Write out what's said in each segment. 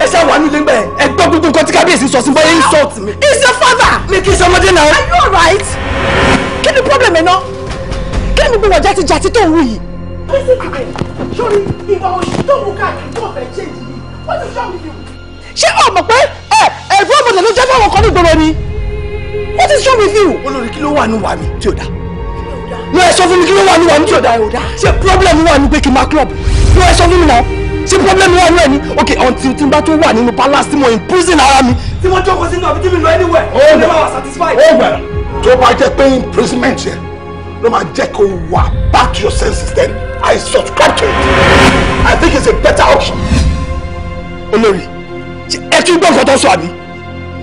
ẹ ṣe àwọn àánú lẹ́gbẹ̀ẹ́ ẹ gbọ́ gbogbo nǹkan tí kábíyèsí sọ sí bóyá insult mi. he's your father. mi kì í ṣe náà. are you alright? kí ni problem ẹ̀ náà kí ni gbogbo ọjà ti jà títọ̀ òru yìí. listen to me sori ìwà òṣì tó wù káàkiri tó fẹ́ ṣe yìí wọ́n ti sọ mi yìí. ṣé o mọ̀ pé ẹ ẹ̀rú ọ̀bọ̀dẹ̀ ló jẹ́ fáwọn kan ní gbogbo ni what is wrong with you. olórí kí ló wà nù wà mí tí ò dáa lọ ẹ sọ fún mi kí ló wà nù wà mí tí ò dáa ṣé problem wà nù pé kí n máa club lọ ẹ sọ fún mi náà ṣé problem wà nínú ẹ ni ok until tí n bá tó wà nínú palace tí mo imprison ara mi tí mo jókòó sínú àbí tí mi lọ anywhere ó lè máa wà satisfied. ó gbà tó bá jẹ́ pé imprisonment yẹn ló máa jẹ́ kó wà back to your senses then I subscribe to it I think it's a better option. olórí ẹ tún gbọ́ nǹkan tó sọ àbí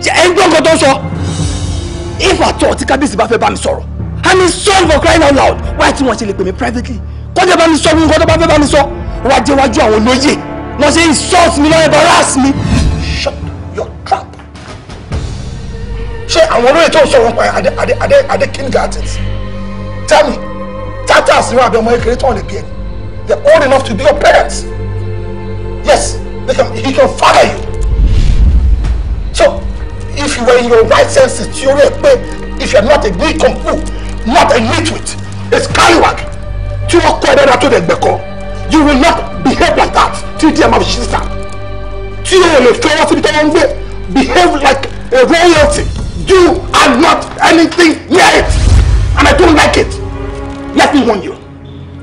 ẹ ń gbọ́ nǹkan tó sọ if at all tí kábíyèsí bá fẹ́ bá mi sọ̀rọ̀ I mean sorry for crying out loud why tí wọ́n ṣe lè pè mí privately kọ́jà bá mi sọ nǹkan tó bá fẹ́ bá mi sọ wá jẹ́wájú àwọn olóyè wọ́n ṣe insult mi lọ́yẹ̀ embarrass mi. shut your trap. ṣé àwọn olóyè tó ń sọ̀rọ̀ pa adé adé adé adé kindergartens tell me tatas ni wọn àbí ọmọ kékeré tó ń lè bí ẹni they are old enough to be your parents yes they can he can father you so if you were in your right sense, tí o rí ẹ if you are not a good compo not a neat nitwit a scallywag tí wọ́n kọ́ ẹ dáadáa tó dẹ̀ gbẹ̀kọ́ you will not behave like that tí díẹ̀ máa fi ṣí sísá tí o lè fẹ́ wọ́n síbi tí ń gbé behave like a royalty you are not anything near it and I don't like it let me warn you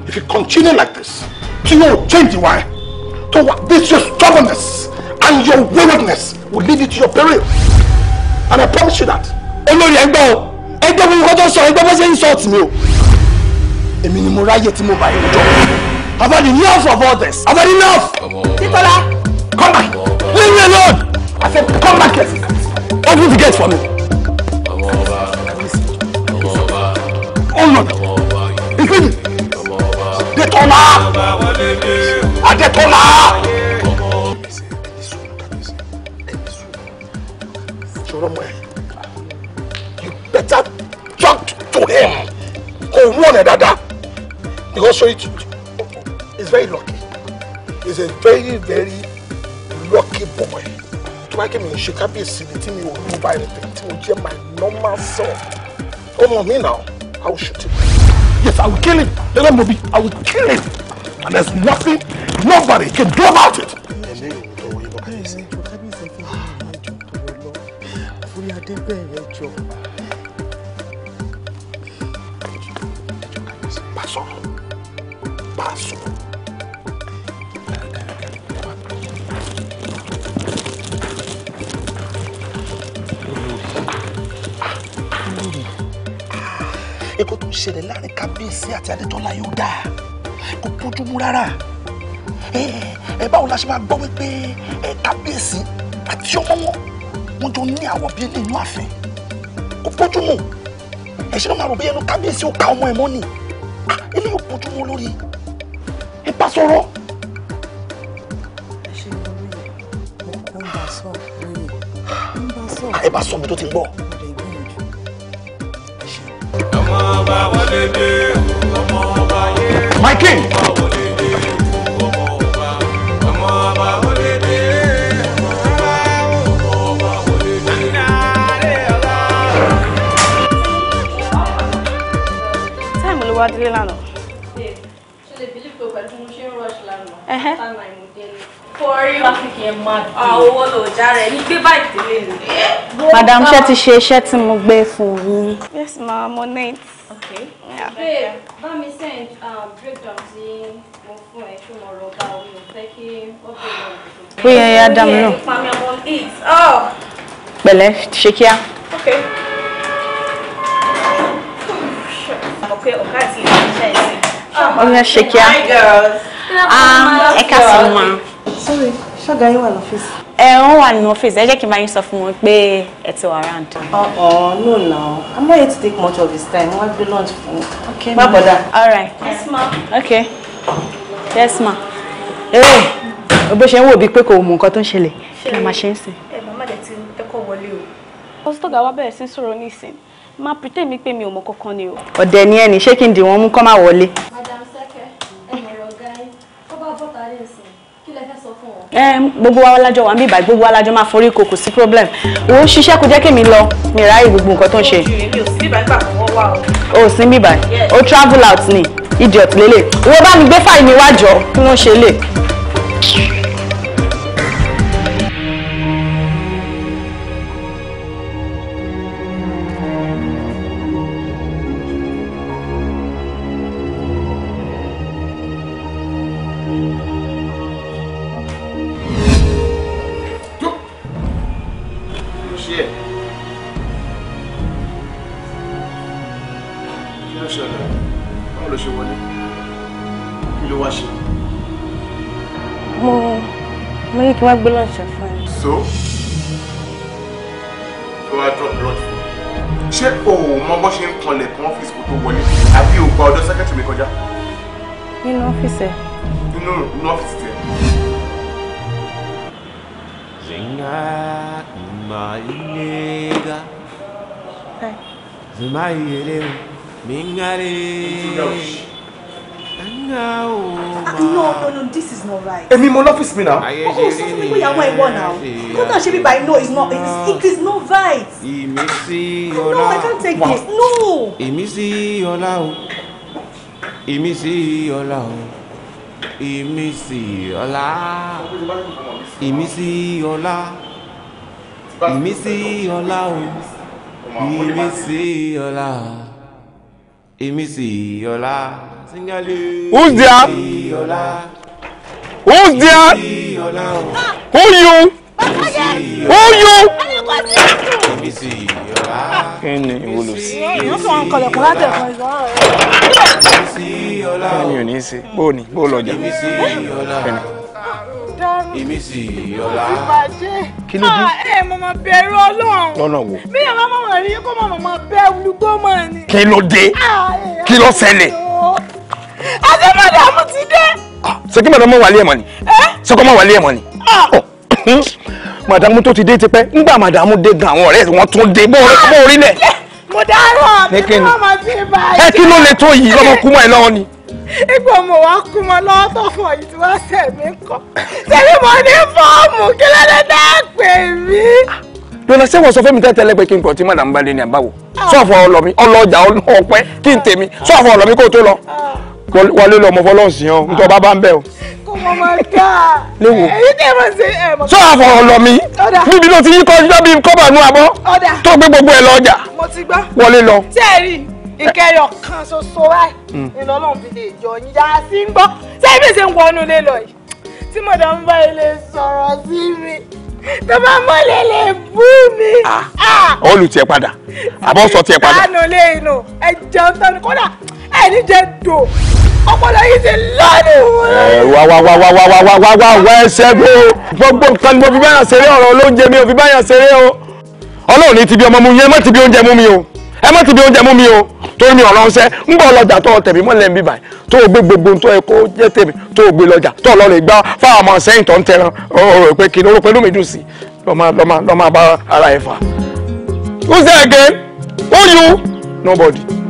if you continue like this tí o change ìwà ẹ̀ tó this your stubbornness and your waywardness will lead you to your peril and I promise you that. olórí ẹgbẹ́ o ẹgbẹ́ mi kọ́ tó sọ ẹgbẹ́ bó ṣe ń sọ ọ̀tún mi o èmi ni mo ráyè tí mo bá yẹn jọ. I've had enough of all this. I've had enough. Titola, come back. Leave me alone. I said, come back here. Open the gate for me. Hold on. Ìkejì. Adétọ́lá. Adétọ́lá. Ṣọlọ́mọ ẹ̀, you better talk to him. Come on, ẹ̀ dáadáa. Because show it. He's very lucky He's a very very lucky boy tó bá kémi ṣe kábíyèsí ni tí mi will mú báyìí rẹ̀ tí mo jẹ́ my normal self on me now I will shoot him. yes I will kill him lẹ́lẹ́ mo bi I will kill him and there's nothing nobody can do about it. kábíyèsí kábíyèsí fi hàn án jọ tó lọ orí adé bẹ́ẹ̀ yẹn jọ. èkó tó ń ṣẹlẹ̀ láàrin kábíyèsí àti adétọ́lá yóò dáa kò bójúmu rárá ẹ báwo la ṣe máa gbọ́ wípé kábíyèsí àti ọmọ wọn wọn jọ ní àwọ̀ bíi ilé inú àfẹ́ kò bójúmu ẹ ṣe ló máa rò bí ẹnu kábíyèsí ó ka ọmọ ẹ mọ́ ni ah, ilé yóò bójúmu lórí ẹ bá sọ̀rọ̀. ẹ ah, bá sọ mi tó ti gbọ́. My king. Táìmù ló wá to lánàá. Ṣé lè bílíf tó pẹ̀lú mo ṣe ń rush lánàá? Táìmù àìmọ̀dé ni. Kọ́rí lásìkò yẹn máa dùn. Ah, Àwọn owó lò já rẹ̀ ní Madam ṣé ti ṣe iṣẹ́ tí mo gbé fún Yes ma, mo nate. Okay. Yeah. Babe, bá mi send um, breakdown sí mo fún ẹ ṣé mo rọ bá omi ò fẹ́ kí ó bèrè ọ̀dọ̀. Bóyá ẹyá dá mi oh. Okay. Okay, ọ̀gá àti ìṣe ẹ̀sìn. Ọ̀gá Hi girls. Ah, ẹ ká sí wọn. Sorry, ṣọ́gà yín wà lọ́fíìsì ẹ wọ́n wà nínú ọ́fíìsì ẹ jẹ́ kí n bá yín sọ fún wọn pé ẹ ti wà round. ọ̀ọ́ no na i'm not here to take much of his time wọ́n gbé lunch fún un. okay ma bọ̀dà. all right. yes ma. okay yes ma. ee eh, bó ṣe ń wò bíi pé kò mọ nǹkan tó ń ṣẹlẹ̀ kí la máa ṣe ń sìn. ẹ màmá dẹ̀ ti ẹkọ wọlé o. pásítọ̀gà wa bẹ̀rẹ̀ sí sọ̀rọ̀ nísìn máa pretend mi pé mi ò mọ kankan ni o. ọ̀dẹ̀ ni ẹni ṣé kí n dì wọ́n mú kọ́ máa wọlé. madam gbogbo wa lájọ wà ń bí ìbàdí gbogbo wa lájọ máa forí ko kò sí problem ò ń ṣiṣẹ́ kò jẹ́ kí mi lọ mi ráàyè gbogbo nǹkan tó ń ṣe. o sí bíbà o travel out ni idiot lélẹ̀ owó bá mi gbé fáìlì mi wájọ kí ló ṣe lè. kí wọ́n gbé lọ́ọ̀ṣọ́ fún so kí wọ́n á drop blood fún ṣé o ò mọ bó ṣe ń kanlẹ̀ kan ọ́fíìsì kó tó wọlé àbí o gba ọ̀dọ̀ sẹ́kẹ̀tì mi kọjá. nínú ọ́fíìsì ẹ̀. nínú nínú ọ́fíìsì tiẹ̀. Zenga imayilega Zemayerewu mingare yẹn ah, o. no no no this is not right. èmi mo lọ́fíìsì mi náà. ayé ṣe rí ni ìyàwó ìwọ náà kó kàn ṣe bí by no it's not it is not right. ìmísí ọlá no I can't take this no. ìmísí ọlá o ìmísí ọlá o ìmísí ọlá ìmísí ọlá ìmísí ọlá o ìmísí ọlá ìmísí ọlá. Who's there? Who's there? Who you? Who you? Kíni ìwọ lò sí? Kíni ò ní ṣe? ni? Bó lọjà? Kíni? Kí Lọ́nà wo? Bí àwọn àti màdàmú ti dé. ṣé kí màdàmú wà lé ẹ̀mọ́ ni ṣé kọ́ mọ́ wà lé ẹ̀mọ́ ni oh. màdàmú to ti dé tipẹ́ nígbà màdàmú dé gan àwọn ọ̀rẹ́ wọn tún dé bó orí lẹ̀. mo dárò mi kí wọ́n máa fi bá yìí. ẹ kí ló lè tó yìí lọ́mọ kú mọ́ ẹ lọ́wọ́ ni. ipò mo wá kú mọ to tó fọ yìí tí wọ́n sẹ̀ mí kọ́ sẹ́ni mo ní fọ́ọ̀mù kí ló dé dá pè mí. lọ́nà ṣé wọ́n sọ fẹ́mi tẹ́tẹ́lẹ́ pé kí n kọ̀ tí màdàmú bá lé ní àbáwò sọ́ọ̀fọ̀ ah. ọlọ́mi ọlọ́jà ọpẹ́ kí n tèmi sọ́ọ̀fọ̀ ah. ọlọ́mi kó tó lọ ah wọlé lọ ọmọ fọlọ́ọ̀sì yan nítorí ọba bá ń bẹ̀ o. kò mọ̀ mọ̀ ká. léwo sọ àfọ̀rọ̀ lọ mi níbi ló ti yí kọjá bíi kọ́bà nú abọ́ tó gbé gbogbo ẹ̀ lọ ọjà wọlé lọ. sẹ́ẹ̀rì ìkẹyọ̀ kan ṣoṣo ẹ̀ hmm. ìlọ́lọ́run fi lè jọ yín yá sí ń gbọ́ sẹ́yìn bí ṣe ń wọnú ilé lọ yìí tí mọ̀dàmú bá ilé sọ̀rọ̀ sí mi tó bá mọ́lẹ̀ lè bú mi. Ah. Ah. ó lù tiẹ̀ padà àbọ̀ sọ tiẹ̀ padà. ìdáná lè nù ẹ̀jẹ̀ ń tọ́nu kódà ẹ̀ ní jẹ́ dò ọpọlọ yìí ti lọ́nù. ẹ wá wá wá wá wá wá wá wá wá wá ẹsẹ bó gbogbo nǹkan ni mo fi báyà ṣeré ọ̀rọ̀ olóúnjẹ mi ò fi báyà ṣeré o ọlọ́run ní ti bí ọmọ mu yẹn ẹ má ti bí oúnjẹ mú mi o ẹ má ti bí oúnjẹ mú mi o torí mi ọ̀rọ̀ ṣẹ́ ń bọ̀ lọ́jà tó tẹ̀mí mọ́lẹ̀ ń bí báyìí tó o gbé gbogbo tó ẹ kó jẹ́ tèmi tó o gbé lọ́jà tó o lọ lè gbá fáwọn ọmọ sẹ́yìn tó ń tẹran ọ̀rọ̀ pé kí ló pẹ́ lómi dùn sí lọ́mọ lọ́mọ lọ́mọ bá ara ẹ̀ fà. who's there again? who you? nobody.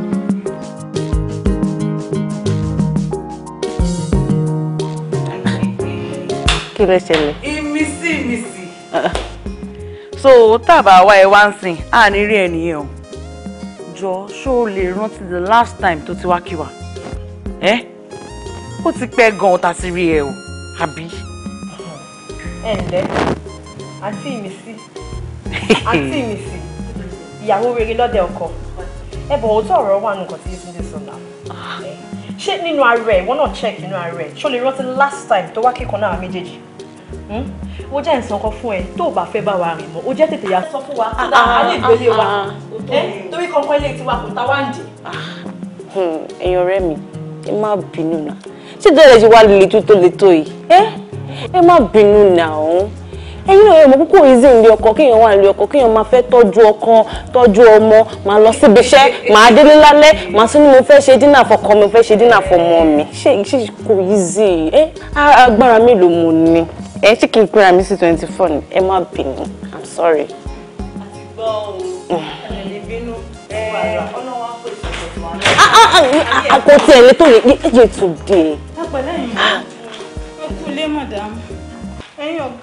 kí ló ṣẹlẹ̀. ìmísí ìmísí. Ah, ah. so tábà wá ẹ wá ń sìn á ní rí ẹnìyẹn o jọ ṣó o lè rántí the last time tó ti wá kí wa ẹ ó ti pẹ́ gan-an tá a ti rí ẹ o àbí. ẹ ǹlẹ́ àǹtí ìmísí àǹtí ìmísí ìyàwó rere lọ́dẹ ọkọ ẹ bọ̀ òótọ́ ọ̀rọ̀ wà nǹkan tí yóò ti ń sọ náà. Ah ṣé nínú ara ẹ̀ wọ́n náà check inú ara ẹ̀ ṣó lè rántí last time tó wá kíkan náà méjèèjì hmm? mo jẹ́ ìsàn kan fún ẹ tó o bá fẹ́ bá wa rìn mọ́ o jẹ́ tètè yà sọ fún wa kí ah, a ah, lè gbélé wa ah, eh, torí kankan ilé tiwa kò ta wá ń dì. Hmm, ẹ̀yin ọ̀rẹ́ mi ẹ má bínú náà ṣé ìdọ́rẹ̀ ṣe wá lè tó tó lè tó yìí eh? Eh, ẹ má bínú náà ẹ̀yin náà yẹ mọ kúkú ìzí ìlú ọkọ kéèyàn wà ìlú ọkọ kéèyàn máa fẹ́ tọ́jú ọkọ tọ́jú ọmọ máa lọ síbi iṣẹ́ máa délé lálẹ́ máa tún ní mo fẹ́ ṣe dínà fọkọ mi fẹ́ ṣe dínà fọmọ mi ṣé ṣé kò ìzí ẹ agbára mélòó mo ní ẹ ṣé kí n pera mi sí twenty four ni ẹ má bínú i'm sorry. kò tiẹ̀ lè tó yẹ tó dé. ẹ pẹ̀lẹ́ yìí mo kú lé mọ̀dàmú ẹ̀yin ọ̀gá.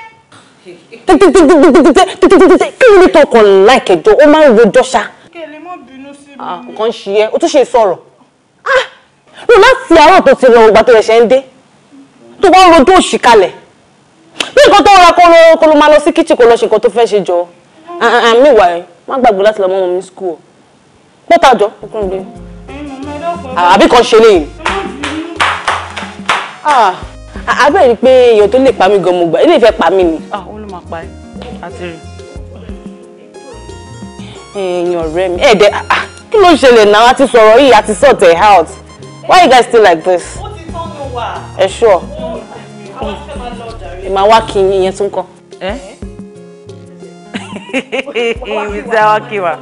kí ló ní tó kàn láìkẹjọ ó máa ń rojọ́ ṣá. kẹlẹ mọ bínú sí mi. Ah, nǹkan ń ṣe é o tún ṣe sọ̀rọ̀ ah, ló láti àárọ̀ tó ti rọrùn ìgbà tó rẹ̀ ṣe ń dé tó wá ń rojọ́ òṣì kalẹ̀ bí nǹkan tó rọra kó ló máa lọ sí kíchìn kó lọ ṣe nǹkan tó fẹ́ ṣe jọ àmìwà ah, ẹ má gbàgbé láti lọ mọ́ wọn ní skul pọ́tà jọ ọkùnrin lóyún àbí kan ṣe léyìn abẹ́rẹ́ pé èèyàn tó lè pa mí gan mo gbà ilé ìfẹ́ pa mí ni. ó ah, ló pa ẹ́ àti rè. èèyàn ọ̀rẹ́ mi ẹ̀ẹ́dẹ̀ kí ló ń ṣẹlẹ̀ náà a ti sọ̀rọ̀ yìí a ti sort out why you guys still like this. ó ti tán ló wà. ẹ ṣọ. ẹ máa wá kí n yẹn tún kọ. ẹ ìwé wa kí wa.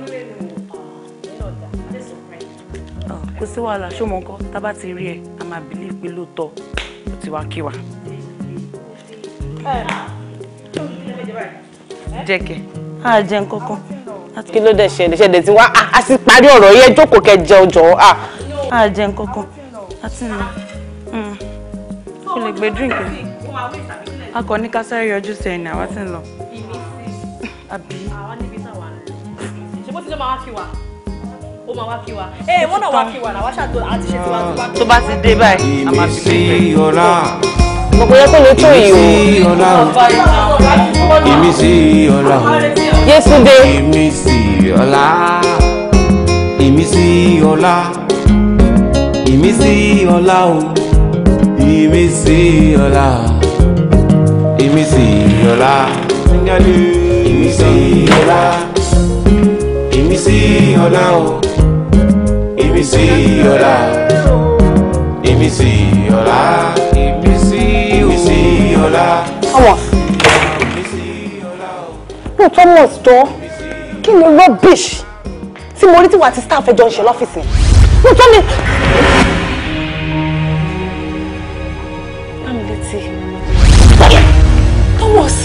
Ah, kò sí wàhálà ṣó mọ nǹkan tá a bá ti rí ẹ a máa bìlíì pé lóòótọ́ ti wá kí wa. Eh. jẹ́kẹ̀. a ah, jẹun kankan. kí ló dé ṣẹlẹ̀ ṣẹlẹ̀ tí wá ah, a sì parí ọ̀rọ̀ yẹn jókòó kẹ jẹun jọ̀ọ́. a ah. jẹun kankan a ti lọ hmm. kó lè gbé drink mi a kò ní ká sáré yọjú sẹ́yìn àwa ti ń lọ. àbí. àwọn bó ti jọ máa wá kí ó máa wá kí wa ẹ eh, wọ́n náà wá kí wa làwọn ṣàtò àti ṣe tiwa tó tó bá ti dé báyìí a máa fi pé gbogbo yẹ kó lè tó yìí o ìmísí ọlá Yésúndé ìmísí ọlá ìmísí ọlá ìmísí ọlá o ìmísí ọlá ìmísí ọlá ìmísí ọlá ìmísí ọlá o ìmísí ọlá ìmísí ọlá ìmísí ìmísí ọlá. ọmọ no thomas jọ kí ni rubbish tí mo rí tí wàá ti staff ẹjọ ń ṣe lọ́fíìsì no thomas. Thomas.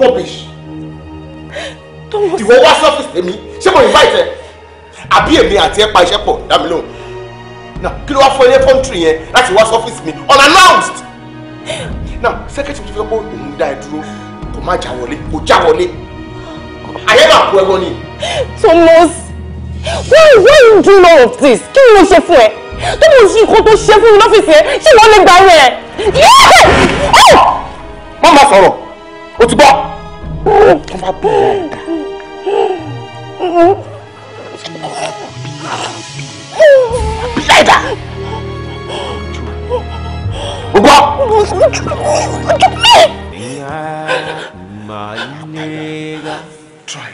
rubbish. ìwọ wá sọ́fíìsì tèmi ṣé mo invite ẹ àbí èmi àti ẹ pa iṣẹ́ pọ̀ dá mi lóhùn now kí ló wá fún ilé country yẹn láti wá sọ́fíìsì mi unannounced now secretary tó fi sọ pé òun dá ẹ dúró kò má já wọlé kò já wọlé àyẹ̀wò àpò ẹ̀wọ̀n ni. Thomas why why you do all of this kí ni mo ṣe fún ẹ tó mo ṣe nǹkan tó ṣe fún mi lọ́fíìsì ẹ ṣé wọ́n lè gbà rẹ̀. má má sọ̀rọ̀ o ti gbọ́ tó o gbọ́. Try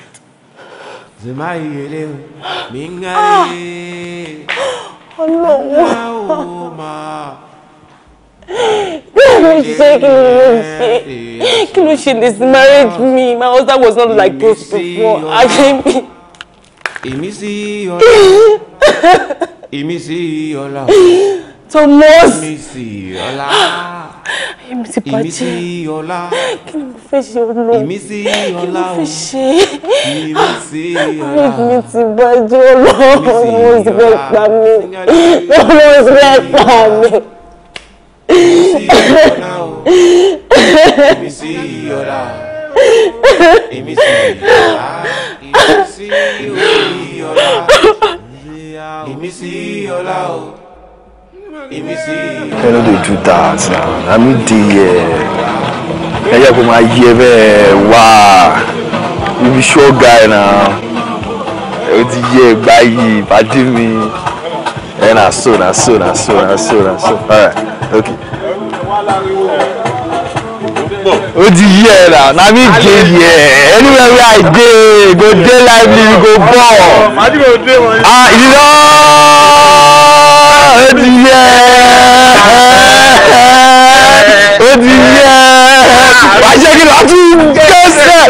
ló ṣe kí this marriage ah. me my husband was not like this before ajemi. èmi sí ọlá èmi sí ọlá Thomas èmi sí ọlá èmi ti bàjẹ́ kí ni mo fẹ́ ṣe olóòrùn èmi sí ọlá o èmi sí ọlá o èmi ti bàjẹ́ olóòrùn mo sì fẹ́ pa mí olóòrùn sì fẹ́ pa mí ọ̀nà o èmi sí ọ̀la èmi sí ọ̀la èmi sí ọ̀la èmi sí ọ̀la o. Hello, they do that now. I mean, the uh, yeah, come here, wow, you be sure guy now. Ó ti yé báyìí, pàdé mi. And I so, I saw, I so, I saw, I so. All right, okay o ti hear na na me dey here anywhere wey i dey go dey lively we go ball ah you know o ti hear o ti hear àṣekí láti kẹsẹ̀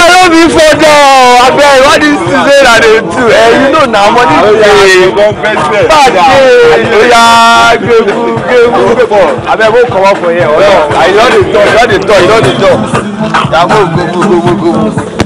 arobi fọdọ abẹ ìwádìí ṣiṣẹ ìlànà ètò ẹyin náà nà mọ nígbè pàdé ìlóyà gbẹ̀mú gbẹ̀mú abẹ mo kọ wọn fún yẹn ọ̀rọ̀ àìlọ́dẹ̀ tọ̀ ìlọ́dẹ̀ tọ̀ ìlọ́dẹ̀ tọ̀ ìyàwó gbogbo gbogbo gbogbo.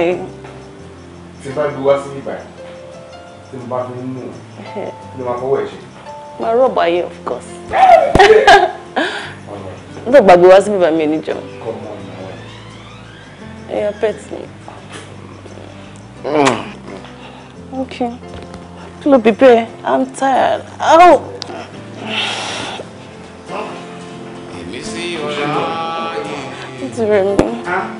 yín. tí bá gbé wá sí ibà tí mo bá fi ń mú un ló máa fọwọ́ ẹ̀ ṣe. máa rọ̀bà yẹn of course. n tó gbàgbé wá sí ibà mi níjọ. Mm. okay Hello, ló i'm tired. Oh. èmi sí ọ̀la yìí. nítorí mi.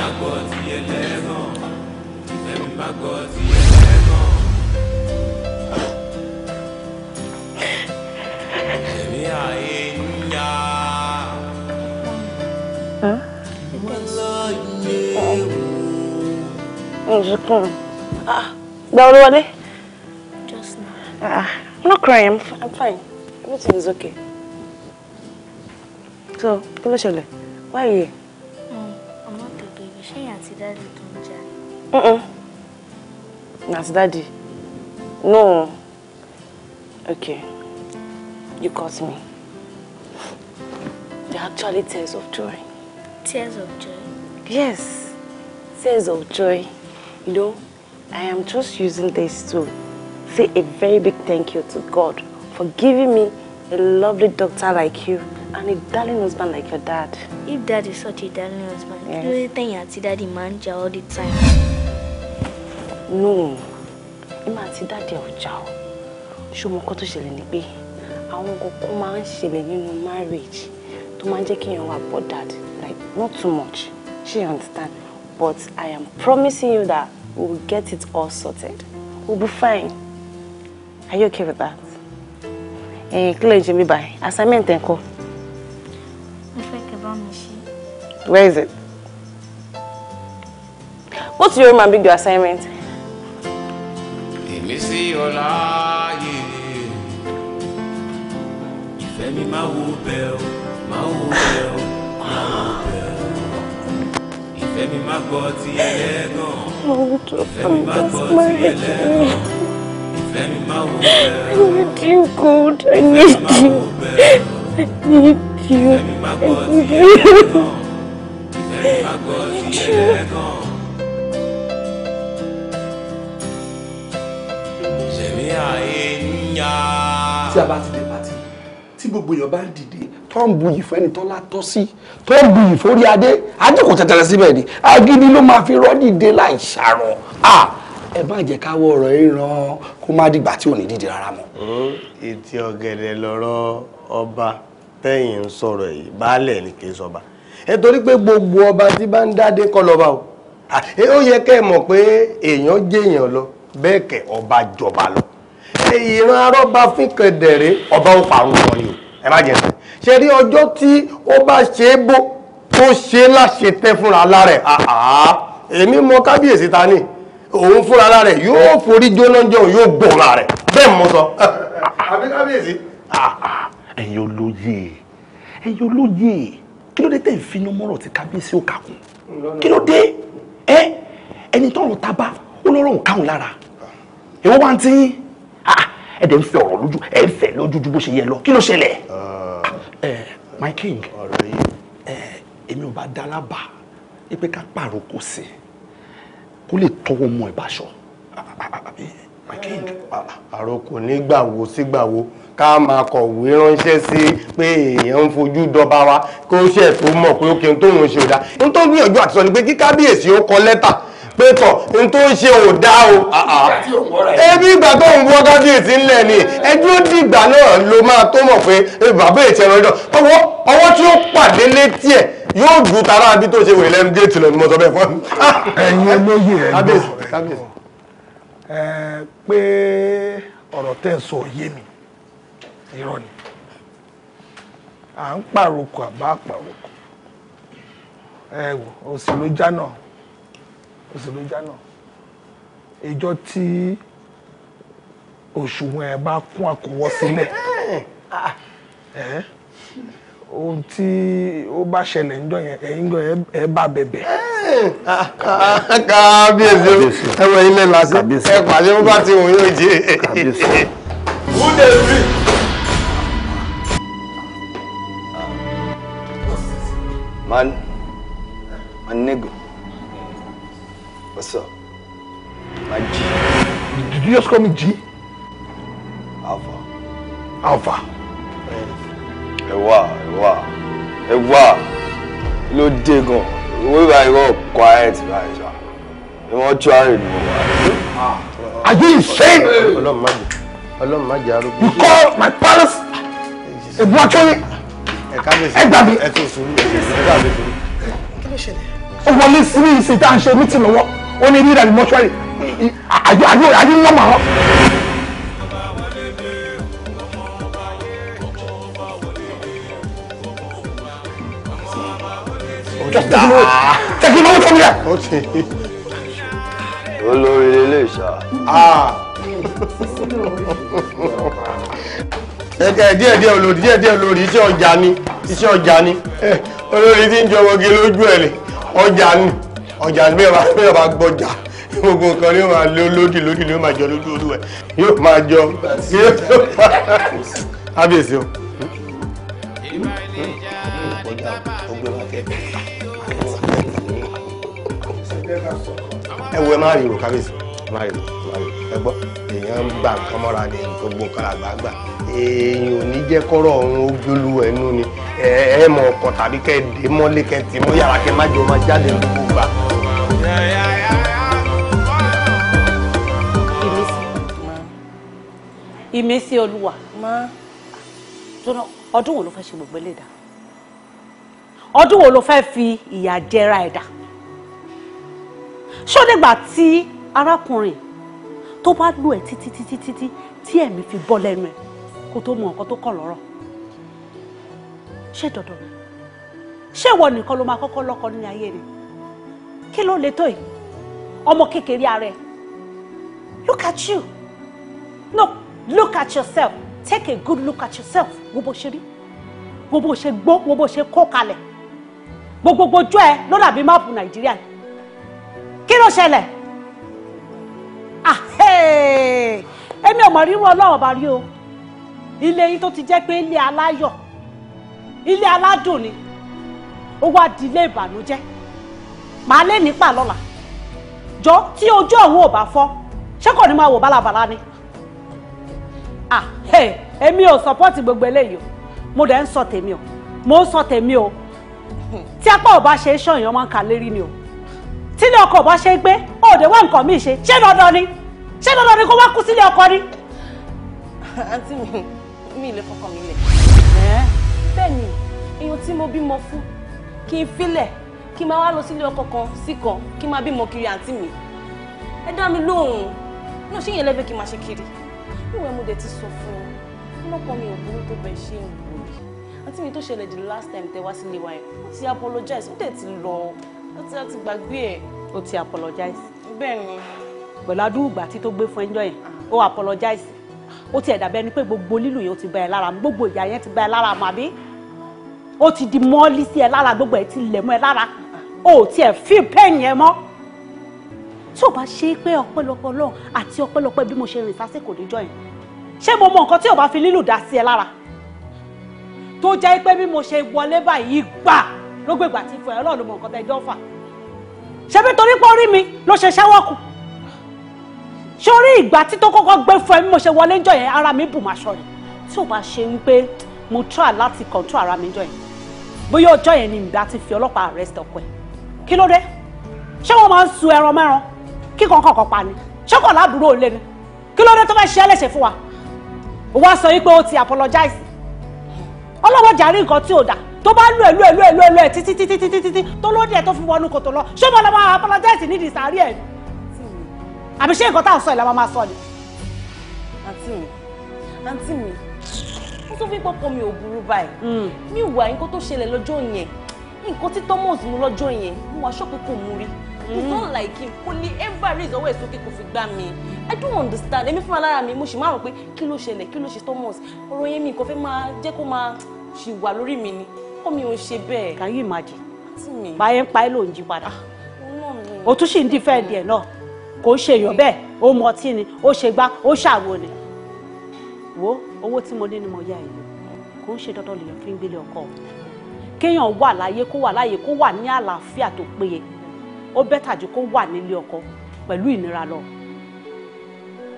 Ǹjẹ́ kùn? Ah, gba olúwọlé. Just now. Ah, I'm not crying, I'm, I'm fine. Everything is okay. So, kí ló ṣẹlẹ̀? Why are you here? Ọmọ tètè ìṣẹ́yìn àti dáàdì tó ń jà. Àti daddy? No. Okay. You caught me. They're actually tears of joy. Tears of joy? Yes. Tears of joy. You know, I am just using this to say a very big thank you to God for giving me a lovely doctor like you and a darling husband like your dad. If dad is such a darling husband, yes. you think your daddy man all the time. No, him àti daddy ọjà o. Ṣùgbọ́n nǹkan tó ṣẹlẹ̀ ni pé àwọn kọ̀ọ̀kan máa ń ṣẹlẹ̀ nínú marriage To máa ń jẹ́ kéèyàn wà bothered like not too much. She you understand? But I am promising you that we will get it all sorted. We'll be fine. Are you okay with that? Eh, kí ló ń Assignment ẹ̀ kọ́. Where is it? Go to your room and bring your assignment. Èmi Fẹ́mi má gbọ́ ti ẹlẹ́gàn. Fẹ́mi má gbọ́ ti ẹlẹ́gàn. Fẹ́mi má wò bẹ́ẹ̀. I need you God, I need you. I need you. Fẹ́mi má gbọ́ ti ẹlẹ́gàn. Fẹ́mi má gbọ́ ti ẹlẹ́gàn. Ṣèmi àyè ń yá. Tí a bá ti dé pàtì, tí gbogbo èèyàn bá ń dìde tó ń buyì fẹ́ni tó látọ́ sí tó ń buyì fórí adé ajíkò tẹ̀tẹ̀rẹ̀ síbẹ̀ ni agídí ló máa fi rọ́ dìde láì ṣàrọ̀ à ẹ má jẹ́ káwọ́ ọ̀rọ̀ yìí ràn kó má dìgbà tí ò ní dìde rárá mọ́. etí ọ̀gẹ̀dẹ̀ lọ̀rọ̀ ọba tẹ̀yìn ń sọ̀rọ̀ yìí baálẹ̀ ni kì í sọba ẹ torí pé gbogbo ọba tí bá ń dáadé kọ́ lọ́ba o ó yẹ kẹ́ ẹ mọ̀ pé èèyàn jẹ́èyàn lọ bẹ́ẹ̀ kẹ́ ọba jọba lọ ìran arọ́ba fún kẹdẹ̀rẹ́ ọba ó parun wọn ni o ẹ má jẹ́ sọ ṣe rí ọjọ́ tí ó bá ṣe é bó tó ṣe láṣẹ tẹ́ fúnra lára ẹ̀ àhà èmi mọ kábíyèsí ta ni òun fúnra lára ẹ̀ yóò forí jóná jẹun yóò gbọ̀nra rẹ̀ bẹ́ẹ̀ mo sọ. àbí kábíyèsí. ẹ̀yin olóye ẹ̀yin olóye kí ló dé tẹ̀ ń finú mọ́rọ̀ tí kábíyèsí ò kàkún kí ló dé ẹ ẹni tọrọ tábà ó lọ́rọ̀ ń káwọn lára èwo wá ń tí yín ẹ ń fẹ́ ọ̀rọ̀ lójú ẹ ń fẹ́ lójú bó ṣe yẹ lọ kí ló ṣẹlẹ̀. Ah. Eh, my king ẹ eh, èmi ò bá dá lábà ẹ pé ká pààrọ̀ kò sí kó lè tọwọ́ mọ ẹ̀ bá ṣọ my king. Ah, àròkò nígbàwo sígbàwo ká máa kọ̀wé ránṣẹ́ sí pé èèyàn ń fojú dọba wa kó ṣe tó mọ̀ pé ó kí n tóun ṣe ò dáa n tó gbìyànjú àti ni pé kí kábíyèsí ó kọ lẹ́tà pé tọ̀ n tó ń ṣe ò dá o ah, ah. ebi ìgbà tó ń wọ́ kábíyèsí ńlẹ̀ ni ẹjọ́ dìgbà náà ló máa tó mọ̀ pé bàbá ìtẹ̀rọ ìjọ ọwọ́ tí ó pàdé létí ẹ̀ yóò ju tara bí tó ṣe wèrè lẹ́nu géètì lọ ni mo sọ bẹ́ẹ̀ fún ẹ̀yin olóyè ẹ̀ gbọ́ pé ọ̀rọ̀ tẹ́ sọ yé mi irọ́ ni à ń pàrokò àbá pàrokò ẹ wò òsì ló já òṣèré jánà ìjọ tí òṣùwọ̀n ẹ̀ bá kún àkọwọ́ sílẹ̀ ohun tí ó bá ṣẹlẹ̀ ń dọ̀yẹn ẹ̀yìn gan ẹ̀ bá bẹ̀bẹ̀. kábíyèsí ẹwọ ilé lásán ẹ pàdé bó bá ti wù yóò jẹ. who dey read. man man nego. What's up? My G. Did you just call me G? Alpha. Alpha. Ẹ̀wà ẹ̀wà ẹ̀wà ló dé gan. Ìwé ìgbà ìwọ quiet báyìí ṣá. Ìwọ́n tíwárì ni mo wà. Ah. Are you insane? Ọlọ́run má jẹ. Ọlọ́run You call my palace a mortuary? Ẹ gbà mí. Ẹ tó sùúrù. Ẹ gbà mí. Kí ló ṣẹlẹ̀? Ó wọlé sí ní ìsìn tá à ń ṣe mítì ó ní rírà ní mọ́ṣúárì àjọ àjọ àjọ ń nọ́mọ̀ àwọn. tẹkinọwọ tó ń yẹ. olórí ilé ìṣá. Ah. ẹ̀kẹ́ díẹ̀ díẹ̀ olórí díẹ̀ díẹ̀ olórí iṣẹ́ ọjà ni iṣẹ́ ọjà ni eh, olórí tí ń jọ wọgé lójú ẹ̀ ọjà ni ọjà ní bẹ́ẹ̀ bá gbọ́jà gbogbo nǹkan ni ó máa lé lódì lódì ni ó máa jọ lójú olúwẹ̀ yóò máa jọ kábíyèsí o. ẹ wo ẹ máa rí ro kábíyèsí ẹ máa rí ro ẹ gbọ́ èèyàn ń gbà nǹkan mọ́ra ni gbogbo nǹkan àgbà gbà èèyàn ò ní jẹ́ kọ́rọ̀ ọ̀hún ó gbólú ẹnu ni ẹ ẹ mọ ọkàn tàbí kẹ́ ẹ dé mọ́lé kẹ́ ẹ tì mọ́ yàrá kẹ́ ẹ má jọ máa jáde lóko gbà. ìmísí olúwa ọdún wo ló fẹ́ ṣe gbogbo ilé dà ọdún wo ló fẹ́ fi ìyà jẹra ẹ̀dá ṣó nígbà tí arákùnrin tó bá lù ẹ́ títí títí títí tí ẹ̀mí fi bọ́ lẹ́nu ẹ̀ kó tó mọ nǹkan tó kàn lọ́rọ̀ ṣé dandan ni ṣé ìwọ nìkan ló máa kọ́kọ́ lọ́kọ ní ayé ni kí ló lè tó yìí ọmọ kékeré ara ẹ look at you no look at yourself take a good look at yourself wo bó ṣe rí wo bó ṣe gbó wo bó ṣe kó kalẹ̀ gbogbogbò ojú ẹ ló dàbí máàpù nàìjíríà kí ló ṣẹlẹ̀ ah èmi ò mọ̀ rírú ọlọ́run ọba rí o ilé yín tó ti jẹ́ pé ilé aláyọ̀ ilé aládùn ni ó wá di ilé ìbànújẹ́ màá lé nípa lọ́la jọ tí ojú ọ̀hún ò bá fọ́ ṣé kò ní máa wò bálabàla ni ah èmi ò sọpọ́ọ̀tì gbogbo eléyìí o mo dẹ̀ ń sọ tèmi o mo ń sọ tèmi o tí apá ò bá ṣe é ṣọ̀yàn máa ń kà lérí ni o tílé ọkọ ò bá ṣe é gbé òde wá nǹkan míì ṣe ṣé dandan ni ṣé dandan ni kó wá kú sílé ọkọ ni mi ilé fọkàn mi lẹ̀. bẹ́ẹ̀ ni èèyàn tí mo bímọ fún kí n filẹ̀ kí n máa wá lọ sílé ọkọ kan sí kan kí n máa bímọ kiri àǹtí mi ẹ dá mi lóhùn náà ṣé yẹn lẹ́bẹ̀ẹ́ kí n máa ṣe kiri ìwọ mo dẹ̀ ti sọ fún un ọlọ́pàá mi ò burú tó bẹ̀ ṣe ń wò rí àǹtí mi tó ṣẹlẹ̀ the last time tẹ wá sílé wa yẹn ó ti apologize ó dẹ̀ ti lọ ó ti láti gbàgbé ẹ̀. ó ti apologize. bẹ́ẹ̀ ni. pẹ̀lú adúgbò àti tó gbé fún ẹjọ́ yẹn ó apologize ó ti ẹ̀dà bẹ́ẹ̀ ni pé gbogbo lílù yẹn ó ti bá ẹ lára mu gbogbo ìyá yẹn ti bá ẹ lára mu àbí ó ti di mọ́ọ́lí sí ẹ lára gbogbo ẹ ti lẹ̀ mọ́ ẹ lára ó tiẹ̀ feel pain yẹn mọ́ tí ò bá ṣe é pé ọpẹ́lọpẹ́ Ọlọ́run àti ọpẹ́lọpẹ́ bí mo ṣe rìn sásìkò níjọ yẹn ṣé mo mọ nǹkan tí ò bá fi lílù dá sí ẹ lára tó jẹ́ pé bí mo ṣe wọlé báyìí gbà ló gbégbà tí fún ẹ Ọlọ́run mọ nǹkan tẹ́ jọ́ fà ṣé bí torí pé mi ló ṣe sórí ìgbà tí tó kọ́kọ́ gbé fún ẹ bí mo ṣe wọlé ńjọ́ yẹn ara mi bù máa ṣọ ni tí ò bá ṣe wípé mo try láti control ara mi ńjọ́ yẹn bóyá ọjọ́ yẹn ni ìgbà ti fi ọlọ́pàá arrest ọkọ ẹ̀ kí ló dé ṣé wọ́n máa ń sun ẹran mẹ́ran kí kankan kan pa ni ṣé kò láàbúrò ò lé ni kí ló dé tó fẹ́ ṣe é léṣe fún wa ó wá sọ wípé ó ti apologize ọlọ́wọ́ jàrí nǹkan tí ò dà tó bá lù ẹ̀ lù ẹ̀ lù ẹ̀ lù ẹ̀ títí títí títí tó lóde ẹ̀ tó fi wọnú kòtò lọ ṣé mo lọ máa apologize nídìí sàárì ẹ̀ ni àbí ṣé nǹkan tá à ń sọ ìlà máa sọ ni. àǹtí mi àǹtí mi ó tún fi pọ́pọ́ mi ò burú báyìí hmm. mi wà nǹkan tó ṣẹlẹ̀ lọ́jọ́ yẹn nǹkan tí Thomas mú lọ́jọ́ yẹn mo wá ṣọ́ọ̀pù kò mú rí it's hmm. not like him kò ní ever raise ọwọ́ ẹ̀ sókè kò fi gbá mi i don't understand èmi fúnra lára mi mo sì máa rò pé kí ló ṣẹlẹ̀ kí ló ṣe Thomas ọ̀rọ̀ yẹn mi nǹkan fẹ́ máa jẹ́ kó máa ṣì wà lórí mi ni kó mi ò ṣe bẹ́ẹ̀. kàyí ìmàjì báyẹn pa ẹ́ ló jí padà ah, o tún ṣì ń dífẹ́ǹdì ẹ̀ náà kò ṣèyàn bẹ́ẹ̀ ó mọtí ni ó ṣe gbá ó ṣàwo ni wo owó tí mo ní ni mo yá yìí kò ń ṣe dandan lèèyàn fi ń gbélé ọkọ kéèyàn wà láyé kó wà láyé kó wà ní àlàáfíà tó péye ó bẹ́tà jù kó wà nílé ọkọ pẹ̀lú ìnira lọ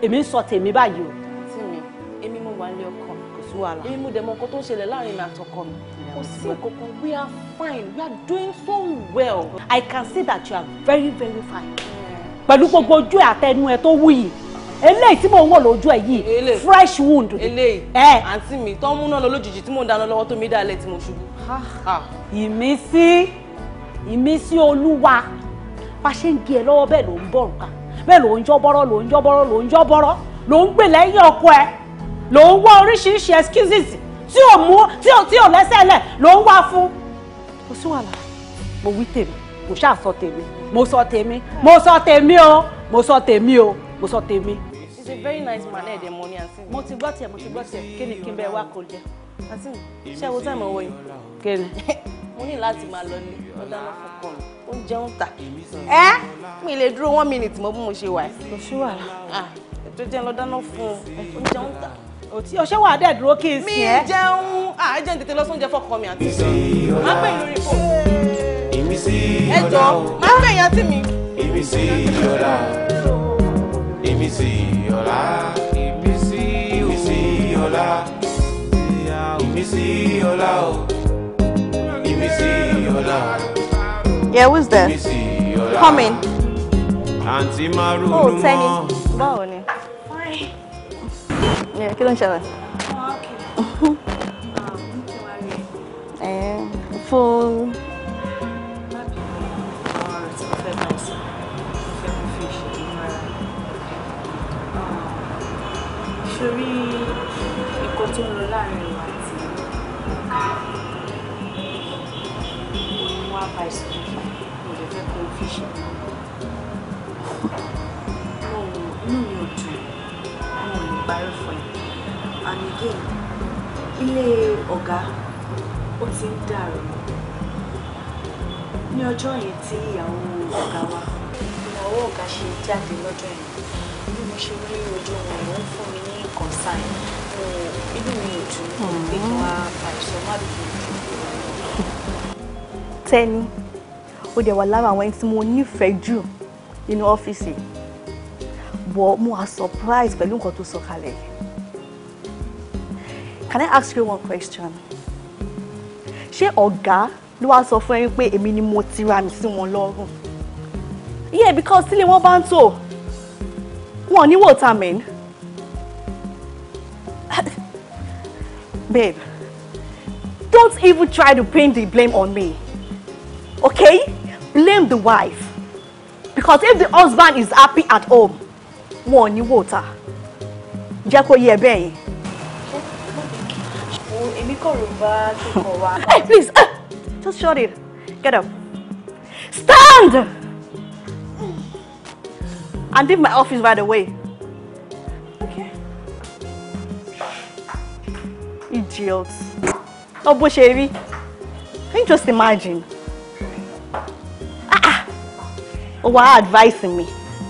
èmi ń sọ tèmi báyìí o. tí mi èmi mo wà nílé ọkọ mi kò sí wàhálà èmi mo dẹ̀ mọ nǹkan tó ń ṣẹlẹ̀ láàrin mi àtọkọ mi kò sí kankan we are fine we are doing so well. I can see that you are very very fine pẹ̀lú gbogbo ojú ẹ̀ àtẹnu ẹ̀ tó wù yìí eléyìí tí mò ń wò lójú ẹ̀ yìí fresh wound. eléyìí àǹtí mi tó ń múná lọ lójijì tí mò ń dáná lọ́wọ́ tó mi dálẹ̀ tí mo ṣubú. ìmísí ìmísí olúwa bá ṣe ń gé ẹ lọ́wọ́ bẹ́ẹ̀ ló ń bọ̀ nǹkan bẹ́ẹ̀ ló ń jọ́bọ́rọ́ ló ń jọ́bọ́rọ́ ló ń jọ́bọ́rọ́ ló ń gbè lẹ́yìn ọkọ ẹ ló ń wá oríṣiríṣi excuses tí ò mú tí ò lẹ́sẹ̀ lẹ̀ ló ń wá fún. kò sí wàhálà mo wí tèmi mo ṣáà sọ tèmi mo sọ tèmi mo sọ tèmi o mo sọ tèmi o mo sọ tèmi. he's a very nice man ẹ̀ dẹ̀ mọ ní àǹtí. mo ti gbọ́ tiẹ̀ mo ti gbọ́ tiẹ̀ kí ni kí n bẹ wá kó jẹ. àǹtí mi ṣé wo táìmù ọwọ́ yìí. kí ni. mo ní láti máa lọ ní ọ̀dà fọkàn ó ń jẹun ẹ mi lè dúró one minute mo bí mo ṣe wà. kò sí wàhálà. ètò jẹun lọ́dá náà fún un ó ń jẹun tà. òtí ọṣẹ wà á dẹ̀ dúró kí n sìn ẹ́. mi jẹun àá jẹun tètè lọ sóúnjẹ fọkàn mi àti. má pè lórí fóònù èmi sí yọ̀dá o. ẹjọ máa fẹ́ yan tí mi. èmi sí yọ̀dá o. èmi sí yọ̀lá. èmi sí o. èmi sí yọ̀lá. Yeah, who's there? Come in. Àǹtí máa oh, ronú mọ́. Oh, Tẹ́ni, báwo ni? Fine. Kí ló ń ṣẹlẹ̀? Oh, ah, eh, Fún torí nǹkan tó ń lọ láàrin ìwà àti òun wá bá ìsìnkú mo lè fẹ́ kó fi ṣe ohun inú mi ò dùn mo lè parí fún ẹ and again ilé ọ̀gá ó ti ń dàrú ní ọjọ́ yẹn tí ìyàwó ọ̀gá wa ìyàwó ọ̀gá ṣe jáde lọ́jọ́ yẹn bí mo ṣe rí ojú wọn ló ń fún mi concern oh, inú mi ò dùn pé kí wọ́n á àìsàn má dùn. Tẹ́ni ó dẹ̀ wà lára àwọn ẹni tí mo nífẹ̀ẹ́ jù nínú ọ́fíìsì but mo are surprised pẹ̀lú nǹkan tó sọ kalẹ̀ yìí. Can I ask you one question? She ọ̀gá ló wá sọ fún ẹ pé èmi ni mo ti ra mi Yeah, because still wọn bá ń tò wọn you what I mean? Babe, don't even try to pin the blame on me. Okay? Blame the wife. Because if the husband is happy at home, wọn ò water. wòta. Jẹ́ kó yé ẹ bẹ́ẹ̀ yẹn. Hey please, ah, just shut it. Get up. Stand! And leave my office right away. Idiot. Ọ bó ṣe Can you just imagine? Ah! Oh, ah. advising me.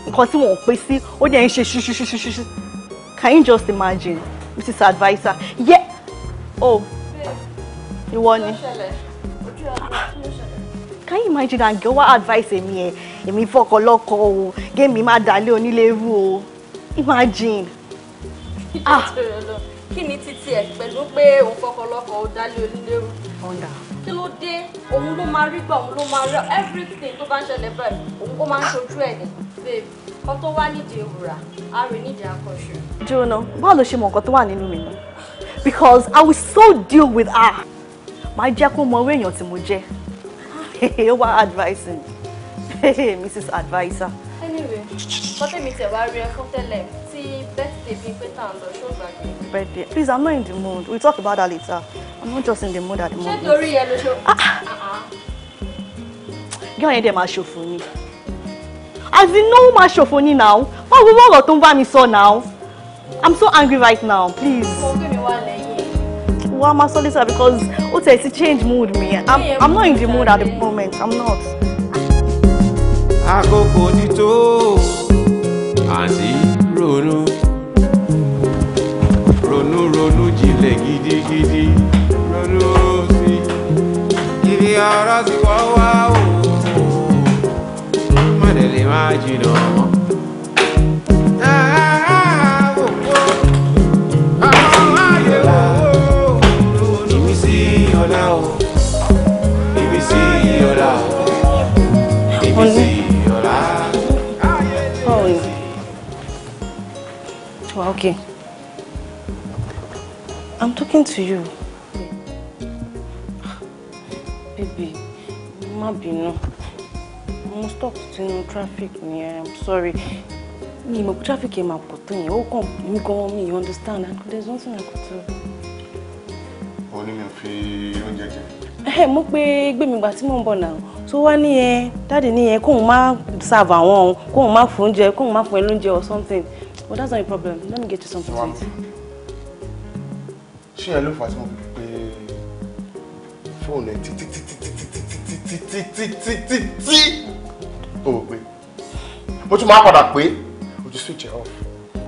Because you Nǹkan tí oh, pè sí, ó dẹ̀ ń ṣe ṣuṣuṣuṣuṣu. Can you just imagine? Mrs. Advisor. Yeah! Oh! You want it? Can you imagine that girl wá advice èmi ẹ̀? Èmi fọkọ lọ́kọ o. Géèmì má dalé onílé rú Imagine. Ah! kí ni títí ẹ pẹ̀lú pé òun fọkànlọ́kọ̀ ó dálé onílérú. ọ̀dà. kí ló dé òun ló máa rí gbà òun ló máa rẹ everything tó bá ń ṣẹlẹ̀ bẹ́ẹ̀ òun kó máa ń ṣojú ẹ̀ ní babe kan tó wá nídìí ewúra á rí nídìí akọ̀ṣe. jóná báwo ló ṣe mọ nǹkan tó wà nínú mi ni because I will so deal with her máa jẹ́ kó mọ owó èèyàn tí mo jẹ́ ó wá advice me Mrs. adviser. anyway kọ́tẹ́mi tẹ̀ wá rí ẹ fún tẹ́lẹ̀ tí bẹ́ẹ̀ tẹ̀ bíi pé tá à ń lọ ṣó gbàgbé birthday. Please, I'm not in the mood. We'll talk about that later. I'm not just in the mood at the moment. Ṣé torí ẹ Get ṣòfò? Gíwọ̀n yẹn dẹ̀ show for me. As in no show for me now. Wọ́n wo wọ́ọ̀rọ̀ tó ń bá mi sọ now. I'm so angry right now, please. Why am I so lẹ́yìn. later because ó tẹ̀ sí change mood me. I'm, I'm not in the mood at the moment. I'm not. Àkókò ti tó, àǹtí ronú. tẹ̀ gidigidi ronú sí ibi ọ̀rọ̀ ti wọ́ wá o mọ̀dẹ̀lẹ̀ máa jìnnà mọ́. Well, oh, okay. I'm talking to you. Baby, Maybe no. I'm stuck in traffic ni eh, I'm sorry. Me, my traffic came up pọ̀ me. Oh come, you mí gan mi, you understand? there's nothing I could do. Òní mi ò fi oúnjẹ jẹ. Ẹ mú pé gbé mi gbà tí mò ń bọ̀ náà. Tó wá ní yẹn, dáàdì ní yẹn kóun serve àwọn òun, kóun má fún oúnjẹ, kóun má fún ẹ lóúnjẹ or something. But that's not a problem. Let me get you something ṣé yẹn ló fà á tí mo fi pe fóònù ẹ títí títí títí títí títí títí títí o ò mo tún máa padà pé o ti switch ẹ off.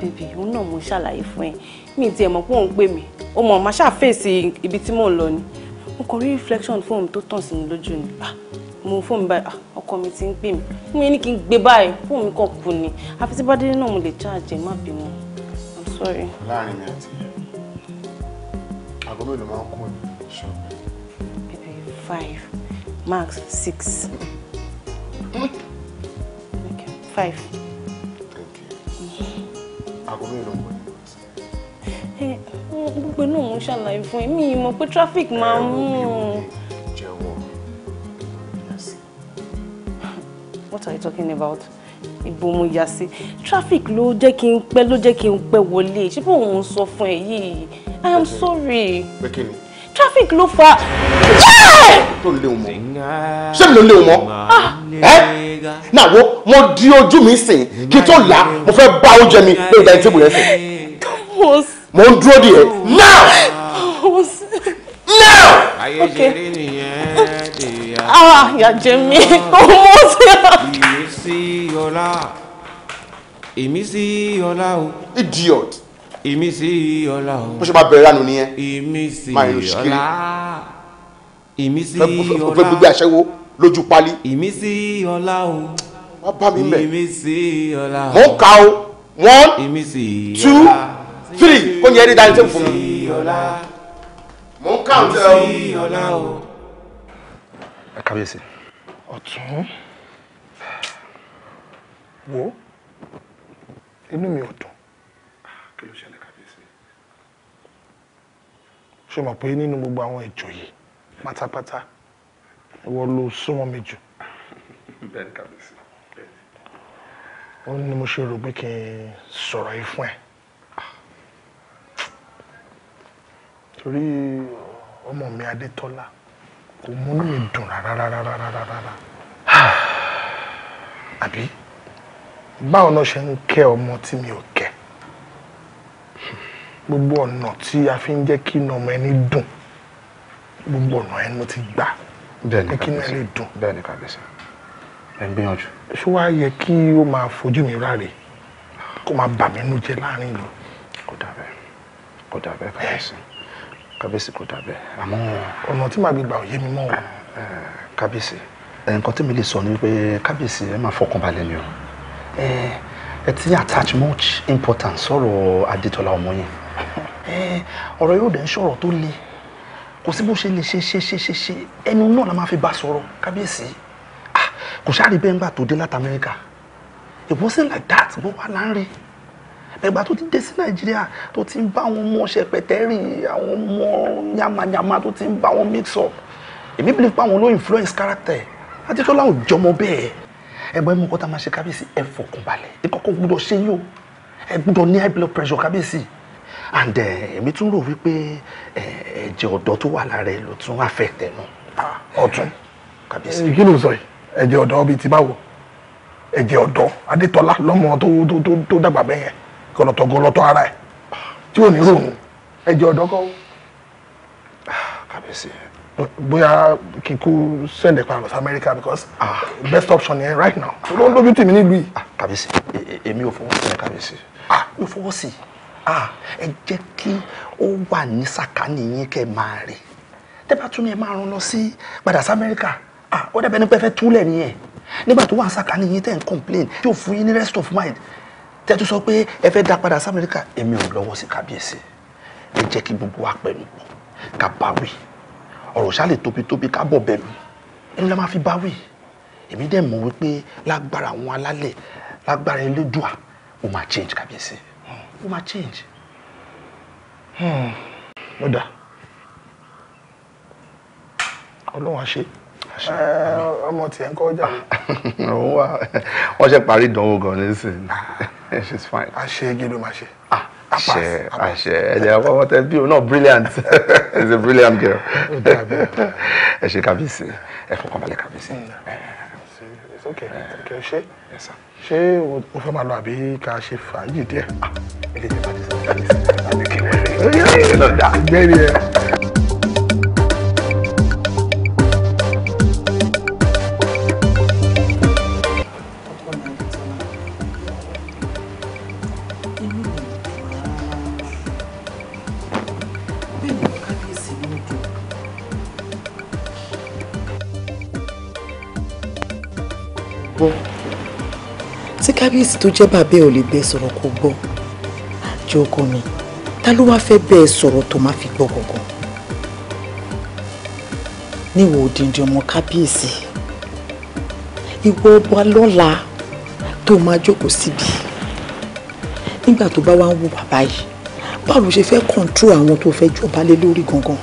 bèbè òun náà mo ṣàlàyé fún ẹ mi tiẹ̀ mọ̀ pé òun pè mí o mọ̀ máa ṣàfèsì ibi tí mò ń lọ ni mo kàn rí reflection fóònù tó tàn sí mi lójú ni mo fóònù báyìí ọkọ mi ti ń pè mí mo yẹ ní kí n gbé báyìí fóònù mi kàn kú ni àfi tí bá délé náà mo lè charge ẹ má bímọ i'm sorry. láàrin mi àti ẹ aago mélòó máa ń kú ni. five max six. okay five. aago ń bọ̀ ni. gbogbo náà mo ṣàlàyé fún ẹ mi mọ̀ pé traffic máa ń mú What are you talking about? Ibo mo yà sí. Traffic ló jẹ́ kí n pẹ́ ló jẹ́ kí n pẹ́ wọlé. Ṣé bóun sọ fún ẹ yìí? I am sorry. Bẹ́kẹ́ ni. Traffic ló fa. Tó lé o mọ́. Ṣé mi ló lé o mọ́? Ah! Ẹ́ náà wo mo di ojú mi sìn kí tó là mo fẹ́ bá oúnjẹ mi lórí ìdájí tébù yẹn sìn. Mo ń dúró di ẹ̀. Now! Now! Okay. Ah, ìyà jẹ mí. Ọmọ sí ọ. Ìmísí ọlá. Ìmísí ọlá o. Idiot ìmísí ọlá o. bó ṣe máa bẹ̀rẹ̀ lánàá nìyẹn. ìmísí ọlá ìmísí ọlá o fẹ́ gbogbo àṣẹwó lójú pálí. ìmísí ọlá o. wọ́n bá mi bẹ̀. ìmísí ọlá o. mò ń ka o one two three kò ní ẹni dání tẹ́ fún mi. mò ń kà ń tẹ o. ìmísí ọlá o. ẹ kábíyèsí. ọ̀tún wo inú mi ò dùn ṣé o mọ̀ pé nínú gbogbo àwọn ìjọ yìí pátápátá ìwọ ló súnmọ́ mi jù. bẹ́ẹ̀ kábíyèsí. ó ní mo ṣe rò pé kí n sọ̀rọ̀ yìí fún ẹ. torí ọmọ mi adétọ́lá kò múnú mi dùn rárá rárá rárá rárá àbí báwo náà ṣe ń kẹ́ ọmọ tí mi ò kẹ́ gbogbo ọ̀nà tí a fi ń jẹ́ kí iná ọmọ ẹni dùn gbogbo ọ̀nà ẹni mo ti gbà pé kí iná lè dùn. bẹ́ẹ̀ni kàbíyèsí ẹ ń gbìyànjú. ṣé wàá yẹ kí ó máa fojú mi ráre kó máa bà mí nú jẹ láàrin ìlú. kò dàbẹ́ kò dàbẹ́ kàbíyèsí kàbíyèsí kò dàbẹ́ àmọ́. ọ̀nà tí màá gbé gbà ò mi mọ́ o. kàbíyèsí nǹkan tí mi lè sọ ni wípé kàbíyèsí ẹ máa fọkàn ni o ẹ ti attach much importance sọ̀rọ̀ Adétọ́lá ọmọ yẹn. ọ̀rọ̀ yóò dẹ̀ ń ṣọ̀rọ̀ tó le kò sí bó ṣe lè ṣe ṣe ṣe ṣe ṣe ẹnu náà la máa fi bá sọ̀rọ̀ kábíyèsí ah, kò ṣáàrí bẹ́ẹ̀ ńgbà tó dé láti amẹ́ríkà it wasn't like that bó wà láńre ẹgbà tó ti dé sí nàìjíríà tó ti ń bá àwọn ọmọ ṣẹpẹtẹ rìn àwọn ọmọ yamayama tó ti ń bá wọn mix up èmi believe pé àwọn ló influence character adéṣọlá ò jọmọ bẹ́ẹ̀ ẹgbẹ́ mú kọ́ta máa ṣe kábíyèsí ẹ fọkànbalẹ̀ ìkọ́kọ́ gbúdọ̀ ṣe yín o ẹ gbúdọ̀ ní high blood pressure kábíyèsí and eh, èmi tún rò wípé eh, ẹ̀jẹ̀ ọ̀dọ́ tó wà lára ẹ̀ ló tún affect ẹ̀ náà. Ah, ọ̀tún eh, kí ló ń sọ yìí ẹ̀jẹ̀ ọ̀dọ́ bíi ti báwo ẹ̀jẹ̀ ọ̀dọ́ adétọ́lá lọ́mọ tó dàgbà bẹ́yẹn kọ̀lọ̀tọ̀ gọlọ́tọ̀ ara ẹ̀ tí ò ní ròhùn ẹ̀jẹ̀ ọ̀dọ́ kọ́ ah, kábíyèsí bóyá kí n kú send ẹ̀pà lọ sí America because ah. best option yẹn right now ló ń lójú tèmi nílùú yìí. Ah, kábíyèsí e, e, èmi ò fọwọ́ sí kábíyèsí mi ò fọwọ́ sí i. Ah, ẹ jẹ́ kí ó wà ní sàkání yín kẹ́ máa rè tẹ́ bá tún ní ẹ máa rán lọ sí padà sí Amẹ́ríkà ah, ó dàbẹ́ ní pẹ́fẹ́ túlẹ̀ nìyẹn nígbà tó wà ní sàkání yín tẹ́ ń complain tí ò fún yín ní rest of mind tẹ́ tún sọ pé ẹ fẹ́ dá padà sí Amẹ́ríkà èmi ò lọ́wọ́ sí kábíyèsí ẹ jẹ́ kí gbogbo wa pẹ̀lú pọ̀ ká bá wí ọ̀rọ̀ ṣáà tóbi tóbi ká bọ̀ bẹ̀rù ẹnu la máa fi bá wí èmi dẹ̀ mọ̀ wípé lágbára àwọn alálẹ̀ lágbára elédùà ó máa change kábíyèsí ó máa change. Hmm, ó dà ọlọ́run àṣẹ eh, ọmọ tiẹ̀ ń kọ́ ọjà. òun wà wọ́n ṣe parí ìdánwò gan nísìnyí ah. she's fine. àṣẹ igi ló máa ṣe. Ah, àṣẹ àṣẹ ẹ̀jẹ̀ ọmọ tẹ bí o náà brilliant She's a brilliant girl. She can be seen. She can be seen. it's okay Okay, eh. ṣe. yes sir ṣé o fẹ́ máa lọ àbí ká ṣe fàájì díẹ̀. Ah, ilé ìjọba ti sọ fún mi àbí kí wọ́n lè. gbẹ́rì ẹ. tí kábíyèsí tó jẹ́ bàbá ẹ̀ ò lè bẹ́ẹ̀ sọ̀rọ̀ kó gbọ́ àjọ ọkọ mi ta ló wá fẹ́ bẹ́ẹ̀ sọ̀rọ̀ tó má fi gbọ́ gọ̀gàn níwò òdìndín ọmọ kábíyèsí ìwọ ọba lọ́la tó máa jókòó síbi nígbà tó bá wá ń wo bàbá yìí báwo ló ṣe fẹ́ kọ́ńtró àwọn tó fẹ́ jọba lé lórí gangan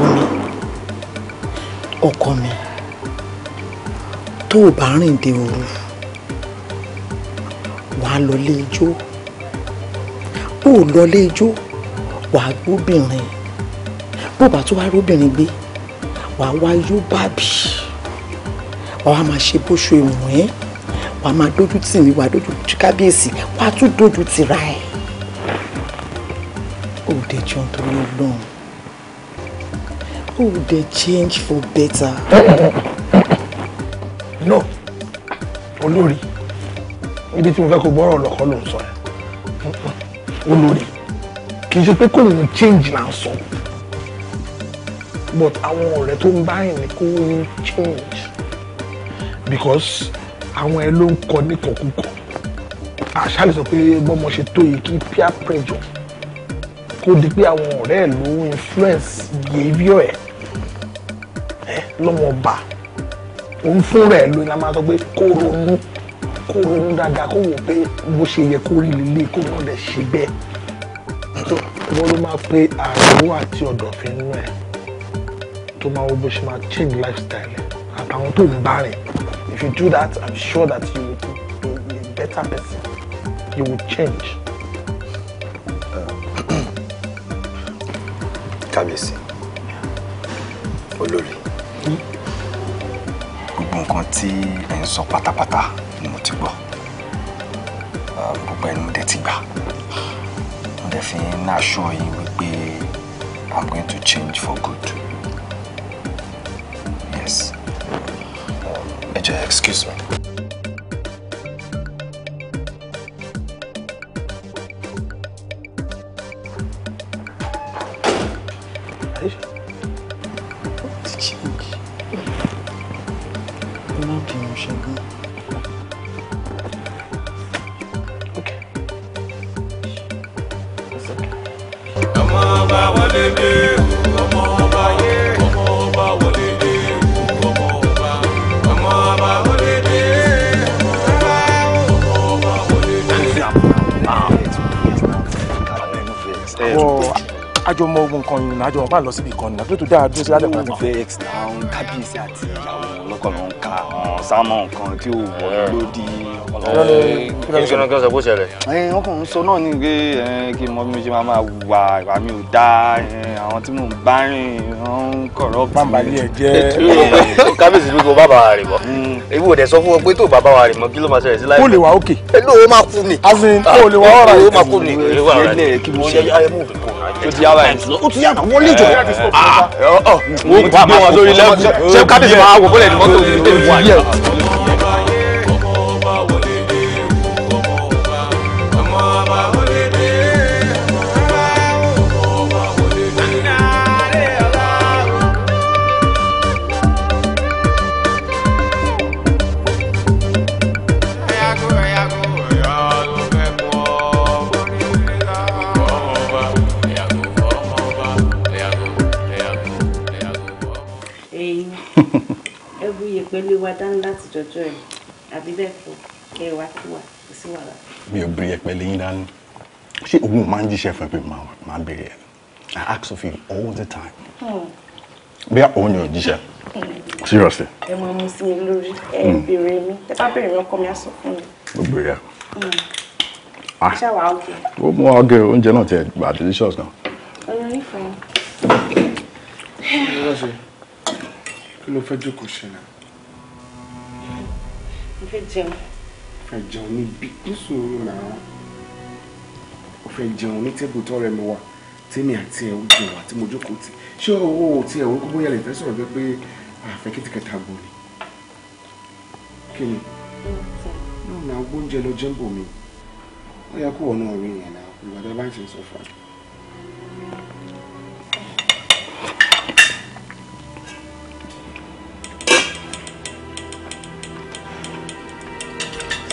ọkọ mi ọkọ mi tó o bá rìn dé òru wàá lọlé ijó bó o lọlé ijó wàá gbóbìnrin bó o bá tó wá róbìnrin gbé wàá wá yó bàbí wàá máa ṣe bó ṣe wù ẹ́ wàá máa dójú tì mí wàá dójú tì kábíyèsí wàá tún dójú tìra ẹ̀ ó dé jẹun torí ọlọ́run ó dé change for better no olórí ibi tí mo fẹ́ kó bọ́rọ̀ lọ́kọ́ ló ń sọ ẹ̀ olórí kì í ṣe pé kò ń change là ń sọ but àwọn ọ̀rẹ́ tó ń bá yìí ni kò ń change because àwọn ẹ ló ń kọ níkọ̀kúkọ̀ àṣà lè sọ pé bọ́mọ ṣe tó yìí kí peer pressure kó di pé àwọn ọ̀rẹ́ ẹ̀ ló influence behaviour ẹ̀ lọ́mọọba òun fún rẹ̀ lóyún la máa sọ pé kó ronú kó ronú dáadáa kó wò pé bó ṣe yẹ kó rí lílé kó náà lè ṣe bẹ́ẹ̀ wọ́n ló máa pé àrùn àti ọ̀dọ̀fín nínú ẹ̀ tó máa wo bó ṣe máa change lifestyle àtàwọn tó ń bá rìn if you do that i'm sure that you will be a better person you will change. kábíyèsí olórí. Mm -hmm nǹkan tí ẹ ń sọ pátápátá ni mo ti gbọ́ gbogbo ẹnu dẹ̀ ti gbà mo dẹ̀ fi ń aṣọ yìí wípé I'm going to change for good yes um, ẹ jẹ́ excuse me. náà àjọ wọn bá lọ síbi kan nìyà tó dáa dúró sí ládẹ́ kan. vex náà kábíyèsí àti ìyàwó ọlọ́kọ̀ ló ń ka àwọn sámọ̀ nǹkan tí ò wọ́n lódì ọlọ́wọ́. wọ́n kàn ń sọ náà ní pé kí mọ bí mo ṣe máa máa wà ìwà mi ò dáa àwọn tí mò ń bá rìn ń kọ̀rọ̀ bí. bàbá yẹ jẹ́. kábíyèsí ló kó bàbá rẹ̀ bọ̀ ewu ò dẹ̀ sọ fún wọn pé tó bàbá wa rẹ̀ mọ́ kí ló máa ṣẹlẹ̀ sí láì. kó lè wà ókè. ẹ lóò máa kú ni. azin kó lè wà ọ̀rà yìí. kó lè wà ọ̀rà yìí. kí mo ṣe ayé mú mi ó ti yá báyìí. ó ti yá àwọn ilé ìjọ. wọ́n gbé wọn sórí lẹ́wọ̀n ṣé kábíyèsí máa wọ̀ bọ́lẹ̀ ní mọ́tò ní tèmi wáyé. gbélé wa dání láti jọjọ́ ẹ̀ àbí bẹ́ẹ̀ kọ́ kẹ́ ẹ wá kí wà kò sí wàhálà. mi ò bèrè ẹpẹ lẹ́yìn dání ṣé ogun máa ń jíṣẹ́ fún ẹ pé máa bèrè ẹ I ask of you all the time. Hmm. bí a òun yóò jíṣẹ́ hmm. seriously. ẹ máa mú sí mi lórí ẹ hmm. bèrè mi ẹ bá bèrè mi ọkọ mi á sọ fún mi. mo bèrè ẹ. Ah. ṣé wàá ọgẹ. ó mú ọgẹ oúnjẹ náà tiẹ̀ gbà delicious náà. ọ̀rọ̀ nífẹ̀ẹ́. kí ló fẹ́ jókòó ṣe náà mo fẹ́ jẹun. mo fẹ́ jẹun níbi nísòro náà mo fẹ́ jẹun ní tébù tọrẹ mi wá tèmi àti ẹ̀ jẹun àti mo jókòó tì ṣé owó tí ẹ̀ orúkọ bóyá lè fẹ́ sọ̀rọ̀ bẹ́ẹ̀ pé àfẹ́ kìtìkẹta gbò ni kí ni náà náà gbóúnjẹ lọ jẹ́ ń bò mí ó yẹ kó wọ́n náà yẹn náà ìgbà bá ń ṣe sọ fún wa.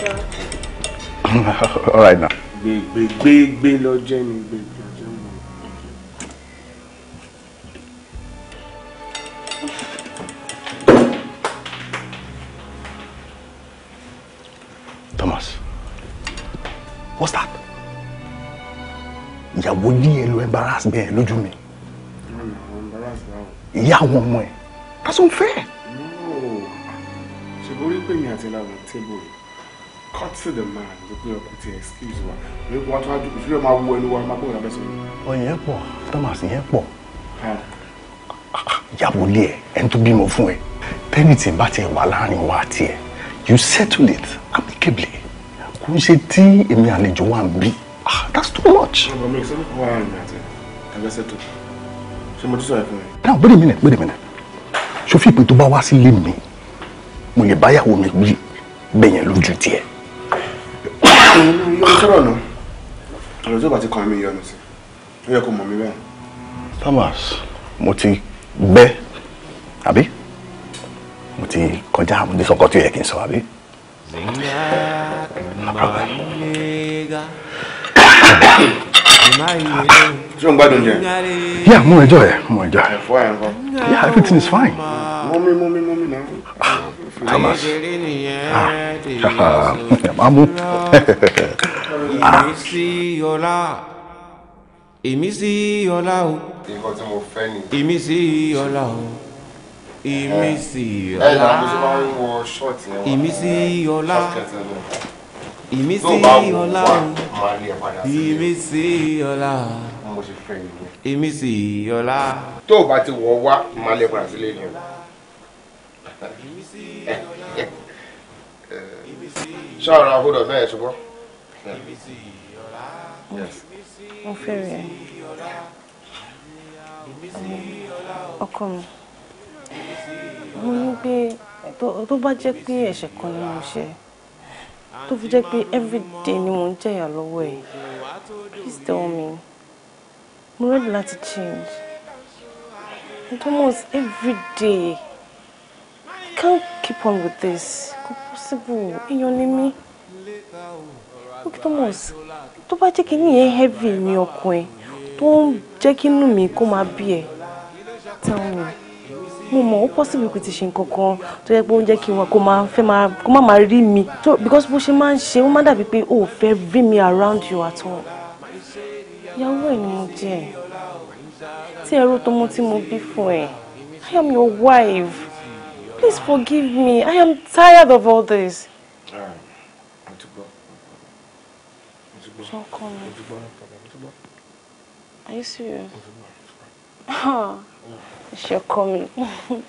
All right now. Big, big, big, big, ni gbé gbé lọ́jẹ́ mi. Thomas, what's that? Ìyàwó ní ẹ ló embarrass bẹ́ẹ̀ lójú mi. Ìyá àwọn ọmọ ẹ̀, that's unfair. No, ṣe borí pé mi àti ìlànà tébù rẹ̀ cut to the man ló pé ọkùnrin ti excuse wa You want to tún wájú kò sí yóò máa wú ẹnu wa máa gbóhùn abẹ́sọ̀ yìí. ọyàn yẹn pọ̀ thomas yẹn pọ̀ yàwó lé ẹ ẹni tó bímọ fún ẹ tẹ́nìtì bá ti wà láàrin wa àti ẹ you settle it amicably kò ń ṣe tí èmi wa ń bí ah, that's too much. No, mi ò sọ fún wa àrùn àti ẹgbẹ́sẹ̀ tó mo tún sọ ẹ fún ẹ. now wait a minute wait a minute ṣòfin ìpè tó bá wá sílé mi mo lè báyàwó mi wí bẹ́yẹn lójú tiẹ̀. Thomas mo ti gbẹ́ àbí mo ti kọjá mo ti sọ̀kọ́ tí ó yẹ kí n sọ àbí. ṣé ń gbádùn jẹ. yeah mo enjoy mo enjoy yeah everything is fine. mọ́mí mọ́mí mọ́mí náà. Thomas mamu èmi sí ọlá o nǹkan tí mo fẹ́ ni èmi sí ọlá o èmi sí ọlá èmi sí ọlá èmi sí ọlá o èmi sí ọlá èmi sí ọlá. tó o bá ti wọ̀ wá máa lè padà sílé ni o. Shout out, ṣáàrà àhúdọ̀ bẹ́ẹ̀ ṣùgbọ́n. mo fẹ́rẹ̀ ọkọ mi mo ní pé tó bá jẹ́ pé ẹ̀ṣẹ̀ kan ni mo ṣe tó fi jẹ́ pé everyday ni mo ń jẹ̀yà lọ́wọ́ ẹ̀ please tell me mo ready láti change almost everyday I can't keep on with this possible èèyàn ni mí look Thomas tó bá jẹ́ kí heavy ní ọkùnrin tó ń jẹ́ kí inú mi kó máa tell me mo mọ̀ possible kò ti ṣe nǹkan kan tó yẹ pé ó ń jẹ́ kí wọn kó máa fẹ́ because bó ṣe máa ń ṣe ó máa dàbí pé ó around you at all ìyàwó ẹ̀ ni mo jẹ́ tí ẹrú tó mú I am your wife. Please forgive me. I am tired of all this. Are you serious? Oh, it's your coming. Professor,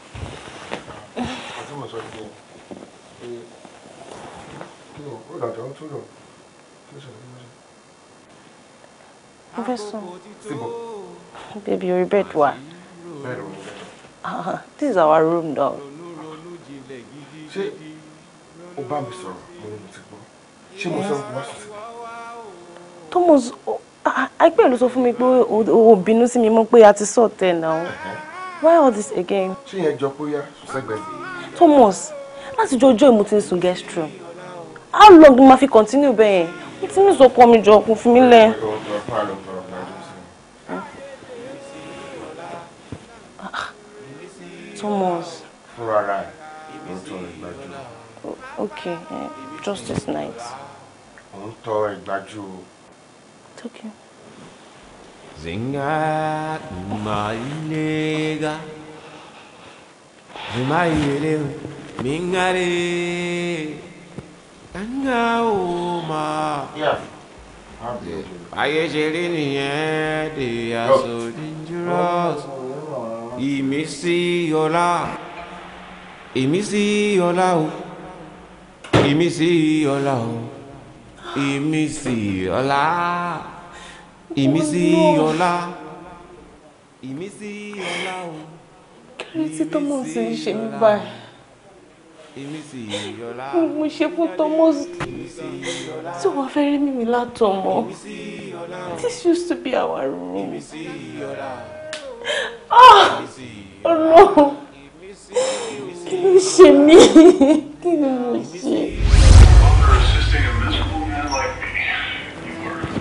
baby, your bed what? This is our room, though ṣé o bá mi sọ̀rọ̀ mo ní mo ti gbọ́ ṣé mo sọ wá sọ síbi. Thomas àìpẹ́ ló sọ fún mi pé o bínú sí mi mọ́ pé a ti sọ̀ tẹ̀ náà why all this again. ṣé yẹn jọ pé ó yá sùn sẹ́gbẹ̀ẹ́. Thomas láti jọ ọjọ́ ìmú ti ń sùn guest room how long ni ma fi continue bẹ́ẹ̀ yẹn tí mi sọ pọ̀ mi jọ ọkùn fún mi lẹ̀. Thomas. Okay, uh, just this night. Mo ń tọ ìdájú. It's okay. Zinga mailega Maile mingare Tanga oma Yeah Ayé they are so dangerous Ìmísí ọlá Ìmísí ọlá o. ìmísí ọlá o ìmísí ọlá ìmísí ọlá ìmísí ọlá o. kí ló ti tọ́mọ̀ sí ń ṣe mí báyìí mo ṣe fún thomas tí wọn fẹ́ rí mímí látọmọ this used to be our room ah ọlọ́run ló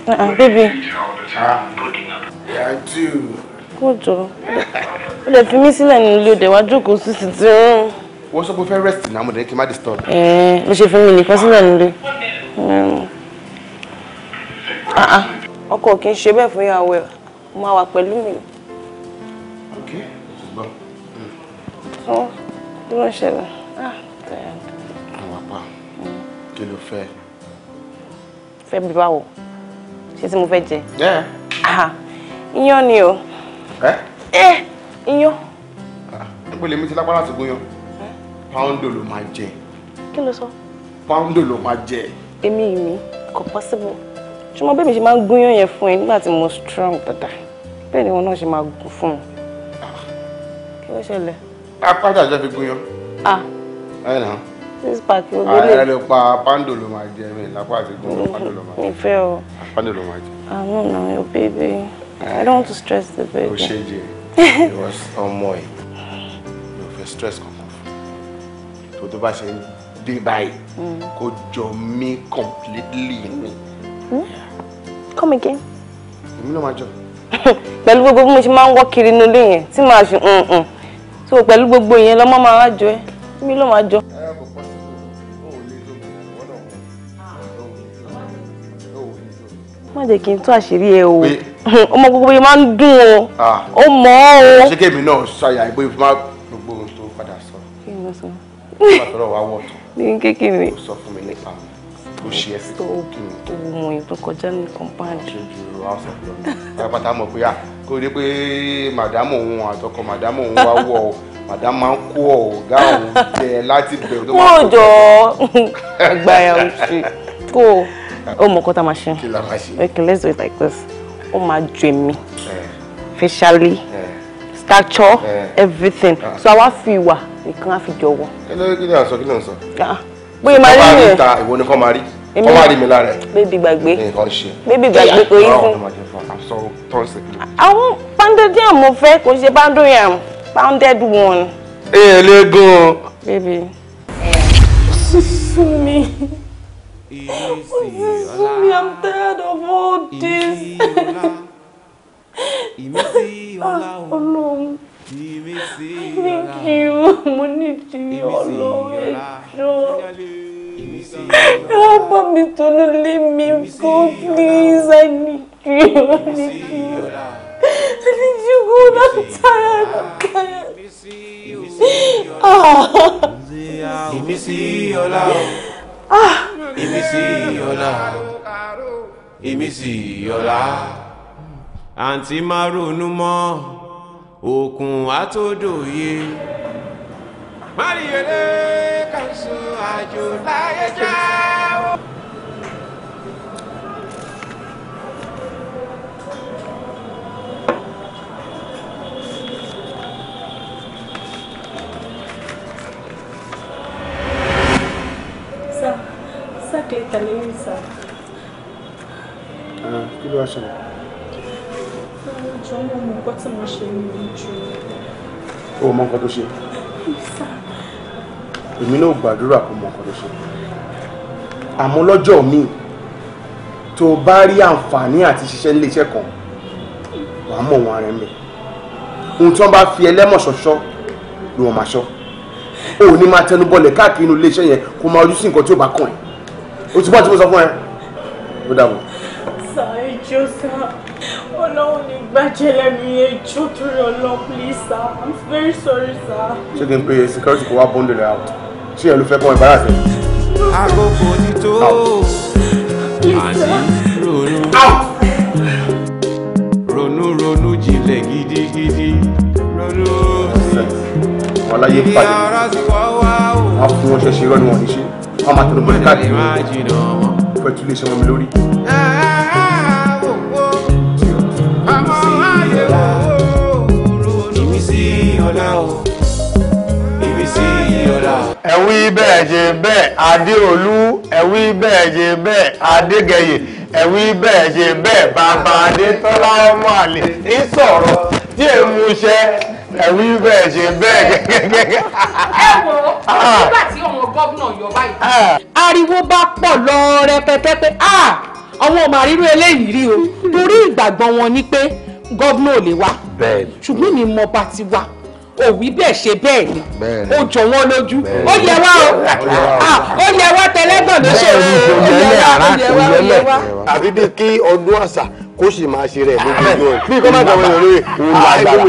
Uh-uh, baby. Yeah, I do. Kó job. Ó lè fi mí sílẹ̀ nínú ilé òde wá jókòó sí sí tí ó. Wọ́n sọ pé fẹ́ rest náà mo dẹ̀ kí n má disturb. Ẹ̀ẹ́ eh, ló ṣe fi mí nìkan sílẹ̀ nílé. Hmm. Ah, ah. Ọkọ kì í ṣe bẹ́ẹ̀ fún ìyàwó ẹ̀, máa wà pẹ̀lú mi. Okay, ṣùgbọ́n kí ló ń ṣẹlẹ̀ ah tired. àwọn apá hmm. kí ló fẹ́. fẹ́ bí báwo ṣé tí mo fẹ́ jẹ. iyán ni o. ẹ. ẹ iyán. Ah, ẹgbẹ́ lèmi ti lápá láti gúnyán pàǹdò ló máa jẹ. kí ló sọ. pàǹdò ló máa jẹ. èmi yìí mi kò possible ṣùgbọ́n bẹ́ẹ̀ mi ṣe máa ń gúnyán yẹn fún ẹ nígbà tí mo strong dáadáa bẹ́ẹ̀ ni wọn náà ṣe máa gún fún un ah. kí ló ṣẹlẹ̀ apáta jẹ́ fi gúnyán. Ah. Ah, ẹ nà. six pack ló délé. ààrẹ ló pa pando ló máa jẹ mi lápá àti gúnyán pando ló máa jẹ. ìfẹ́ o. pando ló máa jẹ. àánú nà yóò bébè I don't want to stress the baby. o ṣe jẹ ìwọ ọmọ ẹ ló fẹ́ stress kankan tó tó bá ṣe ń dé báyìí mm. kó jọ mí completely mi. Hmm? come again. èmi ló máa jọ. pẹ̀lú gbogbo bí mo ṣe máa ń wọ́ kiri nílé yẹn tí màá ṣe so pẹ̀lú gbogbo ìyẹn lọ́mọ máa wá jọ ẹ́ mi ló máa jọ. má jẹ́ kí n tú àṣírí ẹ o ọmọ gbogbo yìí máa ń dùn o ó mọ̀ ọ́ o. ṣé kèmí náà ṣàyà ìbò ìfúnmá gbogbo tó padà sọ. kí ni wọ́n sọ. wọ́n sọ̀rọ̀ wá wọ̀ ní kékeré. ó sọ fún mi nípa mi tó ṣe ẹsẹ̀ tó òkè tó mọ ìtò kọjá ní kọ́mpáàdì. ṣojú house of love pátápátá mọ̀ pé à kó rí pé màdámù òun àtọkọ màdámù òun wá wọ̀ ọ́ màdámù máa ń kó ọ̀gá òun jẹ láti bẹ̀rù tó máa kó. wọ́n jọ ẹgbẹ́ ẹ̀ oṣù kó o mọ̀ kọ́ta máa ṣe. okay let's do it like this ó máa ju èmi facially stature everything ah. so àwa fi ìwà nìkan á fi jọ̀wọ́. kí ló ń sọ kí ló ń sọ. Ah bóyá máa rí yẹn ìta ìwọ ni kò máa rí kò máa rí mi lára ẹ. bébì gbàgbé bébì gbàgbé kò yí fún. àwọn pounded yam mo fẹ́ kò ṣe pounded yam pounded one. ẹ lè gan. bébì sún mi sún mi i'm tired of all this. Ah, ọlọ́run ìmísí ọ̀la thank you mo ní ìdílé ọlọ́wọ́ ẹ̀ṣọ́ help me to lay me go please I need you I need you I need you go that time. ìmísí ọ̀la ìmísí ọ̀la ìmísí ọ̀la àǹtí má ronú mọ́ òkun àtòdòye. máríyèlé kanṣu àjò láyé já o. sir sir kìlẹ̀ tẹ̀lé mi sir. Ah, kí ló wá ṣẹlẹ̀ jọ mọ́ mọ́ nǹkan tí mo ṣe ní ìjọ. o mọ nǹkan tó ṣe. èmi náà gbàdúrà kó mọ nǹkan tó ṣe. àmọ́ lọ́jọ́ míì tó bá rí àǹfààní àti ṣiṣẹ́ níléeṣẹ́ kan wàá mọ̀ wọn ara ẹ̀ mẹ́. ohun tí wọ́n bá fi ẹlẹ́mọ̀ ṣọṣọ́ ló wọ́n máa ṣọ́ o ò ní máa tẹnu bọlẹ̀ káàkiri inú iléeṣẹ́ yẹn kó máa ojú sí nǹkan tí ò bá kàn ẹ́ o ti bọ́ àti mo sọ fún ẹ ó dàbọ̀. I'm very sorry, ìjó torí ọlọ́ please sir i'm very sorry sir. ṣé kí n pe security kó wá bóńdè rẹ out ṣé ẹ ló fẹ́ kọ́ ẹ báyà sí. àkókò ti tó àti ronú ronú ronú jinlẹ̀ gidigidi ronú sí i. ìyá ara ti wá wá o. wọ́n á fún wọn ṣẹ̀ṣẹ̀ irọ́ ni wọ́n ní ṣe wọ́n á máa tẹnu bọ́ọ̀lù káàkiri pẹ̀tù lè ṣe wọn mi lórí. ẹ̀wí bẹ́ẹ̀ ṣe bẹ́ẹ̀ adéolú ẹ̀wí bẹ́ẹ̀ ṣe bẹ́ẹ̀ adégẹyè ẹ̀wí bẹ́ẹ̀ ṣe bẹ́ẹ̀ bàbá adétọ́lá ọmọ àlè ń sọ̀rọ̀ tí èmu ṣe ẹ̀wí bẹ́ẹ̀ ṣe bẹ́ẹ̀ gẹ́gẹ́gẹ́. ẹ wo nígbà tí ọmọ gómìnà yọ báyìí. Ah. ariwo bá pọ̀ lọ rẹpẹtẹ pé ah, àwọn ọmọ àríró eléyìí rí o torí ìgbàgbọ́ wọn ni pé gómìnà ò lè wá ṣùgbọ́n mi mọ̀ bá ti wá òwí bẹ́ẹ̀ ṣe bẹ́ẹ̀ ni ó jọ wọ́n lójú ó yẹ wá o ó yẹ wá ah, tẹlẹ́gbọ̀n ló ṣe rẹ̀ ó yẹ wá ó yẹ wá. àbí bí kí ọdún àṣà kó sì máa ṣe rẹ̀ lójú ẹ̀ bí kò má gbàgbọ́ lórí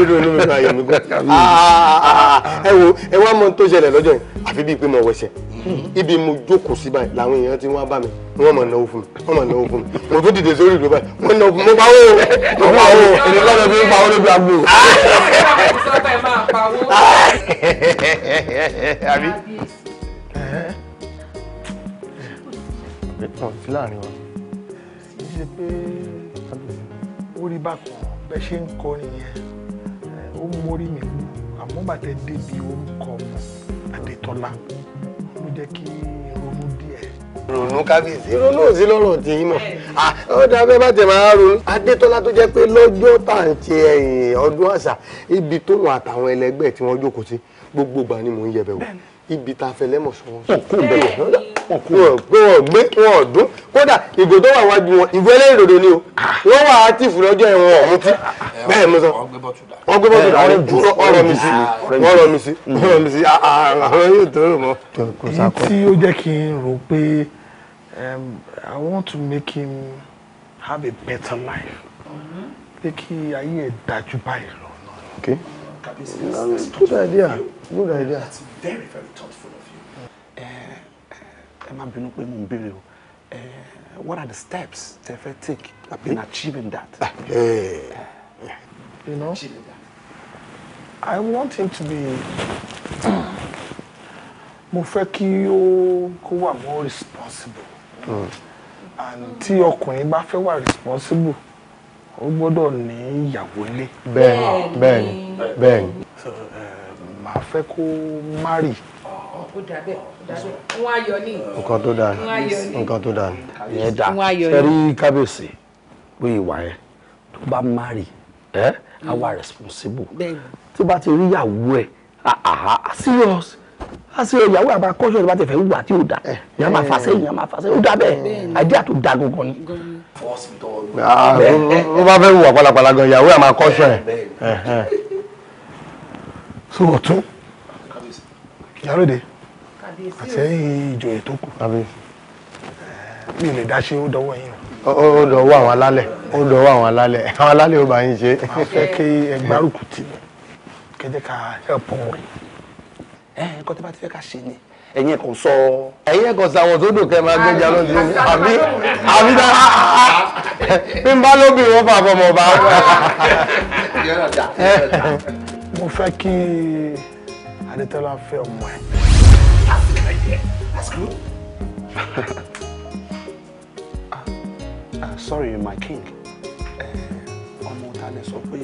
ìlú ìlú ìlú ayé mi gùn ah, ah, ah, ẹ wo ẹ wá mọ tó ṣẹlẹ̀ lọ́jọ́ yìí àfi bíi pé mo wẹ̀ṣẹ̀ mm-hmm. ibi mo jókòó sí báyìí làwọn èèyàn ti wá bá mi wọ́n mọ̀ náwó fún mi wọ́n mọ̀ náwó fún mi mo tún dìde sórí ìlú báyìí wọ́n náwó fún mi mo bá wò ó mo bá wò ó èmi lọ́dọ̀ mi bá wò lóbi àgbo. àbí wọn sí láàrin wa kì í ṣe pé rí bákan bẹ ṣe ń kọrin yẹn ó mórí mi wú àmọ́ bàtẹ débi orúkọ ọmọ Adétọ́lá ló jẹ́ kí ronú díẹ̀. ronú kábíyèsí ronú òsì lọ́rùn tí yín mọ̀ ó dáa bá tẹ̀ máa ronú Adétọ́lá tó jẹ́ pé lọ́jọ́ tá à ń ṣe ọdún àṣà ibi tóun àtàwọn ẹlẹgbẹ́ tí wọ́n jókòó sí gbogbo ìgbà ni mò ń yẹ̀bẹ̀ wò ibi tá a fẹ́ sọ wọn. ọkọ bẹ̀rẹ̀ wọn kú wọn ọdún kódà ìgò wà wájú wọn ìgò eléyìí ni o wọn wà á tì fún ọjọ́ ẹ̀wọ̀n ọ̀hún tí bẹ́ẹ̀ mo sọ wọn gbé bọ́tù dà ju ọ̀rọ̀ mi sí ọ̀rọ̀ mi sí ọ̀rọ̀ mi sí ah, ah, ah. àwọn yóò tó rò mọ́. tí ó jẹ́ kí n rò pé um, I want to make him have a better life mm-hmm. pé kí ayé ẹ̀ dájú báyìí lọ. okay. good idea good idea very very thoughtful of you. ẹ má bínú pé what are the steps tẹ fẹ́ take in achieving that. Hey, ah, you know I want him to be mo fẹ́ kí ó kó wà more responsible hmm. and tí ọkùnrin bá fẹ́ wà responsible ó gbọ́dọ̀ ní ìyàwó ilé. bẹ́ẹ̀ni bẹ́ẹ̀ni bẹ́ẹ̀ni. so uh, máa fẹ́ kó márì. ó dà bẹ́ẹ̀ ó dà bẹ́ẹ̀ wọ́n á yọ ní. nǹkan tó dáa nǹkan tó dáa ìyẹn dà sẹ́rí kábíyèsí pé ìwà yẹn tó bá márì ẹ́ á wà mm. responsible tó bá ti rí ìyàwó ẹ̀ àhà serious àṣẹ ìyàwó àbá kọ́ṣọ́ ìbá tẹ̀fẹ̀ wù àti òdà ìyá máa fà sẹ́yìn ìyá máa fà sẹ́yìn ó dà bẹ́ẹ̀ àdí àtò da gangan ni. ó bá fẹ́ wù wà pálapàla gan ìyàwó àmà kọ́ṣọ́ ẹ̀ so ọ̀tún ìyálòde àtẹ̀yìn ìjòyè tó kù eh, mi ò lè dá ṣe ó dọwọ́ yín o. ó dọwọ́ àwọn alálẹ̀ ó dọwọ́ àwọn alálẹ̀ àwọn alálẹ̀ ó bá yín ṣe. máa fẹ́ kí ẹ gbárùkù tì mí kẹjẹ ká help wọn. ẹ eh, ẹ nǹkan tí bá ti fẹ́ ká ṣe ni ẹ̀yin ẹ̀kan sọ. ẹ̀yin ẹ̀kan sàwọ̀ tó dùn kẹ́ máa gbẹ́jà lọ́dún yìí àbí àbí dá bí n bá lóbì wọn fà fọmọ bá. mo fẹ́ kí Adétọ́lá fẹ́ ọmọ ẹ̀. That's ah, a idea. That's good. sorry, my king. Eh, ọmọ ta lè sọ pé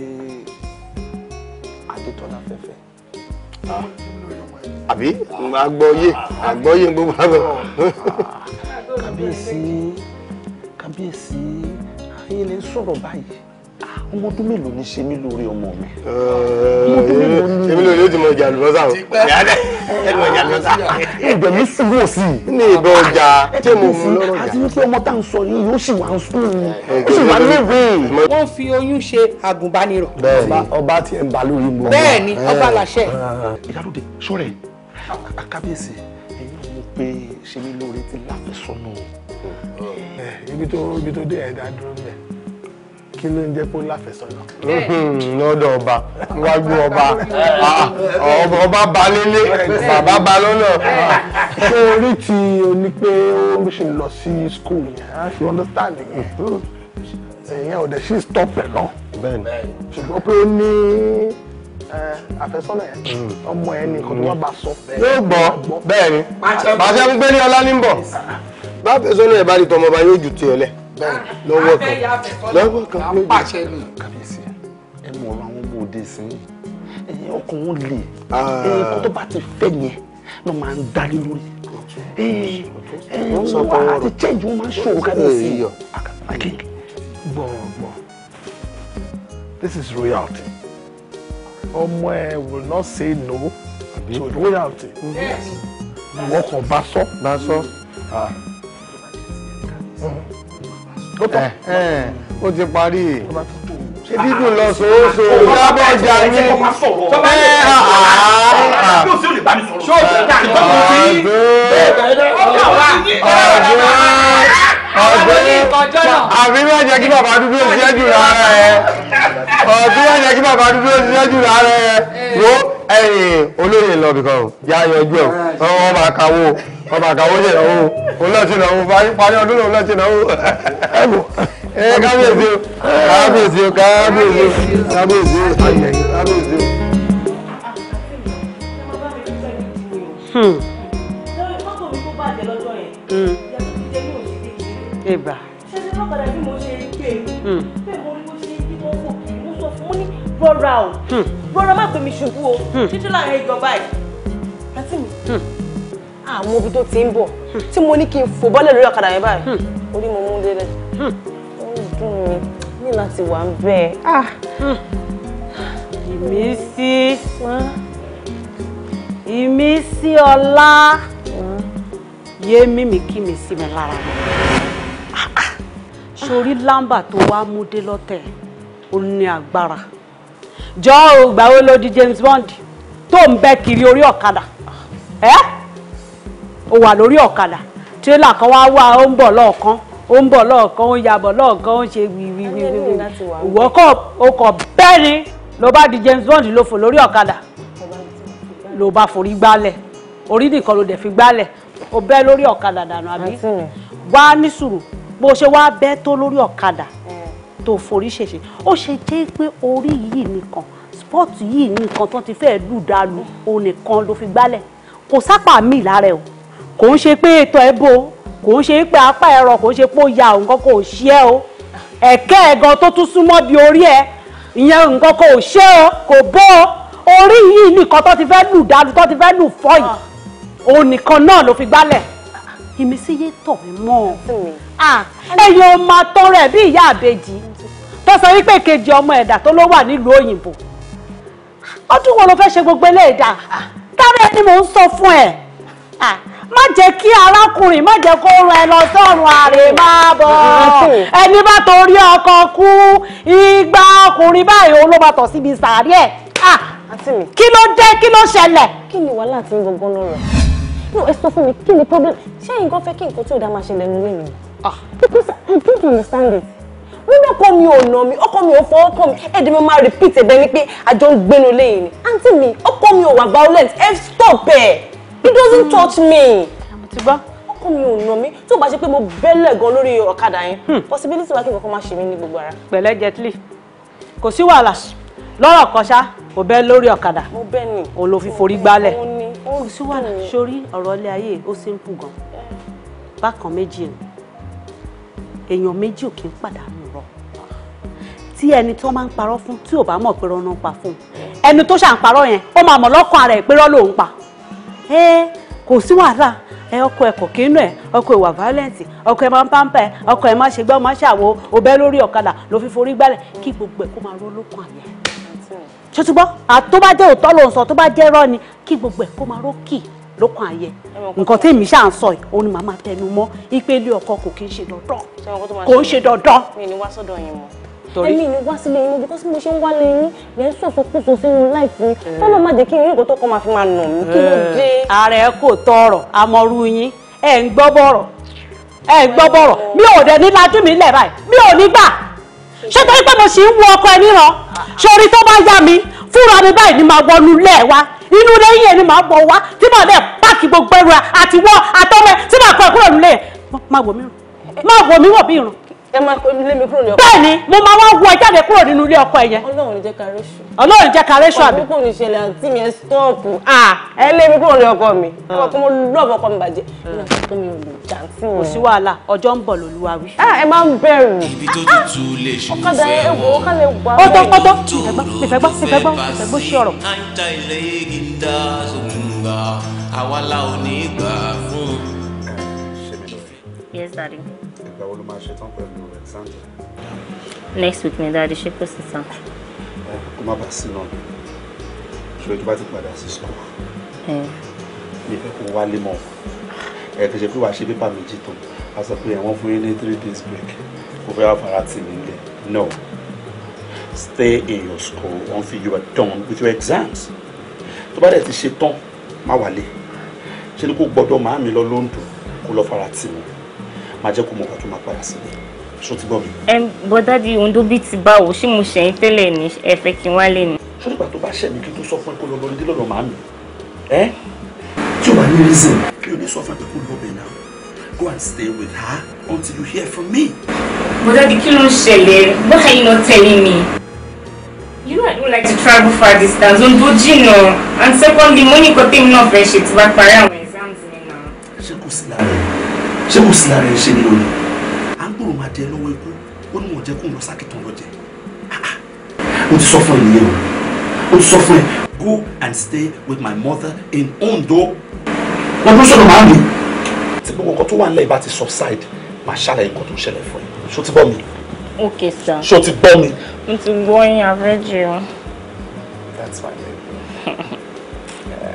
Adétọ́lá fẹ́fẹ́. Ah, Àbí àgbọ́yé àgbọ́yé gbogbo àgbọ̀. Ah, kábíyèsí kábíyèsí ayé lè sọ̀rọ̀ báyìí ọmọ ọdún mélòó ni ṣe mí lórí ọmọ mi. èmi ló yóò ti mọ ọjà àlùbọ́sà o yàrá ẹ lọ ọjà àlùbọ́sà. ẹgbẹ́ mi sì wò sí. ní ìbọn ọjà tí mo mú lọ́rọ̀ ọjà. àti wípé ọmọ tá à ń sọ yìí yóò sì wà ń sùn ó sì wà léwe. wọ́n fi oyún ṣe àgùnbánirọ̀. bẹ́ẹ̀ni ọba ti ẹ̀ ń bá lórí mu. bẹ́ẹ̀ni ọba làṣẹ. ìyálóde sọ́rẹ̀ kábíyèsí ẹ̀yin mo pe ṣe mí lóore ti láfẹ́sọ́nà ibi tó ibi tó dé ẹ̀dá dúró níbẹ̀ kí ló ń jẹ́ kó láfẹ̀sọ́nà. Hmm, lọ́dọ̀ ọba wájú ah, ọba ọba ba bàbá ba ṣé orí ti oní pé ó ṣe lọ sí school yẹn á understand yẹn hmm. ẹ̀yìn ọ̀dẹ̀ sí stop ẹ̀ lọ. ṣùgbọ́n pé ó ní àfẹ́sọ́nà yẹn hmm. ọmọ ẹ̀ nìkan tó wá bá sọ. yóò gbọ́ bẹ́ẹ̀ ni pàṣẹ ń gbé ọlá ní bọ̀ bá àfẹ́sọ́nà ẹ̀ bá di tọmọba yóò jù tiẹ̀ lẹ̀. Ah, bẹ́ẹ̀ lọ́wọ́ kan lọ́wọ́ kan lójú pàṣẹ ni. kàbíyèsí ẹ mọ ọ̀rọ̀ àwọn ọmọ òde ìsìn yìí ọkàn wọn lè ah. kó tó bá ti fẹ́ yẹn ló máa ń darí lórí wọn àti change wọn máa ń ṣòro kàbíyèsí gbọ̀ngbọ̀n this is royalty ọmọ ẹ will not say no to royalty ìwọ kan bá sọ. bá sọ. Mm-hmm ó ti parí ṣebí dùn lọ sòóso lábẹ́ ọjà ní àbí má jẹ́ kí bàbá dúdú ṣiṣẹ́ jù lára ẹ̀ ọ̀bí má jẹ́ kí bàbá dúdú ṣiṣẹ́ jù lára ẹ̀ wo ẹ̀yìn olóyè lọ bìkan yá yọjú ẹ̀ wọ́n máa kawó ọba o rọra má pè mí ṣubú o. Hmm. Títí láàrin ìjọba yìí. Hmm. Àǹtí mi. Hmm àwọn ah, ibi tó ti ń bọ̀ tí mo ní kí n fò bọ́lẹ̀ lórí ọ̀kadà yẹn báyìí hmm. orí mo mú délẹ̀ hmm. ó ń dùn mí ní láti wà ń bẹ̀ ẹ́. Ah. ìmísí ìmísí ọlá yé mímí kí mi sí mi lára mi sórí lámbà tó wá mú dé lọ́tẹ̀ ó ní agbára jọ́ ògbà wo ló di James Bond tó ń bẹ́ kiri orí ọ̀kadà Eh? ó wà lórí ọ̀kadà tírélà kan wá wá ó ń bọ̀ lọ́ọ̀kan ó ń bọ̀ lọ́ọ̀kan ó ń yabọ̀ lọ́ọ̀kan ó ń ṣe wíwíwíwí ìwọ ọkọ̀ bẹ́ẹ̀ ni ló bá di James Bond ló fò lórí ọ̀kadà ló bá forí gbálẹ̀ orí nìkan ló dẹ̀ fi gbálẹ̀ ó bẹ́ lórí ọ̀kadà dànù àbí wá ní sùúrù bó ṣe wá bẹ́ tó lórí ọ̀kadà tó forí ṣèṣe ó ṣe jẹ́ pé orí yìí nìkan spọ́ọ̀tù yìí nìkan tó ti fẹ́ẹ́ lù dàlù òun nìkan ló fi gbálẹ̀ kò sápà míì lára ẹ̀ o kò ń ṣe pé ètò ẹ bo kò ń ṣe pé apá ẹ̀rọ kò ń ṣe pé ó ya òun kankan ò ṣe ẹ́ o ẹ̀kẹ́ ẹ̀gan tó tún súnmọ́ bí orí ẹ̀ ìyẹn nǹkan kò ṣe o kò bó o orí yìí nìkan tó ti fẹ́ lù dálu tó ti fẹ́ lù fọ́ yìí òun nìkan náà ló fi gbálẹ̀ èmi sì yé tọ̀ mí mọ́ ọ ẹ̀yin ọmọ atọ́ rẹ̀ bí ìyá àbejì tó sọ wípé kejì ọmọ ẹ̀dà tó ló wà nílùú òyìnbó ọdún wo ló fẹ́ ṣe gbogbo eléyìí dà ni mò ń sọ fún ẹ̀ má jẹ́ kí arákùnrin má jẹ́ kó rán ẹ lọ sọ́run àrè máa bọ̀ ẹni bá torí ọkọ kú igba ọkùnrin báyìí òun ló bá tọ̀ síbi sàárì ẹ̀ ah, kí ló dé kí ló ṣẹlẹ̀. kí ni wàhálà tí ń gbọgbọ́n lọ́rọ̀ no ẹ sọ fún mi kí ni problem ṣé nǹkan fẹ́ kí nǹkan tí ò dá máa ṣẹlẹ̀ nílé mi. Ah. because I don't understand it nínú ọkọ mi ò nà mí ọkọ mi ò fọ ọkọ mi ẹdí mo máa repeat ẹ̀bẹ̀ ni pé àjọ ń gbénu lẹ́yìn ni àǹtí mi ọkọ mi ò wà violent ẹ stop ẹ. He doesn't hmm. touch me. Àmọ̀tígbá. Ọkọ mi ò nà mí tó bá ṣe pé mo bẹ́lẹ̀ gan lórí ọ̀kadà yẹn. Hmm. Possibility wà kí nǹkan kan máa ṣe mí ní gbogbo ara. Pẹ̀lẹ́ Jetli, kò sí wàhálà lọ́rọ̀ kan ṣá kò bẹ́ lórí ọ̀kadà. Mo bẹ́ ni. O lo fi forí gbálẹ̀. Mo ní. Kò sí wàhálà sórí ọ̀rọ̀ ilé ayé ó simple gan. Bákan méjì ni èèyàn méjì ò kí ń pàdánù rọ tí ẹni tó máa ń parọ́ fún tí ò bá mọ̀ pé rọ́nà pa fún ẹni tó ṣà yẹn ó máa mọ̀ lọ́kàn ara ẹ̀ pé rọ́ lòun pa kò sí wàhálà ọkọ ẹ kínú ẹ ọkọ ìwà wà ọkọ ẹ máa ń ọkọ ẹ máa ṣe gbọ́ lórí ọ̀kadà ló fi forí gbálẹ̀ kí gbogbo ẹ kó máa ró lókun bá jẹ́ ló tó bá jẹ́ rọ́ ni kí gbogbo kó máa lókun nǹkan tí èmi ṣáà ń sọ yìí ní màá tẹnu sọrí. ẹ̀mí mi wá sílé yín because mo ṣe ń wálé yín lẹ́ ń sọ̀sọ̀ kúso sínú láìpẹ́ yín fọ́nà eh. má jẹ́ kí yín kò tó kọ́ máa fi máa nà mí kí ló eh. dé. ààrẹ kò tọrọ àmọrú yín ẹ ń gbọ́ bọ̀rọ̀ ẹ ń gbọ́ bọ̀rọ̀ mi ò dẹ̀ ní lajú mi lẹ̀ báyìí mi ò ní gbà ṣé torí pé mo ṣì ń wo ọkọ ẹ níran ṣorí tó bá yá mi fúnra mi báyìí ni màá wọnú lẹ̀ wá inú lẹ́yìn ẹ̀ ni màá bọ̀ wá tí màá lẹ̀ páàkì gbogbo ẹrù àtiwọ́ àtọ́mẹ tí màá kọ ẹ̀kúrò nílé máa wò wò mí wọ̀ bí irun ẹ máa lé mi kúrò ní ọkọ. bẹ́ẹ̀ni mo máa wá wọ ẹ jáde kúrò nínú ilé ọkọ ẹ yẹn. Ọlọ́run ní jẹ́ kárẹṣù. Ọlọ́run ní jẹ́ kárẹṣù àbí. ọdún kò ní ṣẹlẹ̀ àǹtí mi ẹ stọọpù. Ah, ẹ lé mi kúrò ní ọkọ mi. Ah. ọkọ kí mo lọ́ọ̀bù ọkọ mi bàjẹ́. ìlànà tó mi ò lè jà àǹtí mi. kò sí wàhálà ọjọ́ ń bọ̀ lólúwa wí. Ah, ẹ máa ń bẹ̀rù. ibi tó tutù lè ṣù fẹ́ wọn. ọkọ Yes, Daddy máa ṣetán pẹ̀lú exam tó. next week ni dáadé ṣe kò sí tán. ẹ kó má bàa sí náà ṣòro tó bá ti padà sí school mi fẹ́ kó wálé mọ́ ẹ kò ṣe pé wàá ṣe pépà méjì tó a sọ pé ẹ̀wọ̀n fún yín ní three days no stay in your school until you are done with your exams tó bá dẹ̀ ti ṣe tán má wálé ṣe ni kó gbọ́dọ̀ máa mi lọ lóńdó kó lọ fara tì mí máa jẹ́ kó mọ̀ pàtó máa padà sílẹ̀ ṣó ti gbọ́ mi. ẹ bọ́dá di ondo bíi ti báwo ṣé mo ṣẹ̀yìn tẹ́lẹ̀ ní ẹ fẹ́ kí n wálé ni. sórí ìgbà tó bá ṣẹ̀ mí kí n tó sọ fún ẹ kó lọ lọ dé lọ́dọ̀ màámi ẹ tí o bá ní reason kí o ní sọ fún ẹ kó lọ bẹ̀ náà go and stay with her until you hear from me. bọ́dá di kí ló ń ṣẹlẹ̀ why are you not telling me. you know I don't like to travel far distance ondo jìnnà and secondly mo ní kò tèmi náà fẹ́ ṣe tí bá parí àwọn exams mi náà. ṣé kò sí lára ṣé kò sí lára ẹ ṣe nílò ni. à ń gbòòrò máa jẹ lọ́wọ́ ikú ó ní wọn jẹ kó ń lọ sákìtàn lọ jẹ. Ah, ah. mo ti sọ fún ẹ nìyẹn o mo ti sọ fún ẹ. go and stay with my mother in Ondo. wọn ló sọ̀rọ̀ màá mi. tí gbogbo nǹkan tó wà nílẹ̀ bá ti subside màá ṣàlàyé nǹkan tó ń ṣẹlẹ̀ fún ẹ ṣó ti bọ́ mi. ok sir. ṣó ti bọ́ mi. mo ti gbọ́ yín abẹ́jẹ́ o. that's my baby. yeah.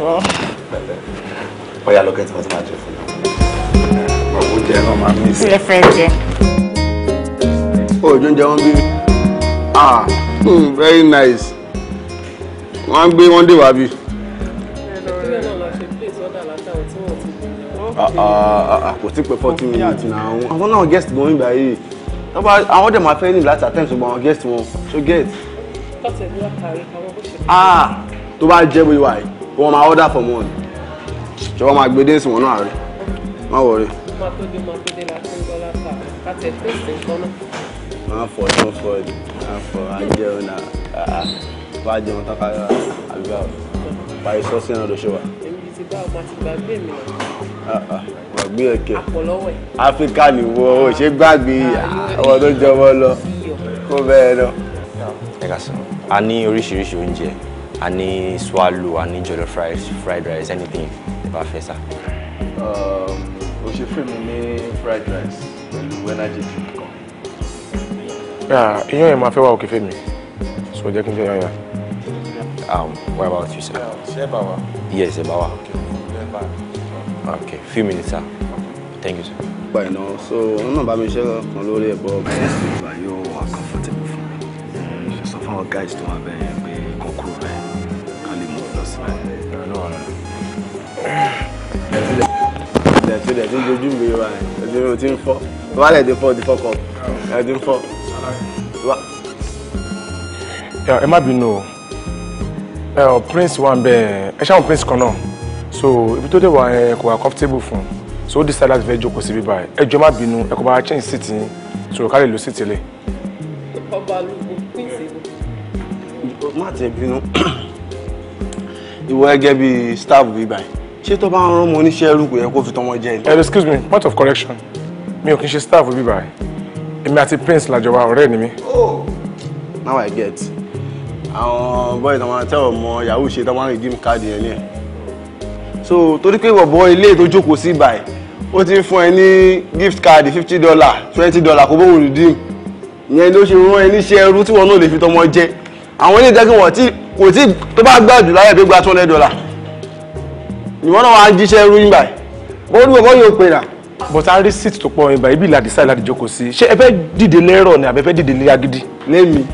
Well. Oya, look at what I'm doing for you ọ̀pọ̀ jẹ́ wọn máa Ah, sí. ilé fẹ́ one òòjọ́ one day. wọ́n ah, ah mm, very nice wọ́n gbé wọ́n dé wá bí. Ah, ah, ah, kò tí pẹ́ forty minutes na àwọn àwọn náà guest mọ́ ìgbà yìí àwọn dẹ̀ máa fẹ́ ní láti attempt gbogbo àwọn guest wọn so get. ah tó bá jẹ́ bóyá wọ́n máa order for one ṣé wọ́n máa gbé dé sí wọn náà rẹ̀ má wọrí. mo máa tó dé máa tó dé láti ń gbọ́ látà láti ẹ̀fẹ́ ìsìn kan náà. máa fọ tó fọ ẹ máa fọ ajẹ ọ náà bá jẹun tọ́ka àbí báwo parí sọ́ọ̀sì náà ló ṣe wà. èmi ah, ah, ti bá ọmọ àti gbàgbé mi gbàgbé ẹkẹ áfíríkà nìwọ ò ṣe gbàgbé ah, ọmọ tó jọmọ lọ kó bẹ́ẹ̀ lọ. ẹ kà sọ a ní oríṣiríṣi oúnjẹ a ní swallow a ní jollof rice fried rice anything ẹ bá fẹ́ sá. Um, o ṣe fún mi ní fried rice pẹ̀lú energy drink kan. iyán yẹn máa fẹ́ wá òkè fẹ́ mi so jẹ́ kí n jẹ́ yán yẹn. Um, what about you, sir? Shebawa. Yes, Shebawa. Okay. Okay, few minutes, sir. Thank you, sir. But no, so I'm not about sure I'm lórí ẹ but next week by you are comfortable for me. Just of our guys to have a conclude, can you move us? No, no dẹ̀ ti ń dojú mi wá ẹ̀ o ti ń fọ́ tó bá dẹ̀ fọ́ ti fọ́ kọ́ ẹ̀ ti fọ́. ẹ má bínú o ẹ ọ prince wa ń bẹ ẹ ṣáà prince kan náà so ibi tó dé wà ẹ kò wà comfortable fún so ó decide láti fẹ́ jókòó síbí báyìí ẹ jọ má bínú ẹ kò bá change seat yín so ká lè lo seat lẹ. ọba lóko prince ìbò. má tẹ̀ bínú ìwọ ẹgẹ́ bíi staff bíi báyìí ṣé tó bá ń rán mo oníṣẹ́ ẹrú yẹ kó fi tọmọ jẹ ni. Eh, excuse me point of correction mi ò kì í ṣe staff bíbá ẹ èmi àti prince làjọba ọ̀rẹ́ ni mi. oh now i get àwọn bọ́ọ̀ì tó máa tẹ́ ọmọ yahoo ṣe tó máa redeem káàdì yẹn ni ẹ̀ so torí pé ìwọ̀bọ ilé tó jókòó sí ibà ẹ̀ ó ti ń fún ẹ ní gift card fifty dollar twenty dollar kó bóun redeem ìyẹn ló ṣe rán ẹ níṣẹ́ ẹrú tí wọn náà lè fi tọmọ jẹ àwọn ilé ìdájọ́ wọn kò tí tó bá gbàdúrà ẹ̀ tó gba two hundred dollar You wanna wàá jíṣẹ́ rú yín by. What ní bọ́bọ́ yóò pè rà. but a rí seat tó pọ̀ ibà ibi ìlàdí sáì láti jókòó sí ṣé ẹ fẹ́ dìde lẹ́rọ̀ ni àbẹ fẹ́ dìde lé agídí. lémi.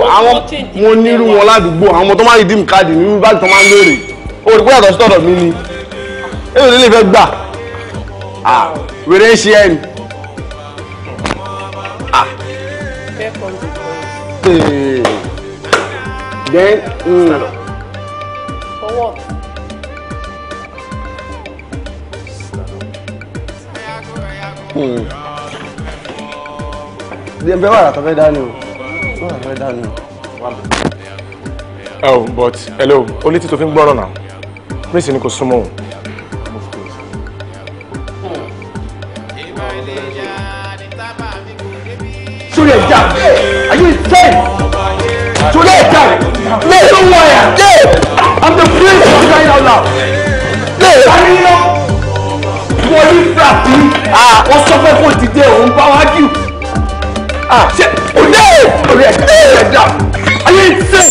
àwọn mo nírú wọn ládùúgbò àwọn ọmọ tó máa ń dì mí káàdì nínú báàgì tó máa ń lóore o rí pé àtọ̀ sọ̀rọ̀ mi ni èyí ò lè fẹ́ gbà wèrè ń ṣe ẹni. Then, mm lọ́wọ́ mi. Hmm. bí ẹgbẹ́ wàrà tó fẹ́ dání o wàrà oh but hello Only létí tó fi ń gbọ́rọ̀ náà prince ni kò súnmọ́ o. sórí ẹ̀ já ayé ìsẹ́yìn sórí I'm the prince of crying out loud. Sáníyàn wọ ní fúlàtí ó ah. ah, sọ pé kò dìde òun bá wá jù. Ah. Ṣé o dé orí ẹ̀ dé ẹ̀ dá? Ayé ṣe.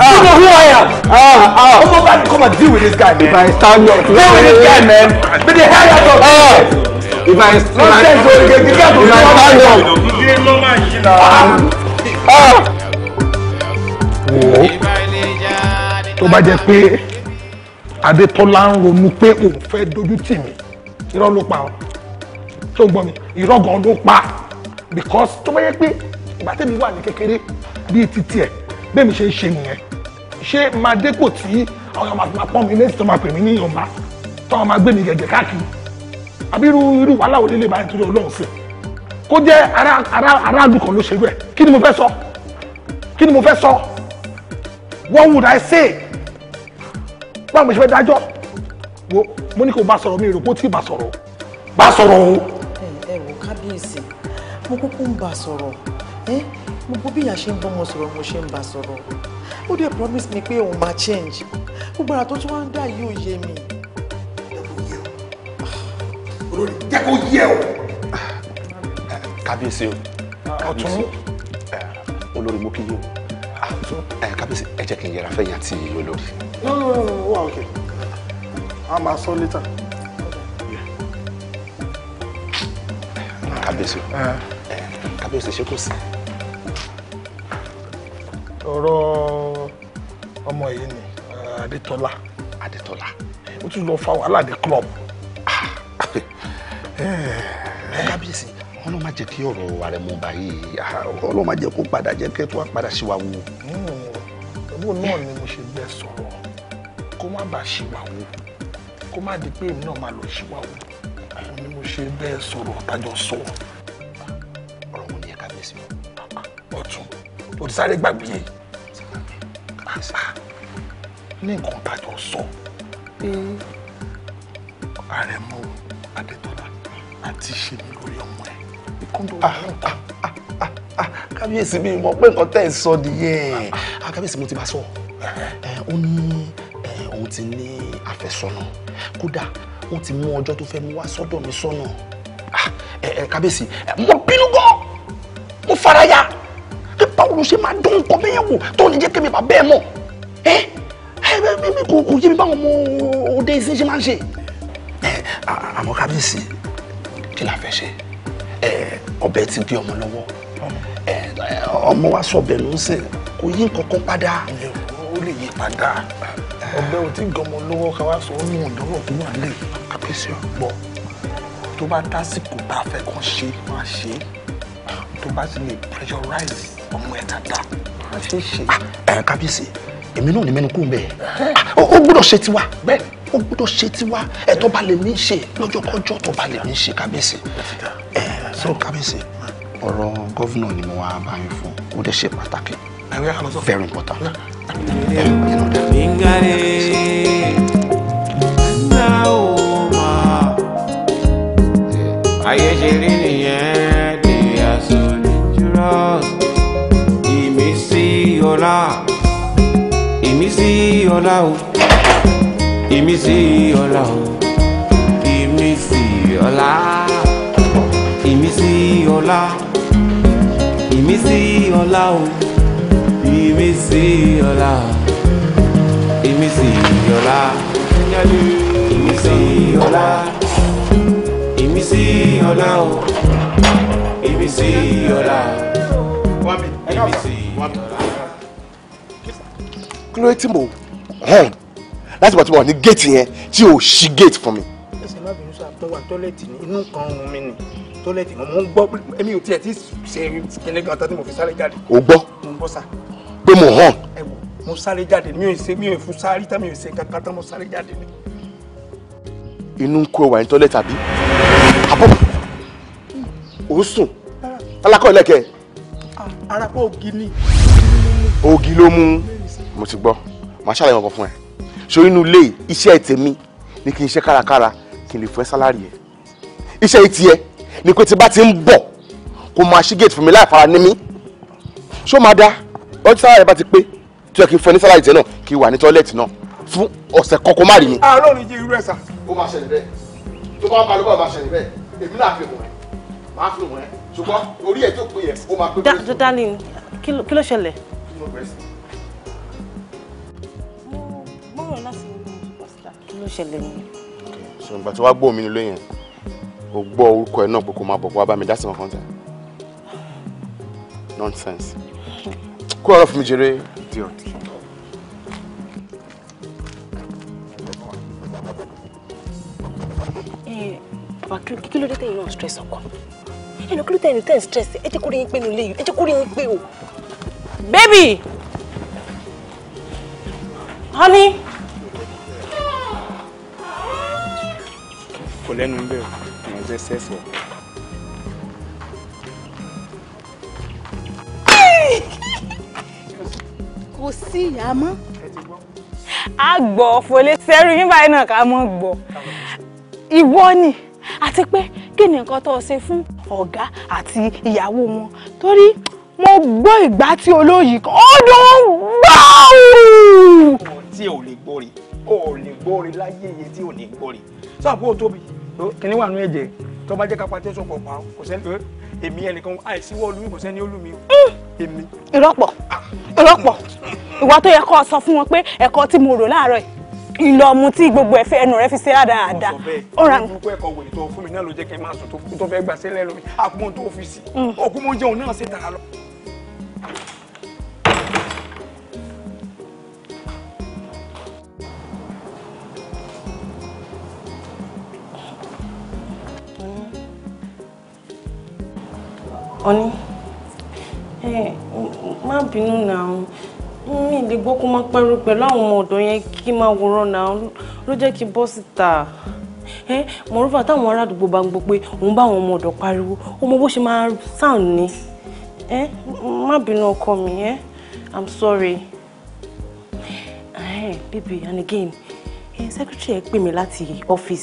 You know who I am. Ọmọ bá mi come and deal with this guy man. If I stand up. Deal with this guy man. Be the head of the. Oh, if I stand up. Nonsense o, the the guy go dey on my own. Ah. Ah. Whoa tó bá jẹ́ pé Adétọ́lá ń ronú pé òun fẹ́ dojú tì mí irọ́ ló pa ọ́ tó ń gbọ́ mi irọ́ gan ló pa because tó bá jẹ́ pé ìgbà tẹ́mi wà ní kékeré bíi títí ẹ̀ bẹ́ẹ̀ mi ṣe ń ṣe nìyẹn ṣé máa dépò tí àwọn ọmọ àti máa pọ́n mi lẹ́sìn tó máa pè mí ní ìyọ̀nba tó àwọn máa gbé mi gẹ̀gẹ̀ káàkiri àbí irú irú wàhálà òde lè báyìí nítorí Ọlọ́run sí kó jẹ́ aráàlú kan ló ṣerú ẹ̀ kí ni mo fẹ́ sọ kí ni mo fẹ́ sọ what would I say? báwo mo ṣe fẹ́ dájọ́ wo mo ní kó bá sọ̀rọ̀ mi rò pé ó tí bá sọ̀rọ̀ bá sọ̀rọ̀ o. ẹ wo kábíyèsí mo kúkú ń bá sọ̀rọ̀ mo bó bí ìyá ṣe ń bọ́ wọn sọ̀rọ̀ mo ṣe ń bá sọ̀rọ̀ ó dẹ̀ promise mi pé òun máa change gbogbo ara tó tún wá ń dà yìí ò yé mi. olórí jẹ́ kó yé o. kábíyèsí o ọ̀tún olórí mo kí yé o sọ ẹ kábíyèsí ẹ jẹ́ kí n yẹra fẹ́yìn àti ìlú olórí. no no no no wa okay a máa sọ later. kábíyèsí eh. kábíyèsí ṣé kò sí. ọ̀rọ̀ ọmọ yìí ni eh, adétọ́lá. adétọ́lá. ó tún lọ fa wàhálà ní club. Ah. Eh. kábíyèsí ọlọ́run má jẹ́ kí ọ̀rọ̀ ààrẹ mú báyìí ah, ọlọ́run má jẹ́ kó padà jẹ́ kẹ́kọ̀ọ́ padà sí wa wo. Hmm. ẹ̀bù náà ni mo ṣe bẹ́ẹ̀ sọ̀rọ̀ kó má bàa ṣì wà wo kó má di pé èmi náà máa lọ ṣì wà wo ni mo ṣe bẹ́ẹ̀ sọ̀rọ̀ tájọ sọ. ọ̀rọ̀ wo ni ẹ̀ka bẹ́ẹ̀ sí o. ọ̀tún òdìsáré gbàgbé yẹn ah, ní nǹkan tájọ sọ ààrẹ mú adétọ́lá àti ṣèlú kúndùn òkúta. kábíyèsí mi mọ̀ pé nǹkan tẹ́ ẹ̀ sọ nìyẹn ah, kábíyèsí mo ti bá sọ ó ní òun ti ní àfẹ́sọ́nà kódà ó ti mú ọjọ́ tó fẹ́ mú wá sọ́dọ̀ mi sọ́nà ah, kábíyèsí mo bínú gan mo faraya pé báwo ló ṣe máa dán nǹkan bẹ́ẹ̀ wò tó ní jẹ́ kí mi bá bẹ́ẹ̀ mọ̀ ẹ́ kò kò yé mi báwọn ọmọ òde ìsìn ṣe máa ń ṣe àmọ́ kábíyèsí kí la fẹ́ ṣe. Eh, ọbẹ̀ ti gé ọmọ lọ́wọ́ eh, ọmọ wa sọ̀bẹ̀ ló ń sìn kò yí nǹkankan padà ó lè yí padà ọbẹ̀ ò tí gan ọmọ lọ́wọ́ ká wá sọ ọ́nù ọ̀dọ́rọ̀ tó wà lè kábíyèsí ọ̀pọ̀ tó bá dásìkò tá a fẹ́ kàn ṣe máa ṣe tó bá sì lè pressurize ọmọ ẹ̀ dáadáa máa ṣe é ṣe. Ah, eh, kábíyèsí èmi náà ní mẹ́nu kú bẹ́ẹ̀ ah, ó gbọ́dọ̀ ṣe tiwa bẹ́ẹ̀ ó gbọ́dọ̀ ṣe tiwa ẹ̀tọ́ bá lè mí ṣe lọ́jọ́kọ́jọ́ tó bá lè mí ṣe kábíyèsí ẹ̀ so kábíyèsí ọ̀rọ̀ gọ́vnà ni mo wá bá yín fún ó dẹ̀ ṣe pàtàkì very important. ayé ṣe rí nìyẹn ìmísí ọlá ìmísí ọlá o ìmísí ọlá ìmísí ọlá ìmísí ọlá ìmísí ọlá o ìmísí ọlá ìmísí ọlá ìmísí ọlá ìmísí ọlá o ìmísí ọlá ìmísí ọlá. kí ló dé tí mo hàn láti ìgbà tí mo wà ní géètì yẹn tí ò ṣí géètì fún mi. ẹsẹ̀ má bínú sọ àtọ́ wà tọ́lẹ̀tì ní inú kan ohun mi ni tọ́lẹ̀tì mo ń gbọ́ èmi ò tiẹ̀ ti ṣe kíni gan tán tí mo fi sáré jáde. o gbọ́ mo gbọ́ sà. pé mo hàn. ẹ wò mo sáré jáde mi ò ṣe mi ò fún sáré tá mi ò ṣe kankan tán mo sáré jáde ni. inú ń kó ẹwà ní tọ́lẹ̀tì àbí àbọ̀ ò ń sùn alákọ̀ ìlẹ̀kẹ̀. Ah, ara kó ògì ni. ògì ló mú mo ti gbọ́ màá ṣàlàyé ọkọ̀ fún ẹ ṣòrí inú ilé iṣẹ́ tèmi ni kí n ṣe kárakára kí n lè fẹ́ sálárì ẹ̀ iṣẹ́ tiẹ̀ ni pé tí bá ti ń bọ̀ kó máa ṣí gate fún mi láì fara ní mí ṣó máa dá ọjọ́ sálárì bá ti pé tí o kì í fẹ́ ní sálárì tẹ̀ náà kí n wà ní tọ́lẹ́ẹ̀tì náà fún ọ̀sẹ̀ kọ́kọ́ má rí mi. àárọ̀ ah, ni jẹ́ irú ẹ̀ sà. ó máa ṣẹlẹ̀ bẹ́ẹ̀ tó bá ń balẹ̀ bá máa ṣẹlẹ̀ bẹ́ẹ̀ èmi náà fi darling kí ló ṣẹlẹ̀ sọ̀rọ̀ láti ọdún pásítà kí ló ṣẹlẹ̀ ni. so ìgbà tí wàá gbọ́ mi nílé yẹn o gbọ́ orúkọ ẹ náà pé kó máa bọ̀ wá bá mi dá sí kankan tẹ̀ nonsense kó ọ̀rọ̀ fún mi jèrè díọ̀. Patrick kí ló dé tẹ̀yìn náà stress ọkọ ẹnu kí ló tẹ̀yìn tẹ̀yìn stress ẹ jẹ́ kó rí yín pé nílé yìí ẹ jẹ́ kó rí yín pé o. baby honey. kò lẹ́nu ń bẹ̀rù èèyàn jẹ́ sẹ́ẹ̀sì ọ̀. kò sí ìyá mọ́ a gbọ́ fòlé sẹ́rù yín báyìí náà ká mọ́ gbọ́ ìwọ ni àti pé kí ni nǹkan tó ṣe fún ọ̀gá àti ìyàwó wọn torí mo gbọ́ ìgbà tí olóyìí kan ó dùn gbáù. tí ò lè gbórí ò lè gbórí láyé iye tí ò ní gbórí sọ àpò tóbi kíní wà nú to tó bá jẹ́ ká pàtẹ́ sọ̀pọ̀ pa kò sẹ́ni èmi ẹnìkan àìsíwọ́ olú mi kò sẹ́ni olú mi èmi. ìrọ́pọ̀ ìrọ́pọ̀ ìwà tó yẹ kó sọ fún wọn pé ẹ̀kọ́ tí mo rò láàárọ̀ yìí ìlọmú tí gbogbo ẹ̀fẹ́ ẹnu rẹ̀ fi ṣe àdáadáa. ọ̀rọ̀ àwọn olùkọ́ ẹ̀kọ́ wòye to fún mi náà ló jẹ́ kí n máa sùn tó fẹ́ gbà sílẹ̀ lómi to tó fi sí ọkùnrin mm. jẹun náà ṣe tààrà lọ. Ọ̀ní, ẹ Ma bínú náà mi lè gbọ́ kó máa pẹ́rù pẹ̀lú àwọn ọmọ ọ̀dọ́ yẹn kí máa wòran náà ló jẹ́ kí bọ́ taa. ẹ mọ̀rúfà táwọn ará àdúgbò bá ń gbọ́ pé òun bá ọmọ ọ̀dọ́ pariwo ọmọ bó se ma sound ni ẹ Ma bínú ọkọ mi ẹ i'm sorry eh hey, baby and again eh secretary ẹ mi lati láti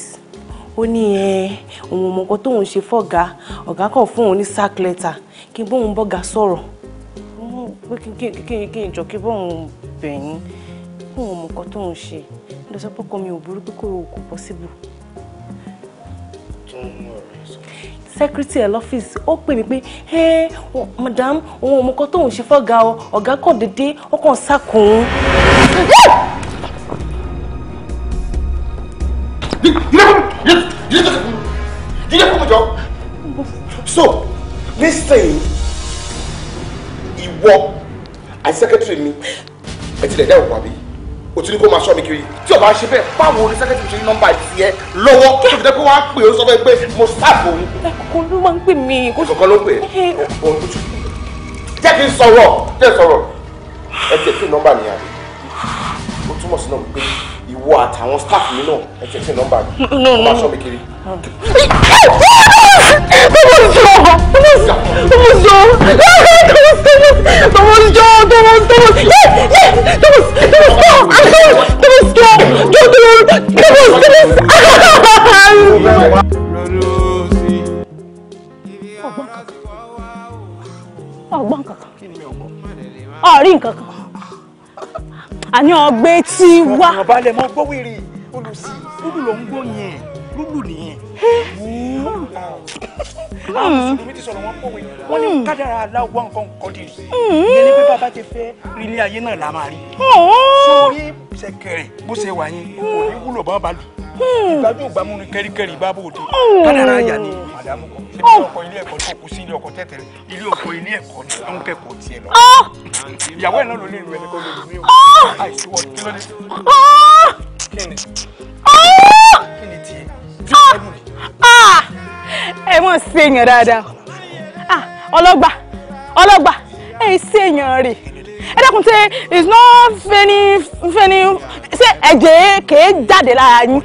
ó ní ẹ òun ò mọ nǹkan tóun ṣe fọ́gà ọ̀gá kan fún òun ní sack letter kí n bóun bọ́gà sọ̀rọ̀ kí n jọ kí bóun bẹ̀yìn kí òun mọ nǹkan tóun ṣe lọ sọ pé ọkọ mi ò burú pé kò kò possible. secretary ẹ̀ lọ́fíìsì ó pè mí pé ẹ madam òun ò mọ tóun ṣe fọ́gà ọ̀gá kan dédé ó kàn sack so this nísìnyí ìwọ àti sẹkẹtìrì mi ẹ tilẹ̀ dẹ́wọ̀ pàbí o ti ní kó máa sọ mi kiri tí o bá ṣe bẹ́ẹ̀ báwo ni sẹkẹtìrì ṣe ní nọ́mbà tiẹ̀ lọ́wọ́ tó fi dẹ́ pé wọ́n á pè é sọ fẹ́ pé mo sáàbò òun. kò ló máa ń pè mí. kòkòrò ló pè é jẹ́ kí n sọ̀rọ̀ jẹ́ sọ̀rọ̀ ẹ tiẹ̀ fi nọ́mbà mi àbí o túmọ̀ sí náà pé ìwọ àtàwọn staff mi náà ẹ ti ẹsẹ nọ́mbà mi wọn máa ṣọ́ mi kiri. Tọmọjọ tọmọjọ tọmọjọ tọmọjọ ọgbọ́n kankan ọ̀rí nǹkan kan àní ọgbẹ́ tí wá. ọ̀nà balẹ̀ mọ́ gbówìrì olùsí lúlù ló ń gbó yẹn lúlù nìyẹn àwọn ní kádàrá aláwọ̀ nǹkan kọ́dìrì ìyẹn ni pé bàbá ti fẹ́ ilé ayé náà la máa rí sórí ṣẹ̀kẹ̀rẹ̀ bó ṣe wà yẹn kò ní wúlò bá bá lù ìgbàdo ìgbàmú ni kẹ́ríkẹ́rí bá bò dé kádàrá ayà ni màdàmú kọ́ ṣé ọkọ̀ ilé ẹ̀kọ́ tó kù sí ilé ọkọ̀ tẹ̀tẹ̀rẹ̀ ilé ọkọ̀ ilé ẹ̀kọ́ ni ó ń kẹ́kọ̀ọ́ tiẹ̀ lọ ìyàwó ẹ̀ náà ló lè lu ẹni kọ́ lórí mi ò àìsíwọ̀ kí ló kí ni kí ah! ni ah! tiẹ̀ ju ẹmu ni. ẹ mọ̀ sí èèyàn dáadáa ah! ọlọ́gbà ọlọ́gbà ẹ sí èèyàn rè ẹ dẹ́kun ṣe it's not fẹ́ni fẹ́ni ṣé ẹ̀jẹ̀ kèé jáde lára yín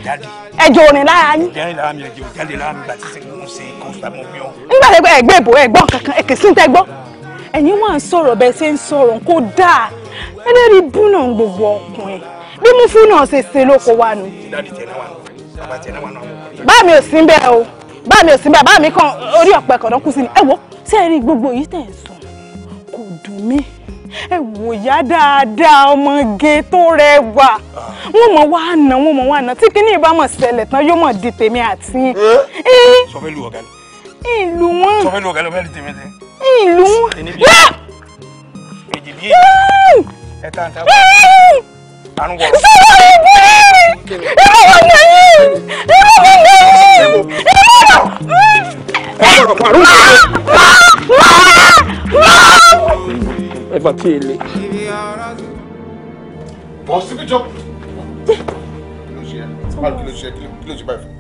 ẹ̀jẹ̀ ò ní lára yín. ìjáde lára mi ẹ̀jẹ̀ ò jáde lára mi gbàtí sẹ́yìn ń ṣe kó fà mọ́ mi o. nígbà tí ẹgbẹ́ ìbò ẹ̀gbọ́n kankan èkè sí tẹ́ gbọ́ ẹ̀yin wà ń sọ̀rọ̀ bẹ́ẹ̀ ṣe ń sọ̀rọ̀ kó dáa ẹlẹ́rìí bú náà gbogbo ọkùnrin bí mú fún náà ṣe ṣe lóko wa nù. ìdáni tẹ̀ náà wà nù bá mi ò sí ń bẹ́ẹ̀ o bá mi ò sí ń bẹ́ẹ̀ bá mi kan orí ọ̀pẹ kọ̀dọ̀ kú sí ni ẹ wo ṣé ẹ rí gbogbo yìí tẹ̀ ń sùn kò dùn mí ẹ wò yá dáadáa ọmọge tó rẹwà wọn mọ wá àná wọn mọ wá àná tí kíní ìbá mọ ṣẹlẹ̀ tán yóò mọ di tèmi àti. ìlú wọn. ìlú wọn. èjì ẹ tán tán. sọ wọ́n rí bí irú wọn ni yìí irú mi ni yìí irú mi. ẹ gbà kí ele. bọ́ síbí jọ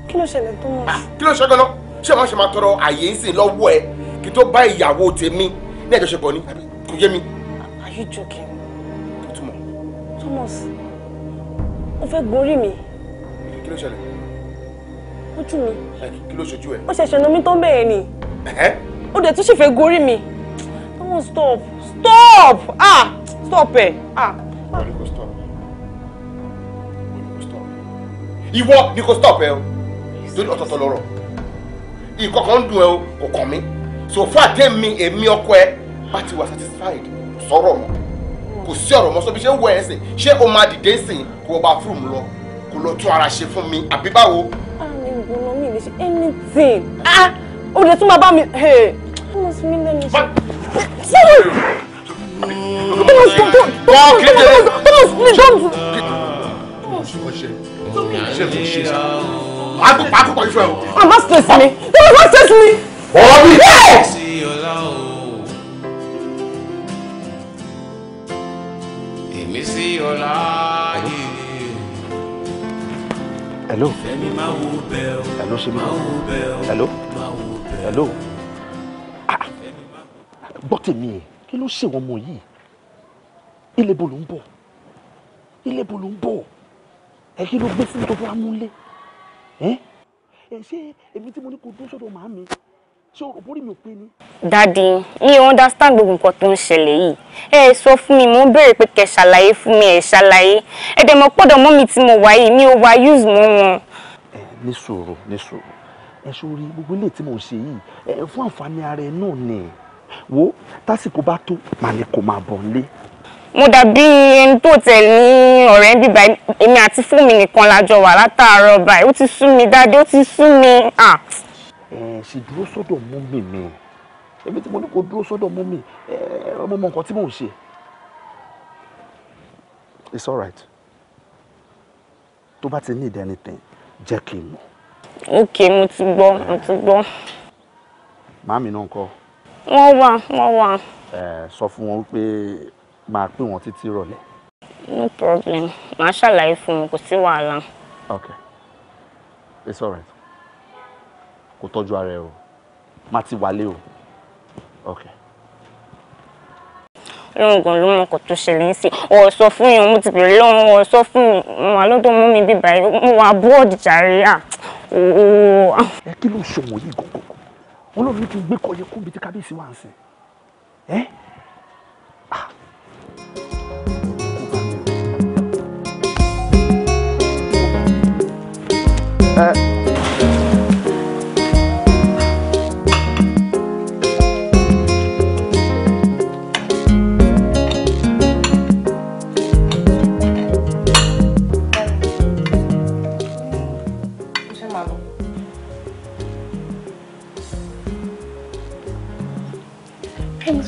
kí ló ṣẹlẹ̀ tó mọ̀. kí ló ṣe gan-an ṣé wọ́n ṣe máa tọrọ àyè ń sìn lọ́wọ́ ẹ kí tó bá ìyàwó tèmi ní ẹ̀jọ̀ṣepọ̀ ni kò yé mi. are you joking. kí ló túmọ̀. túmọ̀ sí o fẹ́ gorí mi. kí ló ṣẹlẹ̀. ojú mi. kí ló ṣojú ẹ. ó ṣẹ̀ṣẹ̀ nu mi tó bẹ́ẹ̀ ni. ó dẹ̀ tún ṣì fẹ́ gorí mi. no stop stop ah stop ẹ ah. wọ́n ní kò stop wọ́n ní kò stop ìwọ ni kò stop ẹ o lórí ọ̀tọ̀ọ̀tọ̀ lọ́rọ̀ ìkọ̀kọ̀ ń dùn ẹ o kò kàn mí so far dé mi èmi ọkọ ẹ bá ti wà satisfied sọ̀rọ̀ mọ́ kò sí ọ̀rọ̀ mọ́sọ́ bí ṣe ń wọ ẹ̀sìn ṣé o máa dìde sìn kó o bá fúrùmù lọ kó lọ tún ara ṣe fún mi àbí báwo. àmì ah, ìgbóná mi lè ṣe anything ah o lè tún máa bá mi ọmọ sí mi lẹ́nu iṣẹ́. Thomas, don't, don't, don't, don't, Thomas, please don't. Àgùpà àgùpà ìfẹ́ o. Thomas, test me. Thomas, test me. Ọ̀rọ̀ mi. Missy Olaji. Hello. Hello, Shemi. Hello. Hello. Ah, gbọ́ tèmi ẹ̀ kí ló ṣe wọn mọ̀ yìí? Ilé bo ló ń bọ̀? Ilé bo ló ń bọ̀? Ẹ kí ló gbé fún mi tó fẹ́ amúlé? Ẹ ṣé èmi tí mo ní kó dún sọ́dọ̀ màá ṣé o dadi mi ò understand gbogbo nǹkan tó ń ṣẹlẹ̀ yìí ẹ ẹ sọ fún mi mò ń béèrè pé kẹ́ ṣàlàyé fún mi ẹ ṣàlàyé ẹ dẹ̀ mọ̀ pọ̀dọ̀ mọ́ mi tí mo wà yìí mi ò wá use mọ́ wọn. ẹ ní sùúrù ní sùúrù ẹ sórí gbogbo ilé tí mo ṣe yìí ẹ fún àǹfààní ara ẹ náà ni wo tásìkò bá tó màá ní kó máa bọ̀ nílé mo dàbí ẹni tó tẹ̀ ní ọ̀rẹ́ bíbá èmi àti fún mi nìkan la wà látàárọ̀ báyìí ó ti sú mi dáadé ó ti sú mi. Ah! ṣì dúró sọ́dọ̀ mú mi mi èmi tí mo ní kó dúró sọ́dọ̀ mú mi ọmọ mọ nǹkan tí mò ń ṣe it's alright tó bá ti need anything jẹ́ kí n mọ̀. ok mo ti gbọ́ mo ti gbọ́. màámi náà ńkọ́. wọ́n wà wọ́n wà. sọ fún wọn pé máa pè wọ́n títí rọ̀lẹ́. no problem màá ṣàlàyé fún wọn kò sí wàhálà. ok it's alright kó tọ́jú ara ẹ o má ti wálé o ok. lóun gan ló mọ ọkọ tó ṣẹlẹ̀ ń sè ọ sọ fún yẹn mo ti bèrè lọ́wọ́ ọ sọ fún wọn wà lọ́dọ̀ mú mi bí báyìí mo wà bọ́ọ̀dì jàre à ah, ooo. Ah. ẹ kí ló ń ṣòwò yìí gangan wọn lóun ti gbé kọyẹ kó bíi ti kábíyèsí wà ń sìn ẹ. Uh...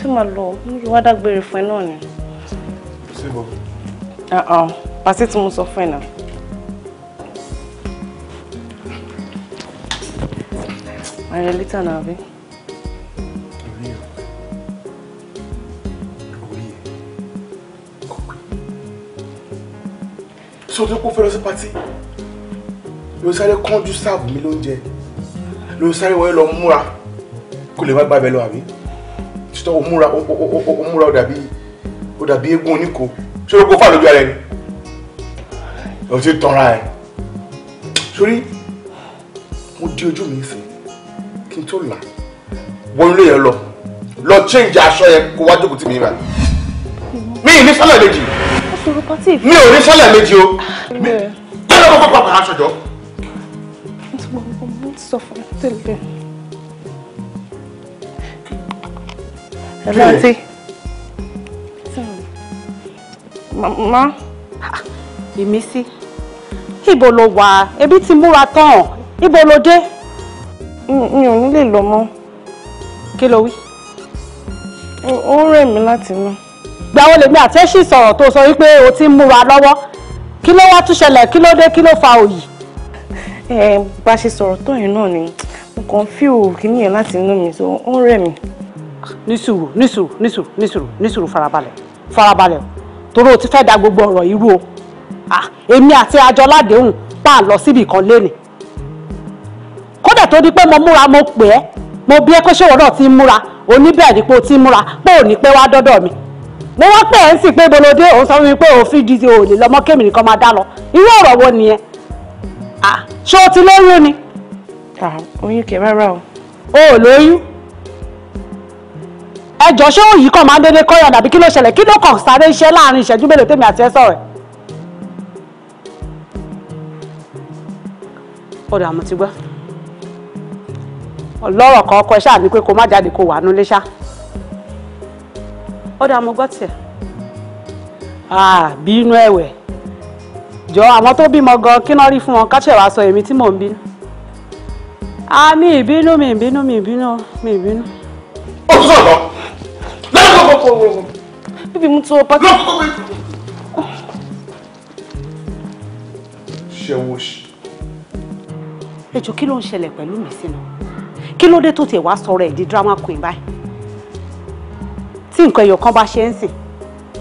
fẹ́ máa lọ mo rí wá dágbére fún ẹ náà ni. síbò. Uh-uh. pàṣẹ tí mo sọ fún ẹ náà. Are you later now, Abi? So tó kó fẹ́ lọ sí pátí, ló sáré kánjú sáàbù mi lóúnjẹ, ló sáré wọlé lọ múra, kò lè má gbàbẹ lọ àbí? sọ o múra o múra o dàbí o dàbí eégún oníko ṣé o kò fà lójú ara ẹni o ti tanra ẹ sórí mo di ojú mi sí kí n tó là wọ ilé yẹn lọ lọ change aṣọ yẹn kó wá jókòó tì mí bá mi ì ní sọlẹ méjì mi ò ní sọlẹ méjì o ah, bẹ́ẹ̀ lọ́kọ́ pàpà aṣọ jọ. mo ti sọ fún tẹ́lẹ̀. rántí. mama, èmi sí ibo lo wà ebi ti múra tán ibo lo dé mi o ní lè lọ mọ́ kí lo wí. ó rẹ̀ mí láti mú. gbàwo lèmi àtẹ́sí sọ̀rọ̀ tó sọ wípé o ti ń múra lọ́wọ́ kí ló wá tún ṣẹlẹ̀ kí ló dé kí ló fa òyì. ẹ bá ṣe sọ̀rọ̀ tó yẹn náà ni mo kàn fíò kíní yẹn láti inú mi so o rẹ̀ mí ní sùúrù ní sùúrù ní sùúrù ní sùúrù ní sùúrù farabalẹ̀ farabalẹ̀ torí o ti fẹ́ da gbogbo ọ̀rọ̀ irú o èmi àti àjọ ládéhùn pa àlọ́ síbi kan lénìí kódà tó di pé mo múra mo pè ẹ́ mo bí ẹ pé ṣé ìwọ́dọ̀ ti o múra oníbẹ̀ẹ́ ni pé o ti ń múra pé ò ní pẹ́ wá dọ́dọ̀ mi mo wá pè ẹ́ ń sì pé bolodé òun sọ wípé òfin di òòlì lọ́mọ kémi nìkan máa dá lọ irú ọ̀rọ̀ wo nìyẹn ṣé o ti lóyún ni. oyún kẹ rárá o. o ò lóyún ẹjọ ṣé òyì kan máa ń dédé kọ́yọ̀ dàbí kí ló ṣẹlẹ̀ kí ló kàn sáré iṣẹ láàrin ìṣẹ́jú mélòó tèmi àti ẹ ti gbọ́ ọlọ́rọ̀ kan ọkọ ṣáà ní pé kó má jáde wà nú Look! Baby, mo to party. Look! Ṣẹ́wó ṣe. Ẹjọ́ kí ló ń ṣẹlẹ̀ pẹ̀lú mi sínú? Kí ló dé di drama queen báyìí? Tí nǹkan ẹyọ kan bá ṣe ń sìn,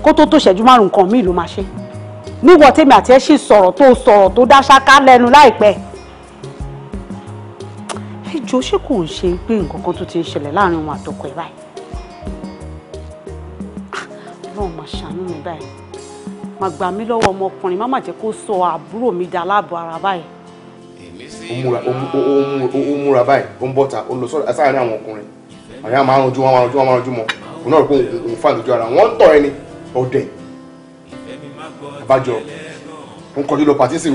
kó tó tó ṣẹ́jú márùn-ún kan míì ló máa ṣe. Níwọ̀ tèmi àti ẹ̀ ṣì sọ̀rọ̀ tó sọ̀rọ̀ tó dá ṣáká lẹ́nu láìpẹ́ ìjọ ṣé kò ń ṣe pé nǹkan kan Ọlọ́run máa ṣàánú mi báyìí máa gbà mí lọ́wọ́ ọmọkùnrin má má jẹ́ kó sọ àbúrò mi dà láàbọ̀ ara báyìí. ó múra báyìí ó ń bọ́ta ó lọ sọ́dọ̀ sáàárín àwọn ọkùnrin àwọn yàrá máa ń rojú wọn máa rojú wọn máa rojú mọ òun náà rò pé òun fà lójú ara wọn ń tọ̀ ẹni ọ̀dẹ̀ àbájọ ó ń kọjú lọ pàtí sí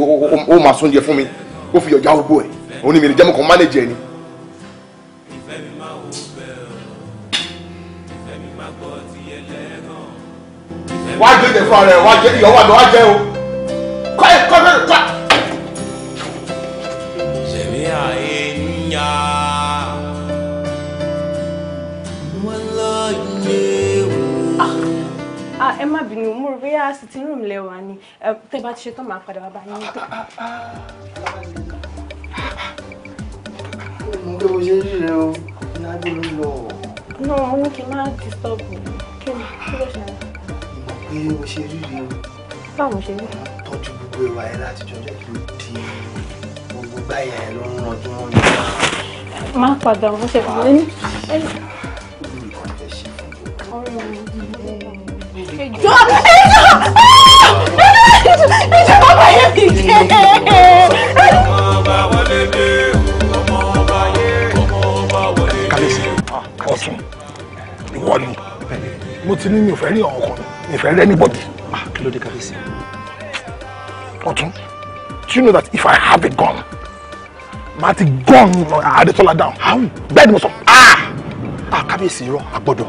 ó máa sóúnjẹ fún mi ó fi ọjà ó bò ẹ̀ òun ni mi lè jẹ́ mọ́kàn mánéjì ẹni fún ara ẹ̀ wá jẹ́ ìyọ̀wà lọ́wọ́ jẹ́ o. kọ́ ẹ kọ́ ẹ ah, ah, má bínú mo rò bóyá sitting room lẹ́wà ni tẹ́ bá ti ṣe tán màá padà wá bá yín níta. Ah, mo gbé bó ṣe ń rìn o ní agbóhùn lọ. náà wọn kì í má disturb kí ni kí ló ṣe ń eré mo ṣe rí rí o. báwo ṣe rí. tọ́jú gbogbo ìwà ẹ láti jọjọ́ tó di gbogbo báyà ẹ lọ́rùn ọdún wọn ni. má padà wọ́n ṣe fún mi. kàlẹ́sì ah, ọ̀sùn ìwọ ni mo ti ní mi ò fẹ́ rí ọ̀hún if I let anybody. Ah, kí ló dé kábíyèsí. do you know that if I have a gun, gun I ti gun Adétọ́lá down. How? Bẹ́ẹ̀ ni mo sọ. Ah! Ah, kábíyèsí irọ́ àgbọ̀dọ̀.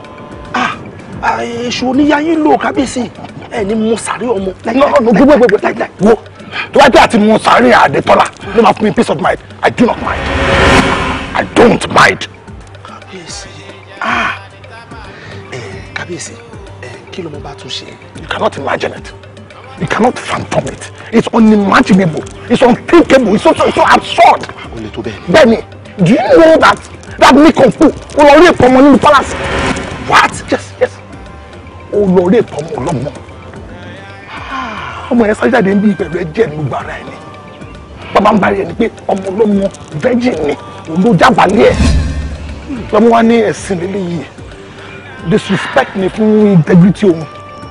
Ah, ah! Èṣù oníyayín lò kábíyèsí. Ẹ ní mo sàrí ọmọ. No, no, no, gbogbo gbogbo láìláì. Wo, tó bá dé àti mo sàrí Adétọ́lá, ló máa fún mi peace of mind. I do not mind. I don't mind. Kabisi. Ah! Eh, kabisi kí ló mo bá tún ṣe. you cannot imagine it you cannot phantom it it's unimaginable it's unthinkable it's so so so absurd. o lè tó bẹ́ẹ̀ ni. bẹ́ẹ̀ ni do you know that that nikon kú o lọ rí èpò palace what yes yes o lọ rí èpò ọmọ ọlọ́mọ ọmọ yẹn sáré jáde ń bí ìbẹ̀rù ẹ̀jẹ̀ ní gbogbo ara ẹ̀ ni bàbá ń bá rẹ̀ ni pé ọmọ ọlọ́mọ virgin ni olójàbálẹ̀ ẹ̀ lọ́mọ wa ní ẹ̀sìn lélẹ́yìí disrespect ni fún integrity òun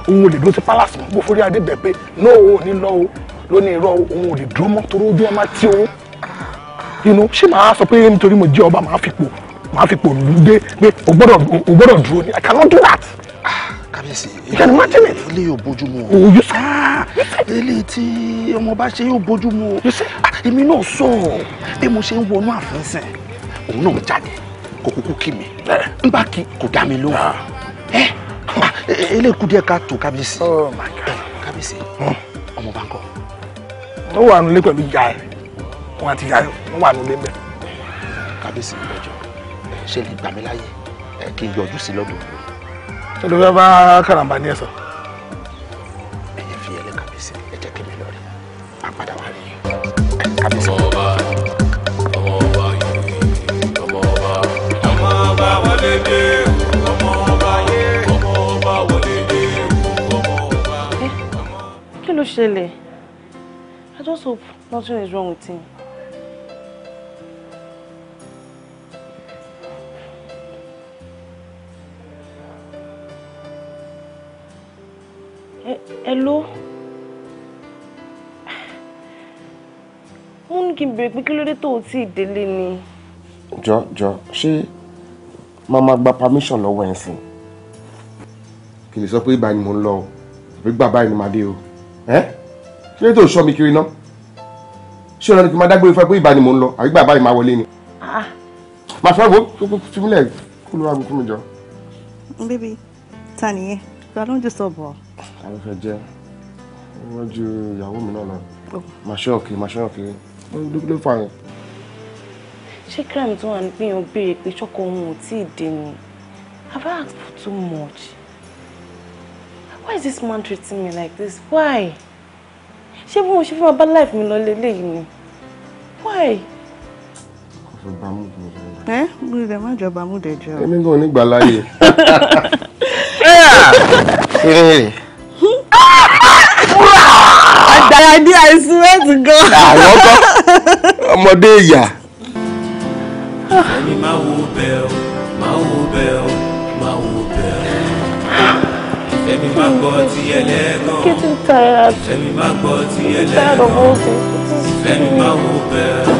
òun ò lè dúró sí palace mọ́ bó forí adé bẹ̀ pé no o ní lọ o ló irọ́ òun ò lè dúró mọ́ torí ojú ọmọ tí òun inú ṣé màá sọ pé nítorí mo jẹ́ ọba màá fipò màá fipò lù ú dé pé o gbọ́dọ̀ dúró ni I cannot do that ah, kábíyèsí ilé yóò bójú mu o oh, yóò sá ah, ilé tí ọmọ bá ṣe yóò bójú mu o ah, èmi náà sọ bí mo ṣe ń wọnú àfẹnsẹ òun náà jáde kò kúkú kí mi n bá kí kò dá mi lóhùn ah. ẹ eléyìí díẹ̀ ká tó kábíyèsí oh kábíyèsí hmm. ọmọ bá ń kọ. ó wà nílé pẹ̀lú ìyá ẹ̀ wọn àti ìyá ẹ̀ wọ́n wà nílé mẹ́. kábíyèsí ìgbẹ́jọ́ ṣe lè gbà mí láyè kí n yọjú sí lọ́dún. ṣé ló fẹ́ bá kàràǹbà ní ẹ̀sán. ẹ̀yin fi ẹlẹ́ kábíyèsí ẹ kí mi lọ rí i rí kábíyèsí. wọlé dé eh, I just hope nothing is wrong with him. Eh, hello? Mo ní kí n bèrè pé kí ló dé tó she máa máa gba permission lọ́wọ́ ẹ̀ sìn. kì í sọ pé ibà ni mò ń lọ o àbí gbà báyìí ni màá dé o ẹ kí ló tó sọ mi kiri náà ṣé ọ̀nà ni kí n máa dágbére fún ẹ pé ibà ni mò ń lọ àbí gbà báyìí máa wọlé ni. Ah. màá fẹ́ wo fífúnlẹ̀ kó ló wá gbé fún mi jọ. bébí ta nìyẹn gba ló ń jù sọ̀bọ̀. àwọn fẹ́ jẹ́ wọ́n ju ìyàwó mi náà lọ oh. màá ṣọ́ọ̀kì màá ṣọ́ọ̀kì ló fà yẹn ṣé crime tó wà ní pé èèyàn béèrè pé ṣọ́kọ òun ò tí ì dé ni have I asked for too much why is this man treating me like this why ṣé bí mo ṣe fẹ́ máa bá life mi lọ lélẹ́yìí ni why. ọ̀sán bámúdù ni ìjọba. ẹ gbúdọ̀ dẹ̀ má jọba múdẹ̀ jọ. èmi gan nígbà láàyè. àgbàrá ní àìsí wẹ́ẹ̀tì gan. àwọn kan ọmọdé ìyá. Àní máa wo bẹ́ẹ̀ o, máa wo bẹ́ẹ̀ o, máa wo bẹ́ẹ̀ o. Ìfẹ́ mi máa gbọ́ ti ẹlẹ́gàn. Getting tired. Ìfẹ́ mi máa gbọ́ ti ẹlẹ́gàn. Ìfẹ́ mi máa wo bẹ́ẹ̀ o.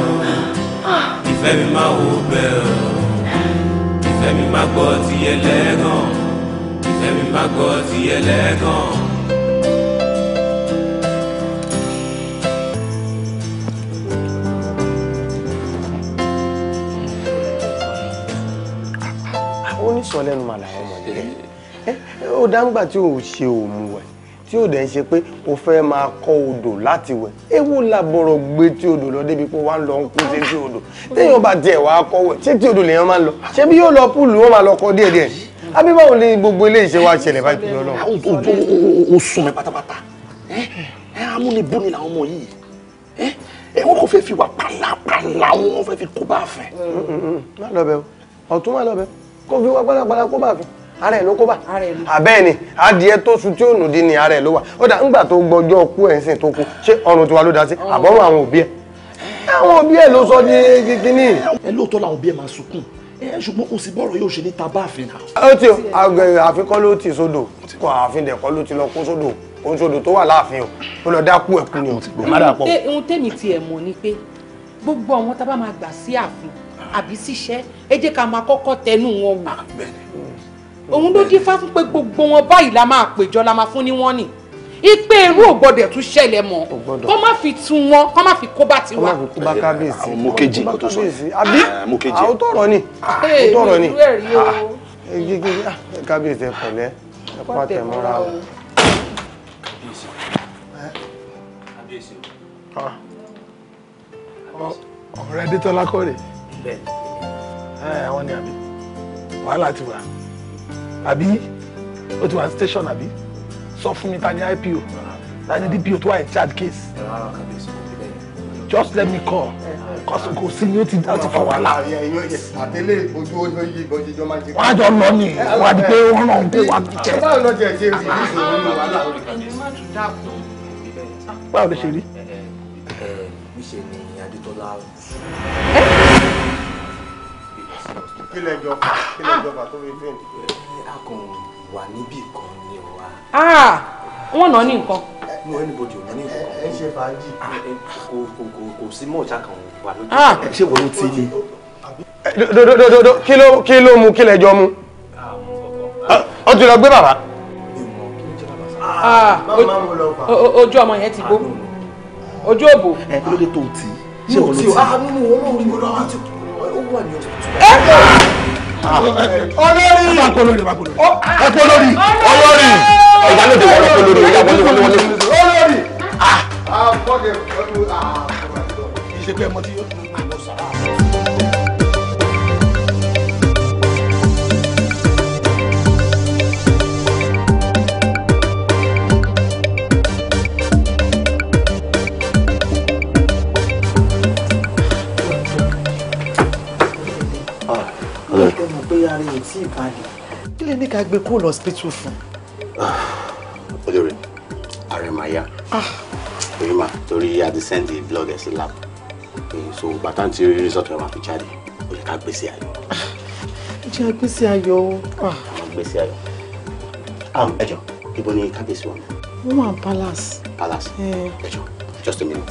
Ìfẹ́ mi máa wo bẹ́ẹ̀ o. Ìfẹ́ sọ lẹ́nu mà làwọn ọmọ yẹn ó dáńgbà tí ò ṣe òmùwẹ̀ tí ò dẹ̀ ń ṣe pé o fẹ́ máa kọ́ odò láti wẹ̀ ewu làbọ̀rọ̀ gbé tí odò lọ débi pé wà ń lọ ń kú sí tí odò téèyàn bá tiẹ̀ wá kọ́ wẹ̀ ṣé tí odò lèèyàn máa ń lọ ṣé bí yóò lọ púùlù ó máa lọ kọ́ díẹ̀díẹ̀ àbí báwo ni gbogbo ilé ìṣe wa ṣẹlẹ̀ báyìí pẹ̀lú ọlọ́run. o sún mi pátápátá ẹ ẹ amúnibú ni làwọn ọmọ yìí ẹ wọn kò fẹ́ fi wà pàlàpàlà wọn fẹ́ fi kó bá fẹ́. Mm, mm, mm, má lọ bẹ o kó fi wá pálapàla kó bá fi ara ẹ̀ ló kó bá àbẹ́ẹ̀ ni adìẹ tó sun tí ó nù di ni ara ẹ̀ ló wà ó dà ńgbà tó gbọ́jọ́ kú ẹ̀ ń sìn tó kú ṣé ọrùn tiwa ló dá sí àbọ̀rùn àwọn òbí ẹ̀ àwọn òbí ẹ̀ ló sọ ní kíní. ẹ lóòótọ́ làwọn òbí ẹ̀ máa sunkún ṣùgbọ́n kò sí bọ́ọ̀rọ̀ yóò ṣe ní taba àfin náà. ó ti àfin kọ́ ló ti sódò kọ àfin dẹ̀ kọ́ ló ti lọ kó sódò kó sódò tó wà láàfin o ó lọ dákú ẹ̀kú ni o ẹ̀ má dà pọ̀. ohun tèmi tiẹ̀ mọ̀ ni pé gbogbo àwọn tá a bá máa gbà sí àfin àbí síṣẹ́ ẹ jẹ́ ká máa kọ́kọ́ tẹnu wọn wò òun ló dífá fún pé gbogbo wọn báyìí la máa péjọ la máa fún ní wọ́n nì ipe irú ò gbọdọ̀ tún ṣẹlẹ̀ mọ́ kó má fi tún wọn kó má fi kó bá ti wá. kó bá kábíyèsí àwọn mú kejì kó tó sọ àbí àwọn tọrọ ni àwọn tọrọ ni ah, ah, kábíyèsí ẹ pẹ̀lẹ́ ẹ kó àtẹmọra o. Ah. ọ̀rẹ́ adétọ́lá kọ́ bẹ́ẹ̀ ẹ àwọn ni àbí wàhálà ti wà àbí ó ti wà ní station àbí sọ fún mi ta ni IPO ta ni DPO tó wà in charge case just let me call kọsùn kò sí ni ó ti dá ti fa wàhálà. àtẹlé ojú ojú yìí bọ́jú jọ máa ń jẹ. wọ́n á jọ lọ ni wọ́n á di pé wọ́n náà ń kó wa jẹ. báwo ló ṣe rí ìṣòro wàhálà orí ṣe ni Adétọ́lá. Ah! lẹ jọ fà kí ní nǹkan. mo anybody ò ní nǹkan. ẹ ṣe fàájì. kò kò kò kò sí mọ̀ọ́jà kan wà lójú. ṣé wọ́n ló ti le. dodododo kí ló mu kí lẹ jọ mu. ó ti lọ gbé bàbá. Ah, ojú ọmọ yẹn ti gbó ah, ojú òbò. ẹ kí ló dé tó o tì í. ṣé o ló mo ti o ah nínú olóòrùn mi lọ́wọ́ ti kú ó wà ní ọ̀sán. olórí olórí ọ̀pọ̀ olórí olórí ìgbàlódé wọn ọ̀pọ̀ olórí ìyá wọlé wọlé wọlé. olórí. ìṣègbè ẹ̀mọ́ tí yóò ọjọ́ mọ̀ pé ara ẹ̀ tí ì balẹ̀ kí lè ní ká gbé kúrò lọ́sípítù fún. Ah, olórí ààrẹ máa yá ah. torí ma torí àti sẹ́ndì blọọgì sí lab eh, so bàtà tí rìsọ̀tù ẹ̀ máa fi jáde ó yẹ ká gbèsè ayọ̀. jẹ́ gbèsè ayọ̀. àwọn ah. gbèsè ayọ̀ um, ẹ jọ ibo ni kábíyèsí wọn. wọ́n wà palace. palace eh. ẹ jọ just a minute.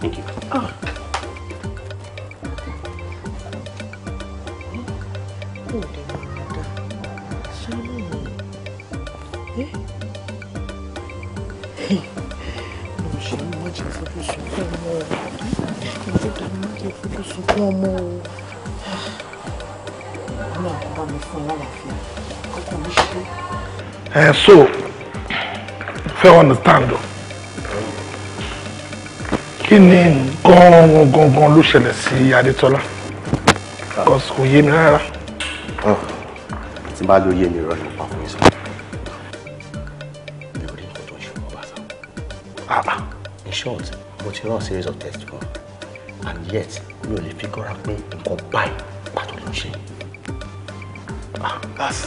thank you. Ah. pọ̀ eh, so fẹ́ understand o kí ni gan-an gan-an ló ṣẹlẹ̀ sí Adétọ́lá because kò yé mi rárá. Oh. tí bá lóye mi rọ́ ni mo pa fún mi sọ. mi ò rí nǹkan tó ń ṣe wọn bá sá. in short mo ti rán series of tests kan and yet mi ò lè figure out pé nǹkan báyìí pàtó ló ń ṣe. ah that's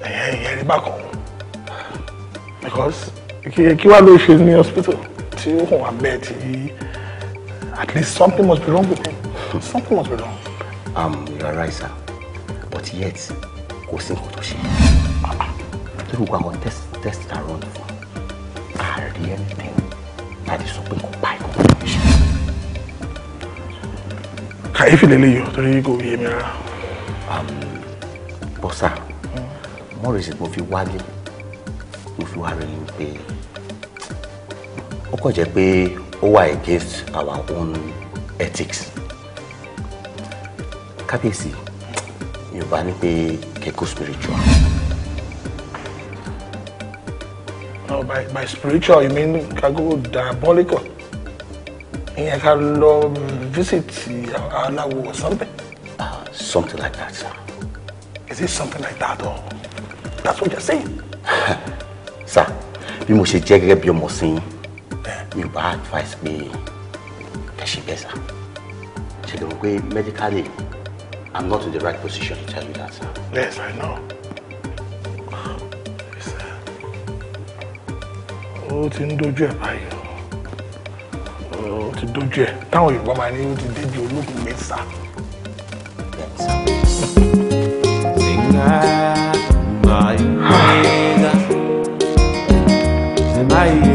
ẹ̀yẹ́ ìyẹn rí bákan because kí wàá ló ṣe ní hospital tí ó hàn wá bẹ́ẹ̀ tí at least something must be wrong with him something must be wrong. um, you are right sir but yet kò sí nǹkan tó ṣe tó gbogbo àwọn test test ta rán ní fún ààrẹ anything láti sọ pé kò pa ìkókò tó ṣe. kàyéfì lélẹ́yìí ọ̀ torí kò yé mi rárá. Um, bọ́sà hmm. mọ́rìsì mo fi wálé mo fi wá rí i pé ó kàn jẹ́ pé ó wà against our own ethics kábíyèsí yorùbá ní pé kẹ́kọ̀ọ́ spiritual. No, oh, by, by spiritual you mean ká go diabolical? Ìyẹn ká lọ visit aláwo or something? Uh, something like that, sir. Is it something like that or that's what you're saying? sir, bí mo ṣe jẹ́ gẹ́gẹ́ bí ọmọ sí mi ò bá advice pé kẹ́ ṣe bẹ́ẹ̀ sá. Ṣèlérí pé medically I'm not in the right position to tell you that, sir. Yes, I know. ó ti ń dojú ẹ̀ báyìí ó ti dojú ẹ̀ táwọn Yorùbá máa ní ó ti débi olókùn mẹ́sà. Singa, ah. my ah.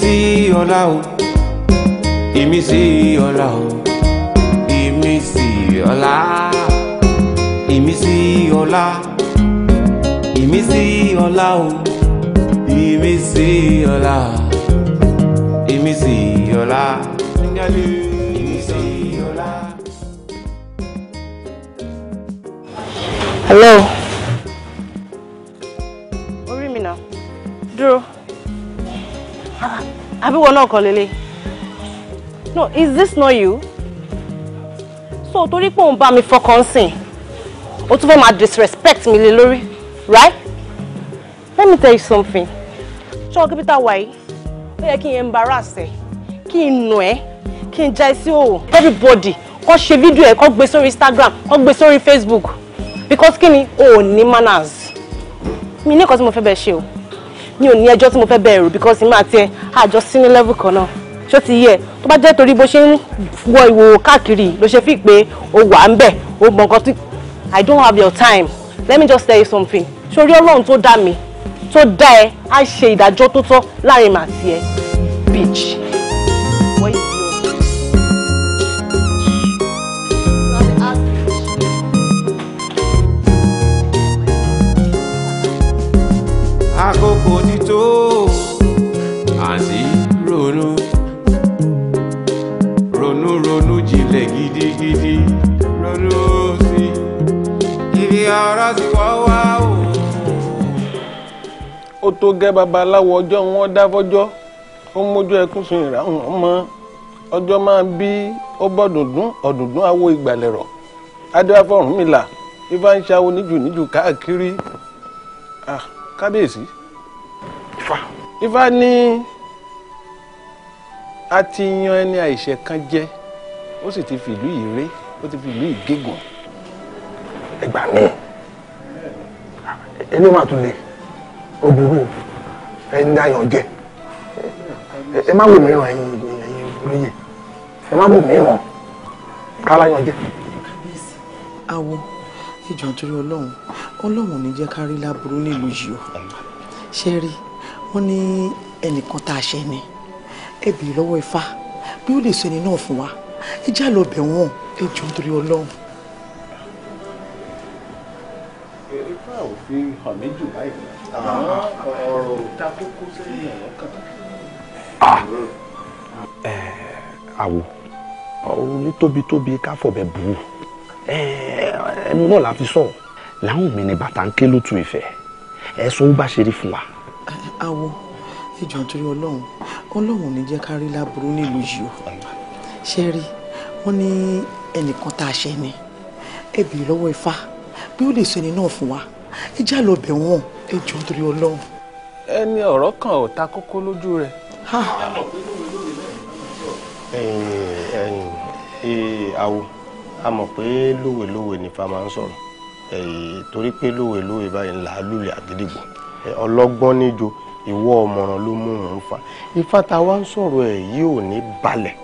sí ọlá o èmi sí ọlá o èmi sí ọlá èmi sí ọlá èmi sí ọlá o èmi sí ọlá èmi sí ọlá. Hello. ìwọ náà kọ́ lélẹ̀ no is this not you so torí pé òun bá mi fọkàn sìn o tún fẹ́ máa disrespect mi lé lórí right let me tell you something ṣọ́ọ́ kí peter wáyé ó yẹ kí n embarrass ẹ kí n nù ẹ kí n já sí òwò everybody kó ṣe fídíò ẹ kó gbé sórí Instagram kó gbé sórí Facebook because kí ni o manners mi ní nǹkan tí mo fẹ́ bẹ́ẹ̀ ṣe o mi ò ní ẹjọ́ tí mo fẹ́ bẹ̀rù because ìmọ̀ àti ẹ̀ àjọ sí ní level kan náà ṣó ti yẹ tó bá jẹ́ torí bó ṣe ń wọ ìwò káàkiri ló ṣe fi pé o wà ń bẹ̀ o mọ nǹkan tí I don't have your time let me just tell you something sórí ọlọ́run tó dá mi tó dá ẹ á ṣe ìdájọ́ tó tọ́ láàrin màtí ẹ bitch. ọ̀rọ̀ sì wọ́ wá o. ó tó gẹ́ babaláwo ọjọ́ wọn dáfọ́jọ́ ó mójú ẹkún sun ìràwọ̀n ọmọ ọjọ́ máa bí ó bọ́ dùndún ọ̀dùndún awo ìgbàlẹ̀rọ̀ adéwàfọ̀rún mi là ifá ń ṣàwo níjù níjù káàkiri kábíyèsí. ifá. ifá ní a ti yan ẹni àìṣẹ̀ kan jẹ ó sì ti fìlú yìí ré ó ti fìlú yìí gégùn ẹgbà mí ẹni máa tún lè ó burú ẹni dáyọ̀ jẹ ẹ má wò mìíràn ẹ̀yin ẹ̀yin olóye ẹ má wò mìíràn káláyọ̀ jẹ. awo ìjọ torí ọlọ́run ọlọ́run ní jẹ́ ká rí láburú nílùú yìí o ṣe rí wọ́n ní ẹnìkan tá a ṣe ni ẹ bèrè lọ́wọ́ ifá bí ó lè sọ ẹni náà fún wa ẹ já lọ bẹ̀ wọ́n ẹ jọ torí ọlọ́run. òfin hàn mí jù báyìí ah. àmọ́ ọ̀rọ̀ ta kókó sẹ́yìn ah. eh, ọ̀rọ̀ kan. àwo ọ̀run ní tóbi-tóbi ká fọ̀bẹ bù ú eh, ẹnu náà la fi sọ̀rọ̀ láwọn mi ni bàtà ń ké lótú ìfẹ́ ẹ sọ ó bá ṣe rí fún wa. àwo ìjọ nítorí ọlọ́run ọlọ́run ò ní jẹ́ ká rí láburú nílùú yìí o ṣe rí wọ́n ní ẹnìkan tá a ṣe ni ẹ bèrè lọ́wọ́ ifá bí ó lè sọ ẹni náà fún wa ẹ já lọ bẹ̀ wọ́n ẹ jọ torí ọlọ́run. ẹni ọ̀rọ̀ kan ò ta kókó lójú rẹ̀. àwo a mọ̀ pé lówelówe nípa máa ń sọ̀rọ̀ torí pé lówelówe báyìí ńlá lulẹ̀ àgídìgbò ọlọ́gbọ́n níjó ìwọ ọmọràn ló mú òun fa ifá ta wá ń sọ̀rọ̀ ẹ̀ yìí ò ní balẹ̀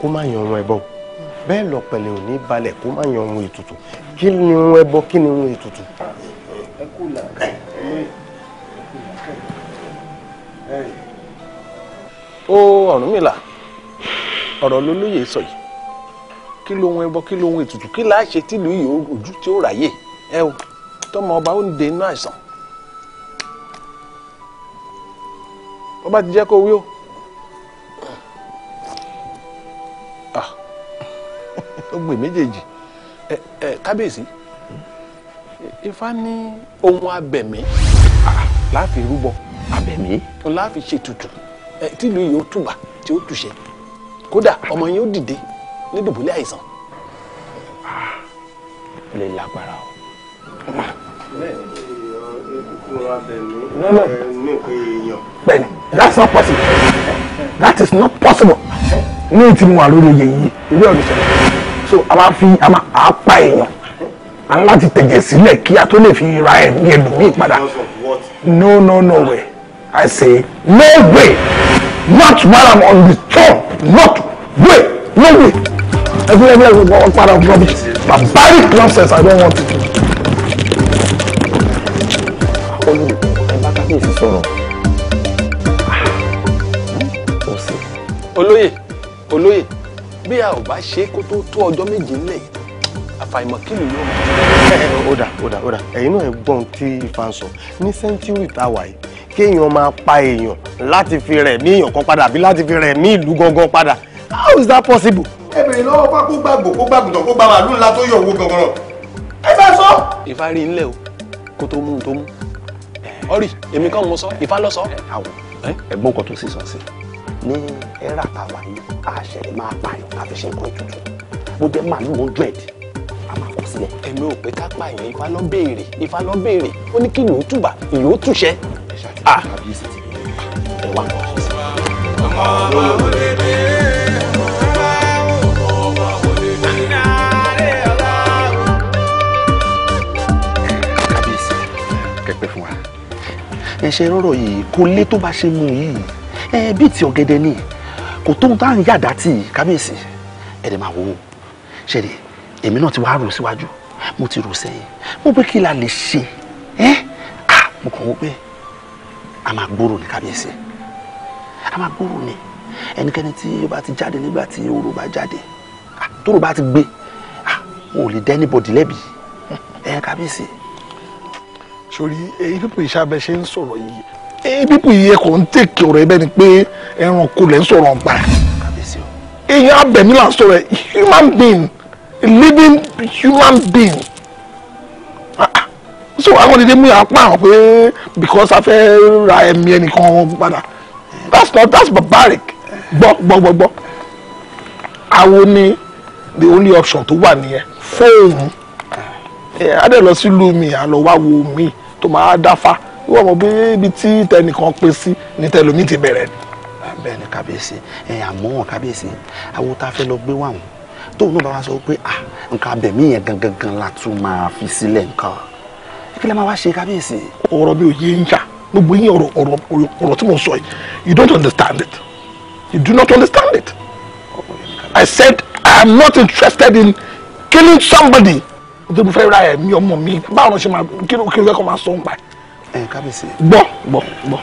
kó má yan ohun ẹbọ bẹ́ẹ̀ lọ̀pẹ̀lẹ̀ ò ní balẹ̀ kó má yan ohun ètùtù kí ni ohun ẹbọ kí ni ohun ètùtù. kù làákàyè ó Ọ̀rúnmìlà ọ̀rọ̀ lolóyè sọ yìí kí ló ń ẹbọ kí ló ń ètùtù kí láà ṣe tìlú yìí ojú tí ó ráyè ẹ o tọmọ ọba ó ń de inú àìsàn ọba ti jẹ́ kó wí o. Ah. ó gbè méjèèjì ẹ ẹ kábíyèsí. ifá ní ohun abẹ̀mí ah, láàfin rúbọ abẹ̀mí láàfin ṣètùtù tìlú yìí ó tùbà tí ó tùṣe kódà ọmọ yẹn ó dìde ní dùbúlẹ̀ àìsàn. ó ah, lè lágbára o. bẹ́ẹ̀ni that's not possible that is not possible ní ìtìmọ̀ àlórí oyè yìí ilé ọ̀dùnsẹ̀ so a máa fi a máa pa èèyàn à ń láti tẹ̀jẹ̀ sílẹ̀ kí a tó lè fi ra ẹ̀mí ẹlòmíì padà no no no way I say no way not while I'm on the throne not way no way every every every one part of rubbish barbaric nonsense I don't want to olùdó ẹ bá kábíyèsí sọ̀rọ̀ olóyè olóyè bí a ò bá ṣe kó tó tó ọjọ́ méjì ńlẹ̀ yìí àfàìmọ̀ kí ni yóò mọ̀. ó dà ó dà ó dà ẹ̀yin náà ẹ gbọ́n tí ifá ń sọ ní sẹ́ńtúrì táwa yìí kéèyàn máa pa èèyàn láti fi rẹ̀ ní èèyàn kan padà àbí láti fi rẹ̀ ní ìlú gangan padà how is that possible. ẹ bèrè lọ́wọ́ pa kó gbàgbọ́ kó gbàgùtàn kó gbà màálù ńlá tó yọ owó gangan ẹ bá sọ. ìfá rí ilé o kó tó mú un tó mú ọrí èmi kan mo sọ ìfá lọ sọ. àwọn ẹ̀gbọ́n kan tó sì sọ sí ní ẹ̀rà táwa yìí àṣẹ máa pààyàn àfi ṣe nǹkan tuntun bó jẹ́ màálù hundred a máa kọ sílẹ̀ ẹ̀mí ò pé ká pààyàn ifá lọ béèrè ifá lọ béèrè ó ní kí ìlú túbà ìlú ó túṣẹ́. ẹ wá nǹkan ṣe sí i. pẹ́ fún wa ẹ̀ṣẹ̀ rọ̀rọ̀ yìí kò lé tó bá ṣe mú yìí ẹ bíi ti ọ̀gẹ̀dẹ̀ ni kò tóun tá à ń yàdá tì í kábíyèsí ẹ̀dẹ̀ máa wò ó ṣẹ̀dẹ̀ èmi náà ti wá rò síwájú mo ti rò sẹ́yìn mo pé kí la lè ṣe ẹ́ à mo kàn wọ́n pé a máa gbòòrò ní kábíyèsí a máa gbòòrò ní ẹnikẹ́ni tí ó bá ti jáde nígbà tí oró bá jáde tóró bá ti gbé wọn ò lè dẹ́ anybody lẹ́bi ẹ̀ kábíyèsí. sori èyí pípọ̀ ìṣàbẹ̀ ṣe ń sọ̀rọ̀ yìí èyí pípọ̀ ìyẹ kò ń tèkì ọ̀rọ̀ ẹ bẹ́ẹ̀ ni pé ẹranko lẹ́ ń sọ̀rọ̀ ọ̀gbà èyí abẹ̀mí là ń sọ̀rọ̀ human being a living human being so àwọn ìdílé mú apá àwọn pé because a fẹ́ ra ẹ̀mí ẹnìkan wọn padà that's not that's barbaric gbọ́gbọ́gbọ́ àwọn ni the only option tó wà nìyẹn fóònù adé lọ sílùú mi àlọ́ wá wo mi tó máa dáfá wọ́n mọ̀ bí ibi tí tẹnìkan pé sí ni tẹlomi ti bẹ̀rẹ̀ ni. bẹ́ẹ̀ ni kábíyèsí àmọ́ wọn kábíyèsí àwọn tá a fẹ́ lọ gbé wà wọ́n tóun náà bá wá sọ pé ah nǹkan abẹ̀mí yẹn gangan la tún máa fi sílẹ̀ nǹkan kí máa wá ṣe kábíyèsí. ọ̀rọ̀ mi ò yé ń yà gbogbo yín ọ̀rọ̀ ọ̀rọ̀ tí mo sọ yìí you don't understand it you do not understand it I said I am not interested in killing somebody ọdún mo fẹ́ ra ẹ̀ mi ọmọ mi báwo ló ṣe máa kí ló kí máa sọ ń pa ẹ̀. kábíyèsí. gbọ́ gbọ́ gbọ́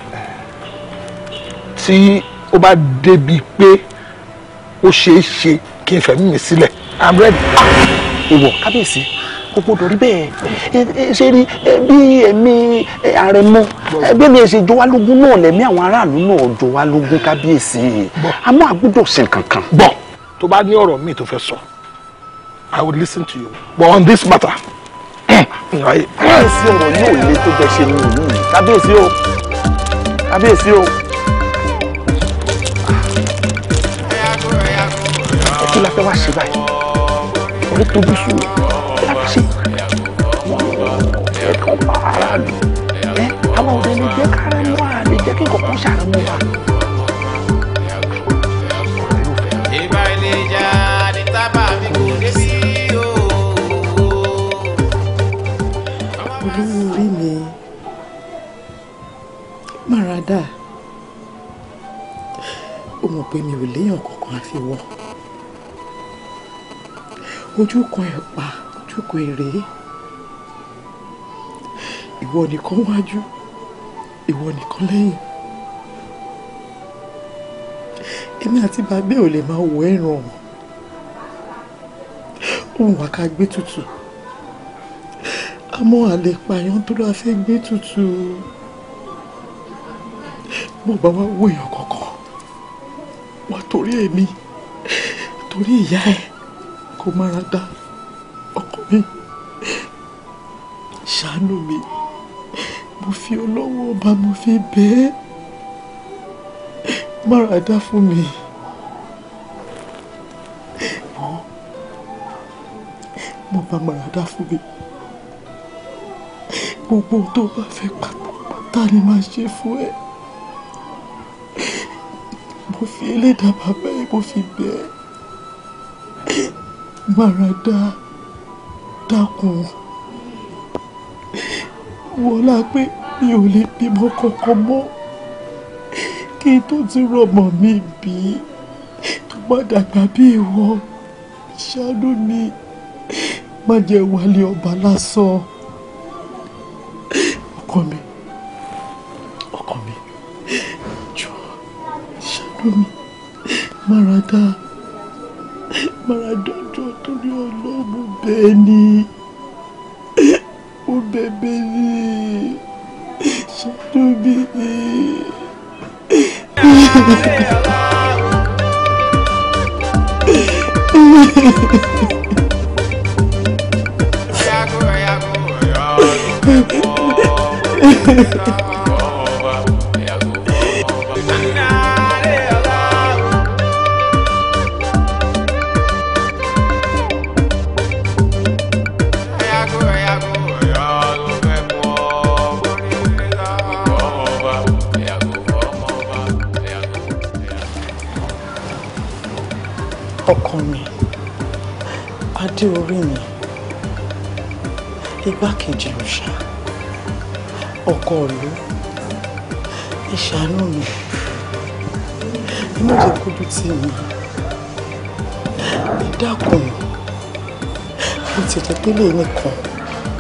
tí ó bá débi pé ó ṣeé ṣe kí n fẹ̀mí mi sílẹ̀ i'm ready. ìwọ kábíyèsí gbogbo dòrí bẹ́ẹ̀ ṣe rí bí èmi àrẹ̀mọ bí mi ṣe jọ wá lógún náà lẹ̀mí àwọn aráàlú náà jọ wá lógún kábíyèsí àmọ́ àgbọ́dọ̀ ṣe kankan. bọ̀ tó bá ní ọ̀rọ̀ míì tó fẹ́ sọ i will listen to you but on this matter. kábíyèsí ọ̀rọ̀ yóò le tó bẹ́ẹ̀ ṣe ní ìlú yìí kábíyèsí o kábíyèsí o. la fẹ́ wá ṣe báyìí ọ̀rẹ́ tó bí sùn láti ṣe ẹ̀kọ́ aráàlú ẹ àwọn ọ̀rẹ́ lè jẹ́ kára ní wàá lè jẹ́ kí kọ̀ọ̀kan ṣàràmọ́ wa. ìbá ilé ìjà ni tábà mi kò o. olúwórí mi mi ò léèyàn kankan àfi wọ́n ojú kan ẹ̀ pa ojú kan ẹ̀ rèé ìwọ nìkan wájú ìwọ nìkan lẹ́yìn èmi àti bàbá ò lè máa wọ ẹ̀ràn ọ̀hún ohun wà ká gbé tutù àmọ́ àlè pààyàn tó lọ́ọ́ fẹ́ gbé tutù mo bá wá wọ èèyàn kankan wá torí èmi torí ìyá ẹ̀ kó mára dá ọkọ mi ṣàánú mi mo fi ọlọ́wọ́ ọba mo fi bẹ́ẹ̀ mára dá fún mi. mo bá mára dá fún mi gbogbo tó bá fẹ́ pátápátá ni máa ṣe fún ẹ mo fi elédàá bàbá ẹ mo fi bẹ́ẹ̀. Marada, dákun wọlá pé mi ò lè bímọ kankan mọ́ kí n tó ti rọmọ mi bí tó má dàgbà bí ìwọ ṣáánú mi má jẹ́ wálé ọba lásán ọkọ mi ọkọ mi jọ ṣáánú mi Marada Marada jọ torí ọlọ́run bẹ́ẹ̀ ni mo bẹ̀bẹ̀ ni ṣàánú mi ni. Thank ọjọ́ orí mi igbákejì òòṣà ọkọ ìlú ẹ ṣàánú mi ẹ má jẹ́ kójú tì mí ẹ dákun mo ti jẹ́ pé lè nìkan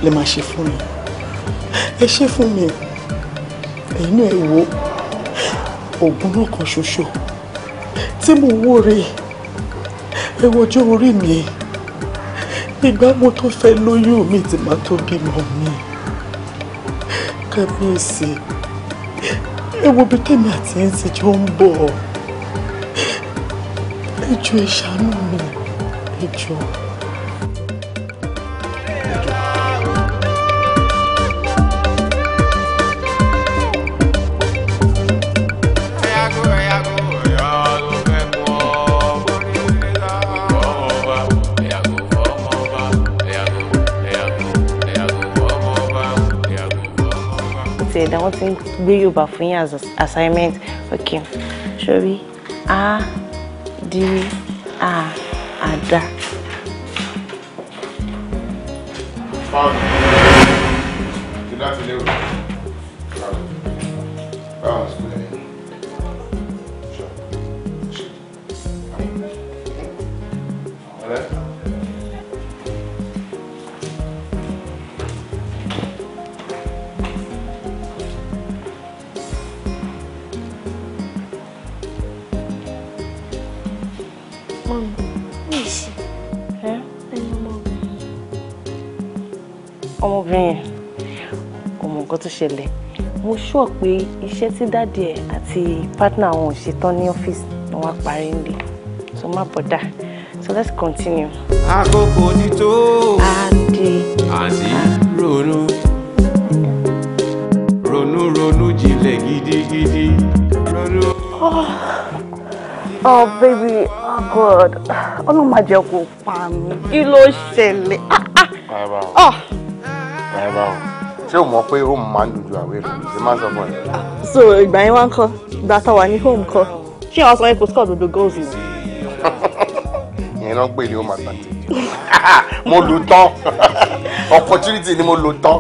lè máa ṣe fún mi ẹ ṣe fún mi ẹ̀yìn ẹ̀ wo oògùn náà kan ṣoṣo tí mo wó re ẹ wọjọ́ orí mi ìgbà mo tó fẹ́ lóyún mi ti máa tó bímọ mi kábíyèsí ẹ wo bí tèmi àti yín ti jọ ń bọ̀ ẹ jọ̀ọ́ ẹ ṣàánú mi ẹ I want to ń you yorùbá fún yín as assignment ok sori a di a ada. Báwo ni? Ṣé láti Mami, mi ì ṣe. Ẹ ẹni ọmọbìnrin. Ọmọbìnrin yẹn, ọmọ nǹkan Mo ṣọ́ pé iṣẹ́ tí dáàdì ẹ̀ àti pátánà àwọn ò ní ọ́fíìsì ni wọ́n parí nílé. So má bọ̀dà. So let's continue. Àkókò ti tó. Adé. Àǹtí ronú. Ronú ronú jinlẹ̀ gidigidi. Ronú. oh, oh baby god ọlọ́run má jẹ́ kó pa mí kí ló ṣẹlẹ̀. Ah, ah. Ah. ṣé o mọ̀ pé home máa ń dùn ju àwẹ̀ ṣe máa ń sọ fún ẹ. so ìgbà yẹn wá ń kọ data wà ní home kọ ṣé àwọn sọ yẹn kò score dodo goals ni. ìyẹn náà gbé ní home advantage mo lù tán opportunity ni mo lù tán.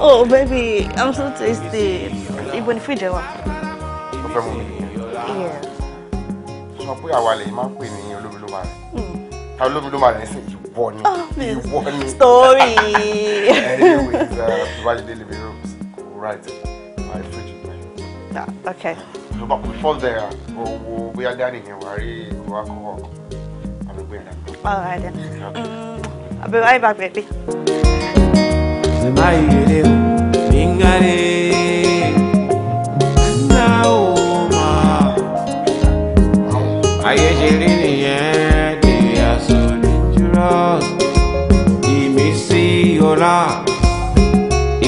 oh baby i'm so tasty ibo ni fíjẹ wa. o fẹ́ mú mi. yeah ṣe pé àwa lè máa ń pè ní olómi ló hmm. ta olómi ló máa ìwọ ni ìwọ ah, ni story anyways uh, Babajide living rooms right my fridge is mine. Ah, okay. so but before there owó bóyá dáàdì yẹn wà rí ìwà kọ́kọ́ àgbègbè yẹn. all right bá gbẹ̀gbẹ̀. ṣe máa yẹlé o mi ń gàdé. ọlá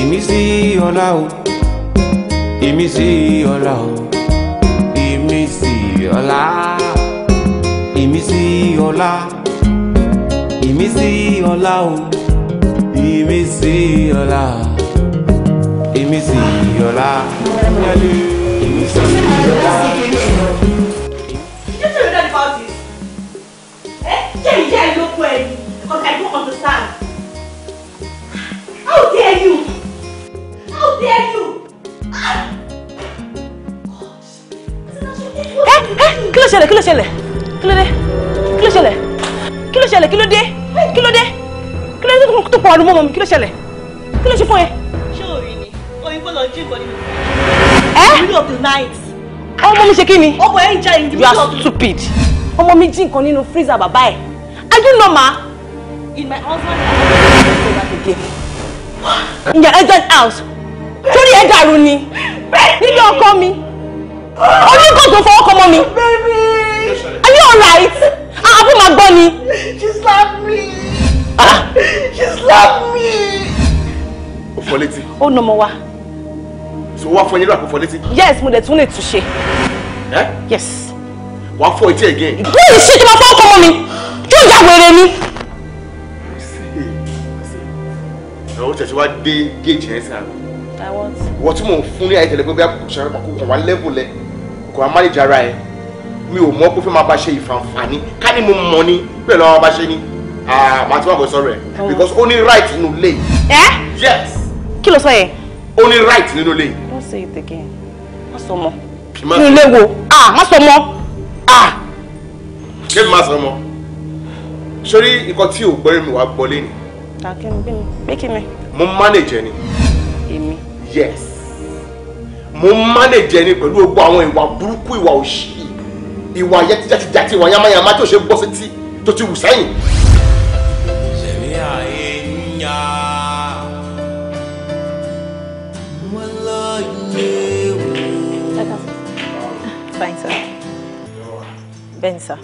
èmi sí ọlá o èmi sí ọlá o èmi sí ọlá èmi sí ọlá èmi sí ọlá o èmi sí ọlá èmi sí ọlá yálé èmi sí ọlá. You don't know about this. Eh? Yeah, yeah, look where. Because I don't understand dare you? How dare you? Ẹ eh, ẹ eh, kí ló ṣẹlẹ̀ kí ló ṣẹlẹ̀ kí Kilo dé kilo ló kilo kí kilo ṣẹlẹ̀ kilo ló kilo kí kilo dé kilo ló dé tó pọ̀ ọdún mọ́ mi kí ló ṣẹlẹ̀ kí ló ṣe fún ẹ. Ṣé orí ni? Oyin kò lọ jí ìkọ́ni mi. Ẹ́ middle of the night ọmọ mi ṣe kí ni. ọmọ ẹ ń ja ìdí mi sọ. you are stupid. ọmọ mi jí nǹkan nínú freezer bàbá ẹ. are you normal. in my husband in your husband house torí ẹ dàrú ni nílé ọkọ mi olóńgbò tó fọwọ́ kọ́ mọ́ mi are you alright àbú ah, máa gbọ́ ni. she slap me Ah, she slap me. o fọ létí. ó nà ọmọ wa. so wá fọ yín lọ́wọ́ àpòfọ létí. yes mo dẹ̀ tún lè túnṣe. yes. wàá fọ etí ẹ̀ gẹ́ẹ̀. bí ìṣèjọba fọwọ́ kọ́ mọ́ mi yóò yà wèrè ni. ìrànwọ́ ṣẹ̀ṣẹ̀ wá dé géèjì yẹn sáà. wọ́n tí mò ń fún ní àyẹ̀tẹ̀lẹ̀ level lẹ̀ kò wá manage ara ẹ̀ mi ò mọ̀ pé fẹ́ máa bá ṣe ìfànfàní ká ní mo mọ̀ ni pẹ̀lú àwọn bá ṣe ni ah, màá ti wá bọ̀ sọ̀rọ̀ ẹ̀ oh. because only ní right nínú ilé. Eh? yes. kí ló sọ yẹ. ó ní right nínú ilé. don't say it again má sọ mọ́ nínú ilé wo ah má sọ mọ́ ah. ṣé mi máa sọ mọ́ sórí nǹkan tí ò gbọ́ mi wá gbọ́ ni. Takingbin pé kí ni. Mo manage Èmi. Yes. Mo manage ẹni pẹ̀lú gbogbo àwọn ìwà burúkú ìwà òṣì ìwà yẹtijẹtijẹti ìwà yamayama tí ò ṣe gbọ́ sétí tó ti wù sẹ́yìn. sir. Ben sir.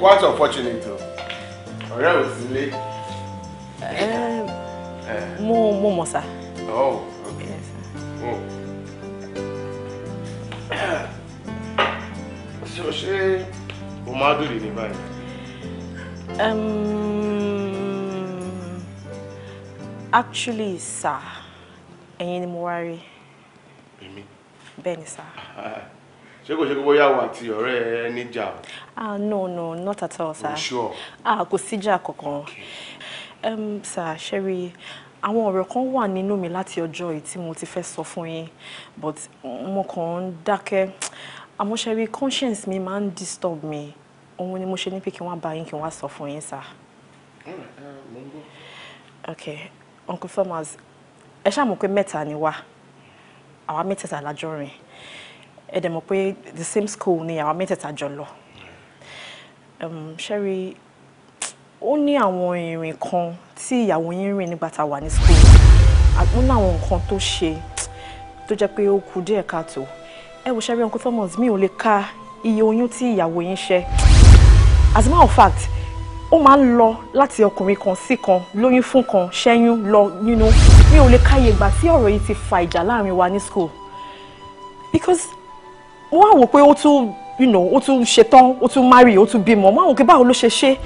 Quite unfortunate though ọ̀rẹ́ ò sí ilé. mo mo mọ̀ sá. oh okay. Yes, oh. so ṣé o máa dùn ní báyìí. actually sir ẹ̀yin ni mo wá rí. èmi. bẹ́ẹ̀ ni sir ṣé kò ṣe kó bóyá wà tí ọ̀rẹ́ ẹ níjà ah no no not at all sir. you sure. ah kò síjà kankan. um sir ṣẹ́rí àwọn ọ̀rọ̀ kan wà nínú mi láti ọjọ́ yìí tí mo ti fẹ́ sọ fún yín but mo kàn ń dákẹ́ àmọ́ ṣẹ́rí conscience mi máa ń disturb me. òun ni mo ṣe ní pé kí wọ́n bá yín kí wọ́n sọ fún yín sir. Um, ok uncle Thomas ẹ ṣáà mọ̀ pé mẹ́ta ni wá àwa mẹ́tẹ̀ẹ̀ta la jọ rìn ẹ dẹ̀ mọ̀ the same school ni àwa mẹ́tẹ̀ẹ̀ta jọ lọ um, ṣẹ́rí ó ní àwọn ìrìn kan tí ìyàwó yín rìn nígbà tá a wà ní school ó ní àwọn nǹkan tó ṣe tó jẹ́ pé ó kù díẹ̀ káàtó ẹ wò ṣẹ́rí uncle Thomas mi ò lè ka iye oyún tí ìyàwó yín ṣẹ́ as a matter of fact ó máa ń lọ láti ọkùnrin kan sí kan lóyún fún kan ṣẹ́yún lọ nínú mi ò lè káyè ìgbà tí ọ̀rọ̀ yìí ti fa ìjà láàrin wa ní school because mo wá wò pé ó tún you know ó tún ṣetán ó tún marry ó tún bímọ mo wá wò pé báwo ló ṣe ṣe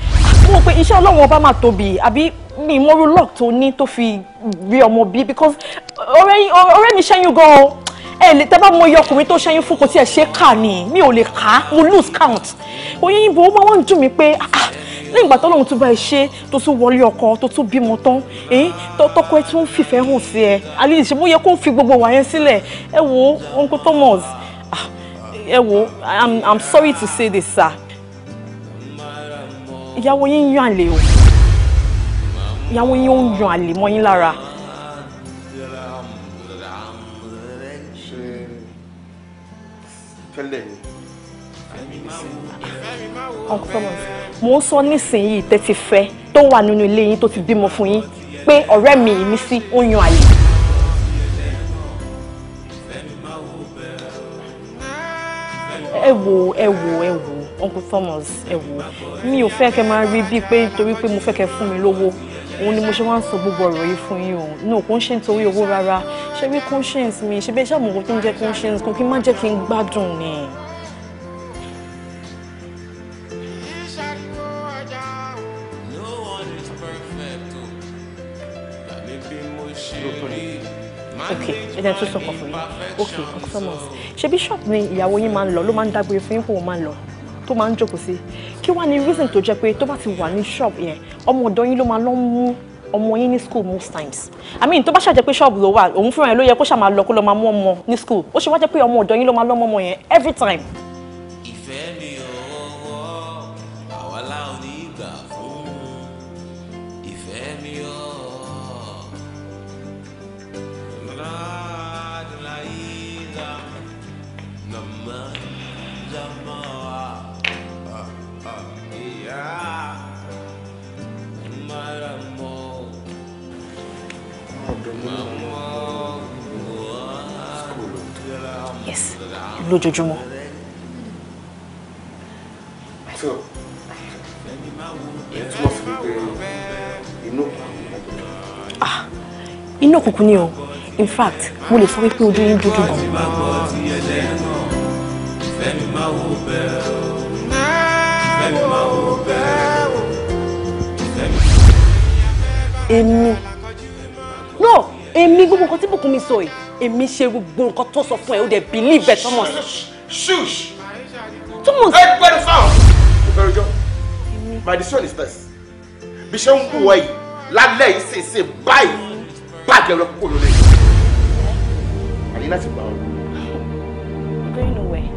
mo wò pé iṣẹ́ ọlọ́run ọba máa tóbi àbí mi ìmọ̀rú luck tó ní tó fi rí ọmọ bí because ọ̀rẹ́ mi ṣẹ́yún gan o ẹ lè tẹ́ bá mọ iye ọkùnrin tó ṣẹ́yún fún kò tí ẹ ṣe kà ni mi ò lè kà á mo lose count oyún ibo ó máa wá ń dùn mí pé ah, ah nígbà tó lóun tún bá ẹ ṣe tó tún wọlé ọkọ tó tún bímọ tán ẹyìn tọkọ ẹ tún fìfẹ́ hàn sí ẹ àlejò ṣe bó yẹ kó fi gbogbo wàyẹn sílẹ̀ ẹ wo uncle Thomas ah, ẹ wo i'm i'm sorry to say this sir ìyàwó yín ń yan àlè o ìyàwó yín ó ń yan àlè mọ́ yín lára. mo ń sọ nísìnyí tẹ́tí fẹ́ tó wà nínú ilé yín tó ti bímọ fún yín pé ọ̀rẹ́ mi ìmísí ó yan àlè. ẹ wò ẹ wò uncle thomas ẹ mi ò fẹ́ kẹ́ máa rí bíi pé torí pé mo fẹ́ kẹ́ fún mi lówó òun ni mo ṣe wá sọ gbogbo ọ̀rọ̀ yìí fún yín o no kò ń owó rárá ṣé bí conscience mi ṣe bí iṣẹ́ àmọ̀kò tó ń jẹ́ conscience kan kí n má jẹ́ kí n gbádùn ni. ok ẹ jẹ́ tó sọ̀kọ̀ fún mi okay ọ̀sọ́mọ̀s ṣe bishop ni ìyàwó yín máa ń lọ ló máa ń dágbére fún yín kó máa ń lọ tó máa ń jókòó sí kí wàá ní reason tó jẹ́ pé tó bá ti wà ní shop yẹn ọmọ ọ̀dọ̀ yín ló máa lọ mú ọmọ yín ní school most times i mean tó bá ṣàjẹ́ pé shop ló wà òun fúnra ẹ̀ ló yẹ kó ṣàmà lọ kó lọ máa mú ọmọ ní school ó ṣe wá jẹ́ pé ọmọ ọ̀dọ̀ yín ló máa lọ mọ́ ọmọ yẹn every time. ìfẹ́ mi ò lójoojúmọ́. tó ẹ túmọ̀ sí pé inú ah, inú òkùnkùn ni o in fact mo lè sọ wípé ojú yín dúdú gan. Fẹ́mi èmi no èmi gbogbo nǹkan tí bùkún mi sọ yìí èmi ṣe gbogbo nǹkan tó sọ fún ẹ ó dẹ̀ believe ẹ tọmọ sí. shush Shush! sí. ẹ gbẹ́rù sáwọn. mo bẹ̀rù jọ my decision is this bí ṣe ń wù ọ yìí lálẹ́ yìí ṣe ṣe báyìí bàjẹ́ lọ kúkú lórí. àyè láti gbà ọ. I'm going nowhere.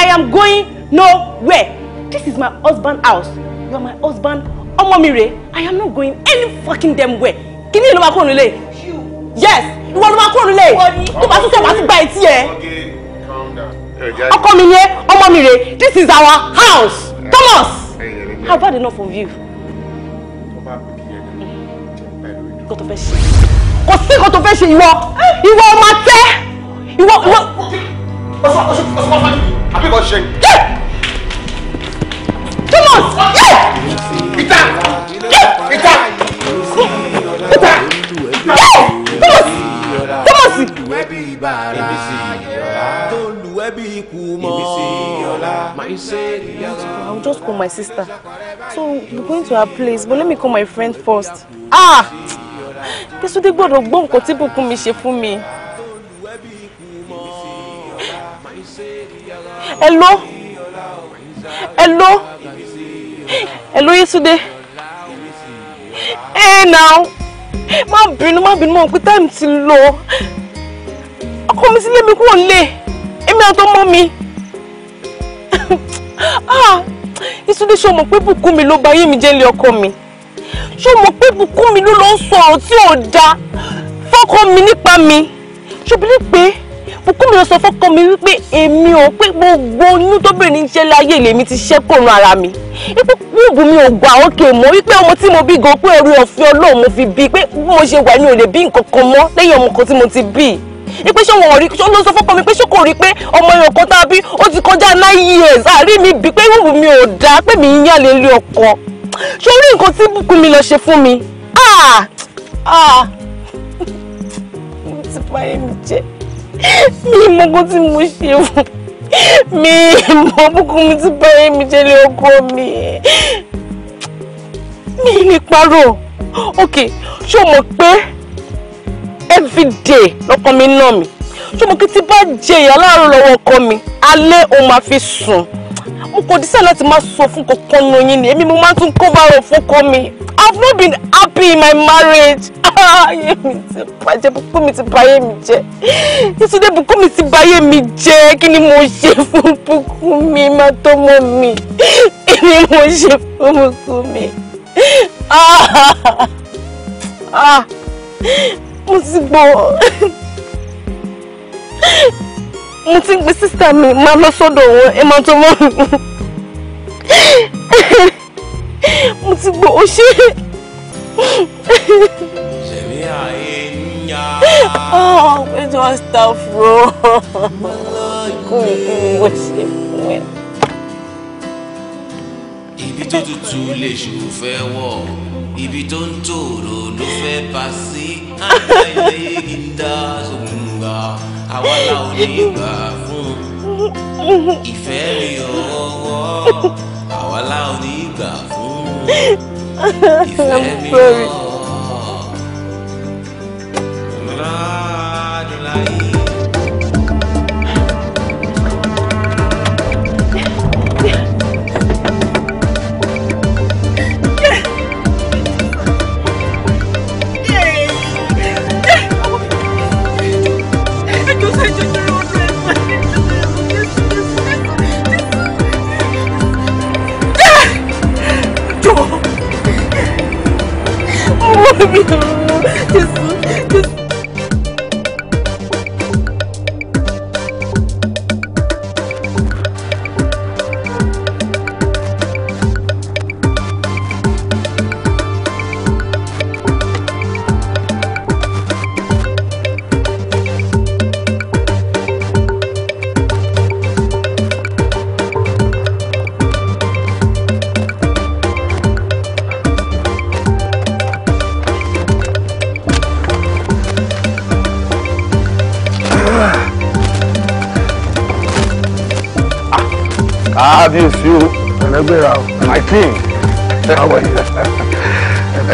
I am going nowhere. This is my husband house. You are my husband. Ọmọ mi rèé. I am not going any fucking damn where. Kí ni ìlú wa kúrò nílé? Yes ìwọ ló máa kúrò nílé tó bá tún wá sí gba etí ẹ. ọkọ mi yẹn ọmọ mi rè this is our house Thomas how bad enough of you. kò tó fẹ́ ṣe kò sí kò tó fẹ́ ṣe ìwọ ìwọ ọmọ tẹ́ ìwọ ìwọ. ọsọ ọsọ ọsọ ọsọ àbíkọ sì bí bàrà tó lù bí ikú mọ́ my say I will just call my sister so we going to her place but let me call my friend first ah Kẹ́sùdé gbọ́dọ̀ gbọ́ nǹkan tí Bùkún mi ṣe fún mi. Hello hello hello Yẹ́sùdé ẹ̀ now má bínú má bínú mọ̀ pé táìmù ti lọ ọkọ mi sílé mi kúrò nílé èmi àti ọmọ mi ah, ìtúndé ṣe mọ̀ pé bùkún mi ló bà ayé mi jẹ́ ilé ọkọ mi ṣe mọ̀ pé bùkún mi ló lọ ń sọ ọ̀rọ̀ tí ò da. fọ́kọ mi nípa mi ṣùgbọ́n pé bùkún mi ló sọ fọ́kọ mi wípé èmi ò pé gbogbo oyún tó bẹ̀rẹ̀ ní iṣẹ́ láyé lèmi ti ṣẹ́ kọ̀ọ̀nù ara mi ipò wíwù mi ò gbà ókè mọ́ wípé ọmọ tí mo bí gan pé orí ọ̀fin Ọlọ́run mo fi bí pé bí mo ṣe wà ní ò bí nǹkan kan mọ́ lẹ́yìn ọmọ kan tí mo ti bí ipe ṣé rí ṣó ló sọ fọ́pọ̀ mi pé ṣé kò rí pé ọmọ èèyàn kan tá a bí ó ti kọjá nine years àárín mi bí pé ìwù mi ò dáa pé mi ń yàn lé ọkọ ṣé orí nǹkan tí bùkún mi lọ ṣe fún mi ah ah mo ti báyé mi jẹ mi mọ nǹkan tí mo ṣe fún mi mọ bùkún mi ti báyé mi jẹ lé ọkọ mi mi lè parọ́ ok ṣé mọ̀ pé everyday lọ́kàn mi nà mí ṣùgbọ́n kí tí bá jẹ ìyá láàárọ̀ lọ́wọ́ ọkọ mi alẹ́ òun máa fi sùn mo kò dísẹ́ láti máa sọ fún kankan nù yín ni èmi mo máa tún kó bárò fọkọ mi I've not been happy in my marriage ayé mi ti bàjẹ́ bùkún mi ti báyé mi jẹ́ ìtúndé bùkún mi ti báyé mi jẹ́ kí ni mo ṣe fún bùkún mi má tó mọ́ mi kí ni mo ṣe fún bùkún mi. Ah! Ah! mo ti gbọ́ mo ti ń pe sísá mi máa lọ sọ́dọ̀ wọn ẹ máa tó mọ́ mi mo ti gbọ́ ó ṣe. ṣèmi àyè ń yá. ọ̀ ẹ jọ staff ro kò kò wọ́n ṣe fún ẹ ibi tó tutù lè ṣù fẹ́ wọ̀ ibi tó ń tòrò ló fẹ́ bá sí àgbẹ̀lẹ̀ ìdá ògùngbà àwa la ò ní gbà fún ìfẹ́ rí ọwọ́ àwa la ò ní gbà fún ìfẹ́ rí ọwọ́. Rádùn láyé. 你 死。Ah, mi ò sí o. Ẹlẹ́gbẹ̀rà o. My king. How are you?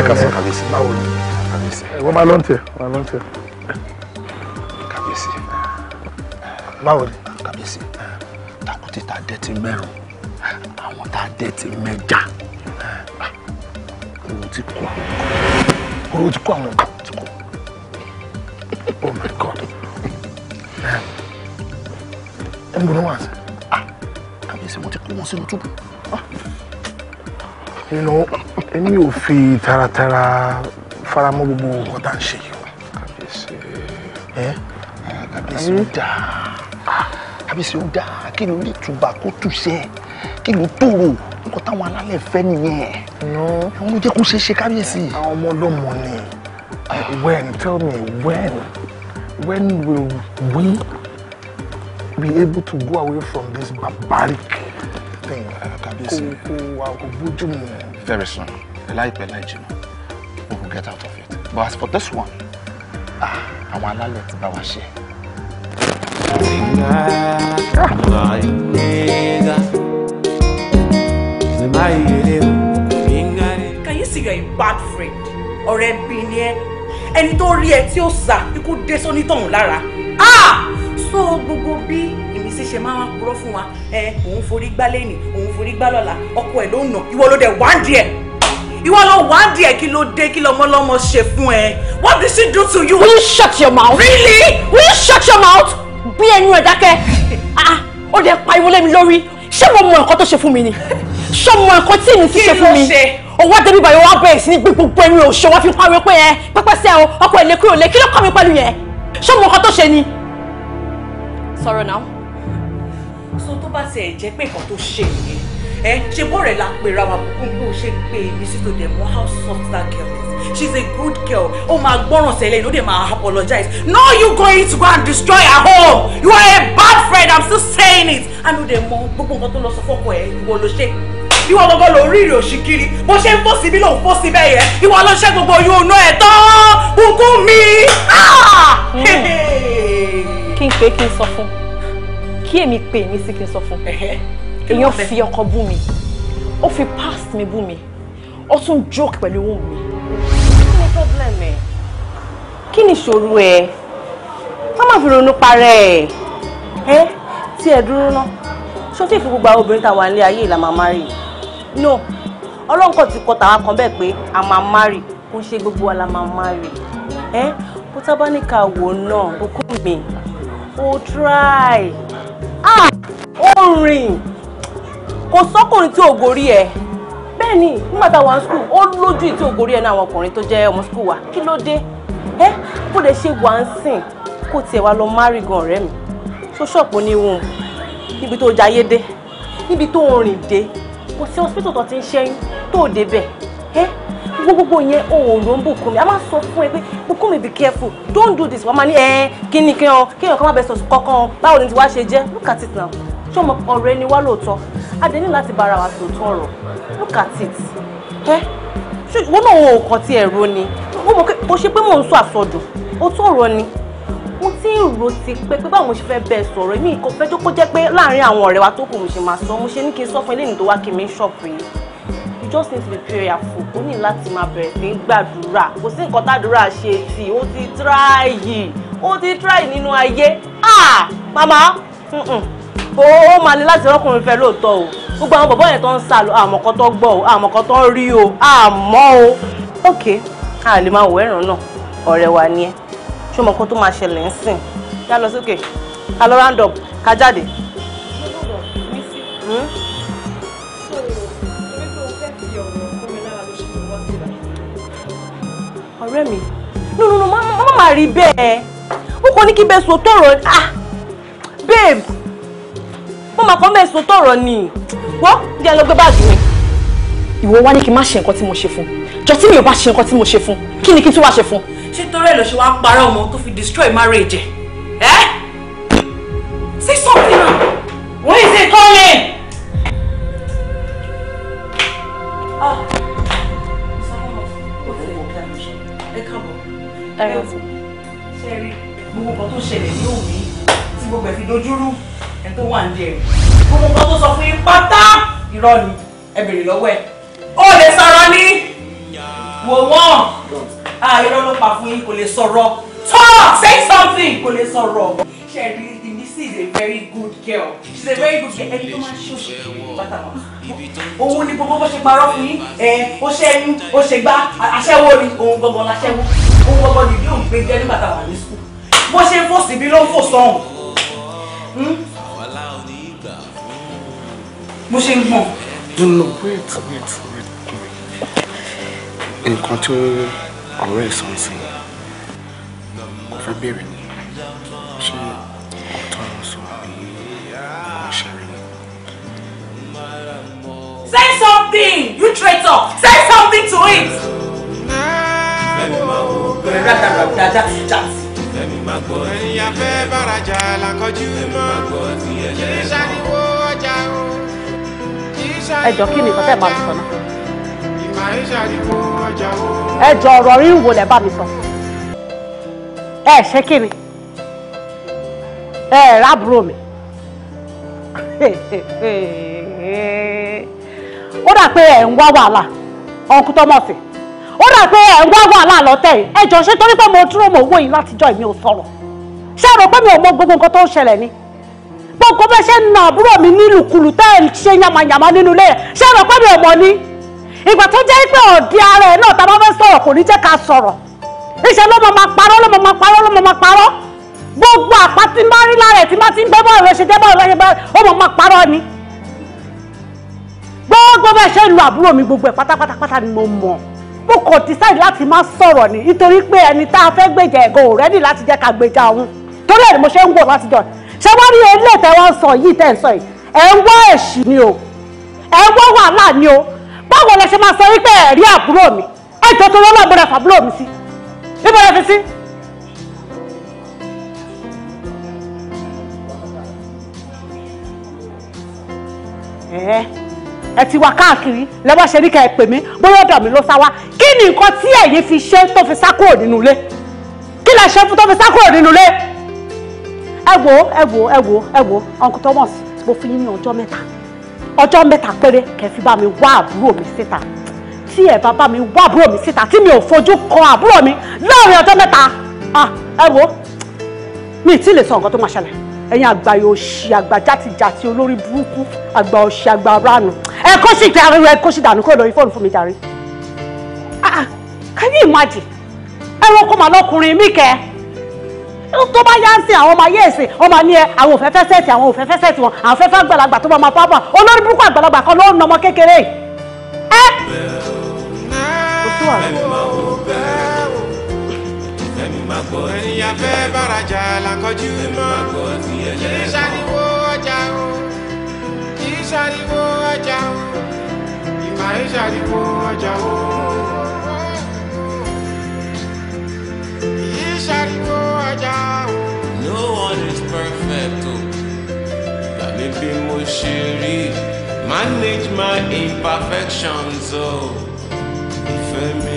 kà sọ kàbíyèsí. Báwo ni? Kàbíyèsí. Ẹ wọ́n máa lọ́n tẹ̀. Máa lọ́n tẹ̀. Kàbíyèsí. Báwo ni? Kàbíyèsí. Tàkùtì tá a dẹ́ ti mẹ́rùn. Àwọn tá a dẹ́ ti mẹ́jà. Ah, Owó ti Oh my God. Ẹ ń bọ̀ ní sí ló jókòó. ìnà ah. èmi ò fi taratara faramọ́ gbogbo nǹkan tá à ń ṣe yìí o. kàbíyèsí ẹ ah, kàbíyèsí ó dáa ah, kàbíyèsí ó dáa kí ló lè tuba kó túṣẹ́ kí ló tòrò nǹkan táwọn alálẹ̀ fẹ́ nìyẹn. àwọn ló jẹ́ kó ṣeé ṣe kàbíyèsí. àwọn ọmọ ọlọ́mọ ni when tell me when when will we be able to go away from this barbaric kò kò bójú mu. very soon láìpẹ́ láì jìnnà we will get out of it but as for this one ah àwọn alálẹ̀ ti bá wa ṣe. Can you see you're a bad friend? Ọ̀rẹ́ bí ni ẹ́, ẹni tó rí ẹ tí ó sà ikú dé sónítọ̀hún lára. Ah! So gbogbo bí sí ṣe máa ń purọ́ fún wa ẹ òun forí gbá lẹ́nì òun forí gbá lọ́la ọkọ ẹ̀ ló nà ìwọ ló dẹ̀ wá ń díẹ̀ ìwọ ló wá ń díẹ̀ kí ló dé kí lọmọlọmọ ṣe fún ẹ what did she do to you. will you shut your mouth. really. will you shut your mouth. bí ẹnu ẹ dákẹ́ ah ó dẹ̀ pariwo lé mi lórí ṣé mo mọ nǹkan tó ṣe fún mi ni ṣé mo mọ nǹkan tí mi ti ṣe fún mi owó débi bàyọ̀ wá bẹ̀rẹ̀ sí ní gbogbo ẹni òṣò wá fi pariwo pé ẹ pẹ́pẹ́sẹ́ o ọkọ̀ ẹ̀ lè kúrò lé kí ló kọ́ mi pẹ̀lú yẹn ṣé mo mọ nǹkan tó ṣe ni. sọ̀rọ̀ náà bá tiẹ̀ jẹ́ pé nǹkan tó ṣe nìyẹn ẹ ṣe bọ́ rẹ̀ la pera wa bùkún bó ṣe pé Mrs. Odemo how soft that girl is she's a good girl ó máa gbọ́ràn sẹ́lẹ̀ ló dé máa apologize no you going to go and destroy her home you are a bad friend i'm still saying it and Odemo gbogbo nǹkan tó lọ sọ fọ́kọ ẹ̀ ìwọ ló ṣe ìwọ gbogbo ló rí ìrìn òṣì kiri bó ṣe ń fò síbí ló ń fò síbẹ̀ yẹn ìwọ ló ṣe gbogbo yóò ná ẹ̀ tán bùkún mi. Ah! Hmm. kí n pé kí n sọ fún un kí èmi pè mí sí kí n sọ fún èèyàn fi ọkọ bú mi ó fi past mi bú mi ó tún joke pẹ̀lú ohun mi. kí ni problem ẹ kí ni ìṣòro ẹ ká má fi ronú parẹ́ ẹ ẹ tí ẹ dúró ná ṣó tí ìfi obìnrin táwa nílé ayé la máa no ọlọ́run kan ti kọ tàwa kan bẹ́ẹ̀ pé a máa marry kò ṣe gbogbo wa la máa marry ẹ bó tá bá ní ká wò náà okùn mi ó try ó ah, rìn kò sọ́kùnrin tí ò gorí ẹ̀ bẹ́ẹ̀ ni nígbà tá a wà ní skul ó lójú ìtí ò gorí ẹ̀ náà àwọn ọkùnrin tó jẹ́ ọmọ skul wa kí ló dé ẹ bó lè ṣe wà ń sìn kó tiẹ̀ wá lọ márì gan ọ̀rẹ́ mi tó ṣọ̀pọ̀ ní wọn níbi tó jayé dé níbi tó rìn dé kò sí hospital tó ti ń ṣẹ́yìn tó débẹ̀ ẹ gbogbogbò yẹn òòrùn Bùkúnmi a máa sọ fún ẹ pé Bùkúnmi be careful don't do this wọ́n máa ní ẹ kí ni kí wọn kí wọn kọ́ máa bẹ sọ̀tún kankan báwo ni ti wá ṣe jẹ́ look at it now ṣé ọmọ ọ̀rẹ́ ni wá lóòótọ́ a dẹ̀ ní láti bára wa sòótọ́ ọ̀rọ̀ look at it ẹ wọn náà wọn ò kàn ti ẹ̀rọ ni mo mọ̀ pé bó ṣe pé mò ń sọ àsọdùn ó tó ọ̀rọ̀ ni mo ti ń rò ti pé pé báwo mo ṣe fẹ́ bẹ sọ̀rọ̀ mi kò fẹ́ tó kó jẹ́ pé láàárín àwọn ọ̀rẹ́ wa tó kù mo ṣe máa sọ mo ṣe ní kí n sọ fún eléyìí tó wá kí mi ṣọ̀pù yìí just need to be prayerful ó ní láti máa bẹ̀rẹ̀ sí í gbàdúrà kò sí nǹkan tàdúrà ṣe tí ó ti tíráàyì ó ti tíráàyì nínú ayé ah màmá ó máa ní láti rọ́kùnrin fẹ́ lóòótọ́ o gbogbo àwọn bọ̀bọ́ yẹn tó ń sá lọ àmọ́ kan tó gbọ́ o àmọ́ kan tó rí o àmọ́ o ok a lè máa wọ ẹ̀ràn náà ọ̀rẹ́ wa ni ẹ ṣé mo kó tó máa ṣẹlẹ̀ ń sìn ká lọ sókè ká lọ round up ká jáde. Hmm? ọ̀rẹ́ mi no no no má má má rí bẹ́ẹ̀ mo kàn ní kí bẹ́ẹ̀ sọ tọrọ ah babe mo mà kàn bẹ́ẹ̀ sọ tọrọ ni wọ́n jẹ́ lọ gbé báàgì mi. ìwọ wá ní kí n má ṣe nǹkan tí mo ṣe fún jọ tí mi ò bá ṣe nǹkan tí mo ṣe fún kí ni kí n tún wá ṣe fún. ṣé torí ẹ̀ ló ṣe wá parọ́ ọmọ tó fi destroy marriage ẹ̀ ẹ́ say something now where is it coming. ṣe rí gbogbo nǹkan tó ṣẹlẹ̀ ní òní tí gbogbo ẹ̀ fi dojúrú ẹni tó wà ń jẹ gbogbo nǹkan tó sọ fún yín pátá irọ́ ni ẹ bèrè lọ́wọ́ ẹ̀ ó lè sọ̀rọ̀ ah, say something kò lè sọ̀rọ̀ Bísí is a very good girl she's a very good girl ẹni tó máa ń ṣòṣì bàtà wà. òun ni gbogbo bó ṣe parọ́ fún yín ẹ ó ṣe ń ó ṣe gbá aṣẹ́wó ni òun gbọ́ngàn láṣẹ́wó òun gbọ́ngàn nìdí òun gbé jẹ́ nígbà tá a wà ní sùkúl bó ṣe ń fò síbi ló ń fò sọ́hùn. Hmm? mo ṣe ń gbọ̀n. no no wait wait wait nǹkan tó ọ̀rẹ́ sọ̀nsìn kò fẹ́ bẹ̀rẹ̀ ṣé. Say something, you traitor. Say something to it. Ẹ̀yà fẹ́ bàràjà làkọjú mọ́, kì í ṣàdíwó ọjà o, kì í ṣàdíwó ọjà o. Ẹjọ́ kí ni ìfọ̀tẹ́ bá mi sọ náà? Ẹjọ́ ọ̀rọ̀ rí ìwò lẹ̀ bá mi sọ. Ẹ ṣé kí ni? Ẹ rábùrò mi. ó dà pé ẹ̀ ń wá wàhálà ọ̀nkú tọ́mọ̀sì ó dà pé ẹ̀ ń wá wàhálà lọ́tẹ̀ yìí ẹ̀jọ̀ ṣé torí pé mo dúró mò ń wò yín látijọ́ èmi ò sọ̀rọ̀ ṣé ẹ rò pé mi ò mọ gbogbo nǹkan tó ń ṣẹlẹ̀ ni gbogbo bẹ́ẹ̀ ṣe ń na àbúrò mi nílùkulù tẹ́ ẹ̀ ṣe yamayama nínú ilé ṣé ẹ rò pé mi ò mọ ni ìgbà tó jẹ́ pé ọ̀dí ara ẹ̀ náà tá a bá fẹ́ sọ̀rọ̀ kò ní jẹ́ ká sọ̀rọ̀ iṣẹ́ ló máa parọ́ ló máa parọ́ ló máa parọ́ gbogbo àpá tí n bá rí lára ẹ̀ tí n ti ń gbẹ́ bọ́ọ̀lù ṣe gbẹ́ bọ́ọ̀lù ṣe bẹ́ẹ̀ ó máa parọ́ ni gbogbo bẹ́ẹ̀ ṣe lu àbúrò mi gbogbo ẹ̀ pátápátá ni mo mọ̀ mo kò decide láti má sọ̀rọ̀ ni nítorí pé ẹni tá a fẹ́ gbèjà ẹ̀gọ́ ò rẹ́dì láti jẹ́ ká gbèjà òun torí ẹ̀ ni mo ṣe ń wọ̀ láti jọ ṣé wọ́n rí ilé tẹ́ wọ́n sọ yìí tẹ́ ń sọ yìí ẹ̀ ń wá èṣì ni o ẹ̀ ń wá wàhálà ni o báwo lẹ ṣe máa sọ wípé ẹ̀rí àbúrò mi ẹ̀jọ̀ tó lọ́lọ́ gbọ́dọ̀ fàbúrò mi sí níbo lẹ fi sí. ẹ̀ẹ́ ẹ ti wá káàkiri lẹ́wọ́ ṣe ní ká ẹ pè mí bóyá ọ̀dọ̀ mi ló sá wá kí ni nǹkan tí ẹ̀yin fi ṣe tó fi sá kúrò nínú ilé kí lẹ ṣe fún tó fi sá kúrò nínú ilé. ẹ wo ẹ wo ẹ wo ẹ wo uncle Thomas mo fi yín ní ọjọ́ mẹ́ta ọjọ́ mẹ́ta péré kẹ́ fi bá mi wá àbúrò mi síta tí ẹ bá bá mi wá àbúrò mi síta tí mi ò fojú kan àbúrò mi láàrin ọjọ́ mẹ́ta ah, ẹ wo mi ì tí ì lè sọ nǹkan tó máa ṣẹlẹ̀ ẹ̀yin àgbà yóò ṣe àgbà játijàti olórí burúkú àgbà ọ̀ṣẹ́ àgbà ránù ẹ sì dàrú ẹ sì dànù kó lórí fóònù fún mi dàrí. Ah, ah, can you imagine ẹ̀wọ̀n kọ́ màá lọ́kùnrin mí kẹ́ tó bá yá ń sìn àwọn ọmọ ayé ẹ̀sìn ọmọ ní ẹ àwọn òfẹ́fẹ́ sẹ́ẹ̀tì àwọn òfẹ́fẹ́ sẹ́ẹ̀tì wọn àwọn òfẹ́fẹ́ àgbàlagbà tó bá máa pápá olórí burúkú àgbàlagbà kan ló ń nà ọmọ kékeré ẹ. kò sí wàhálà ènìyàn fẹ́ bàràjà làkọjú mọ́ kì í ṣàriwo ọjà o kì í ṣàriwo ọjà o ìmọ̀ ẹ̀ ṣàriwo ọjà o. No one is perfect Let me be more ṣe manage my imperfections o ìfẹ́ mi.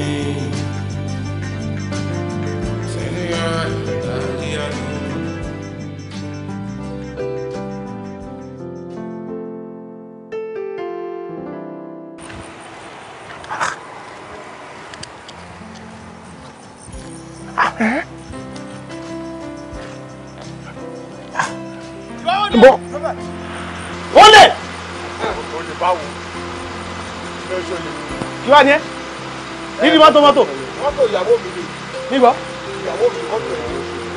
wá ní ẹ? Níbi mọ́tò mọ́tò. Mọ́tò ìyàwó mi ni. Níbo?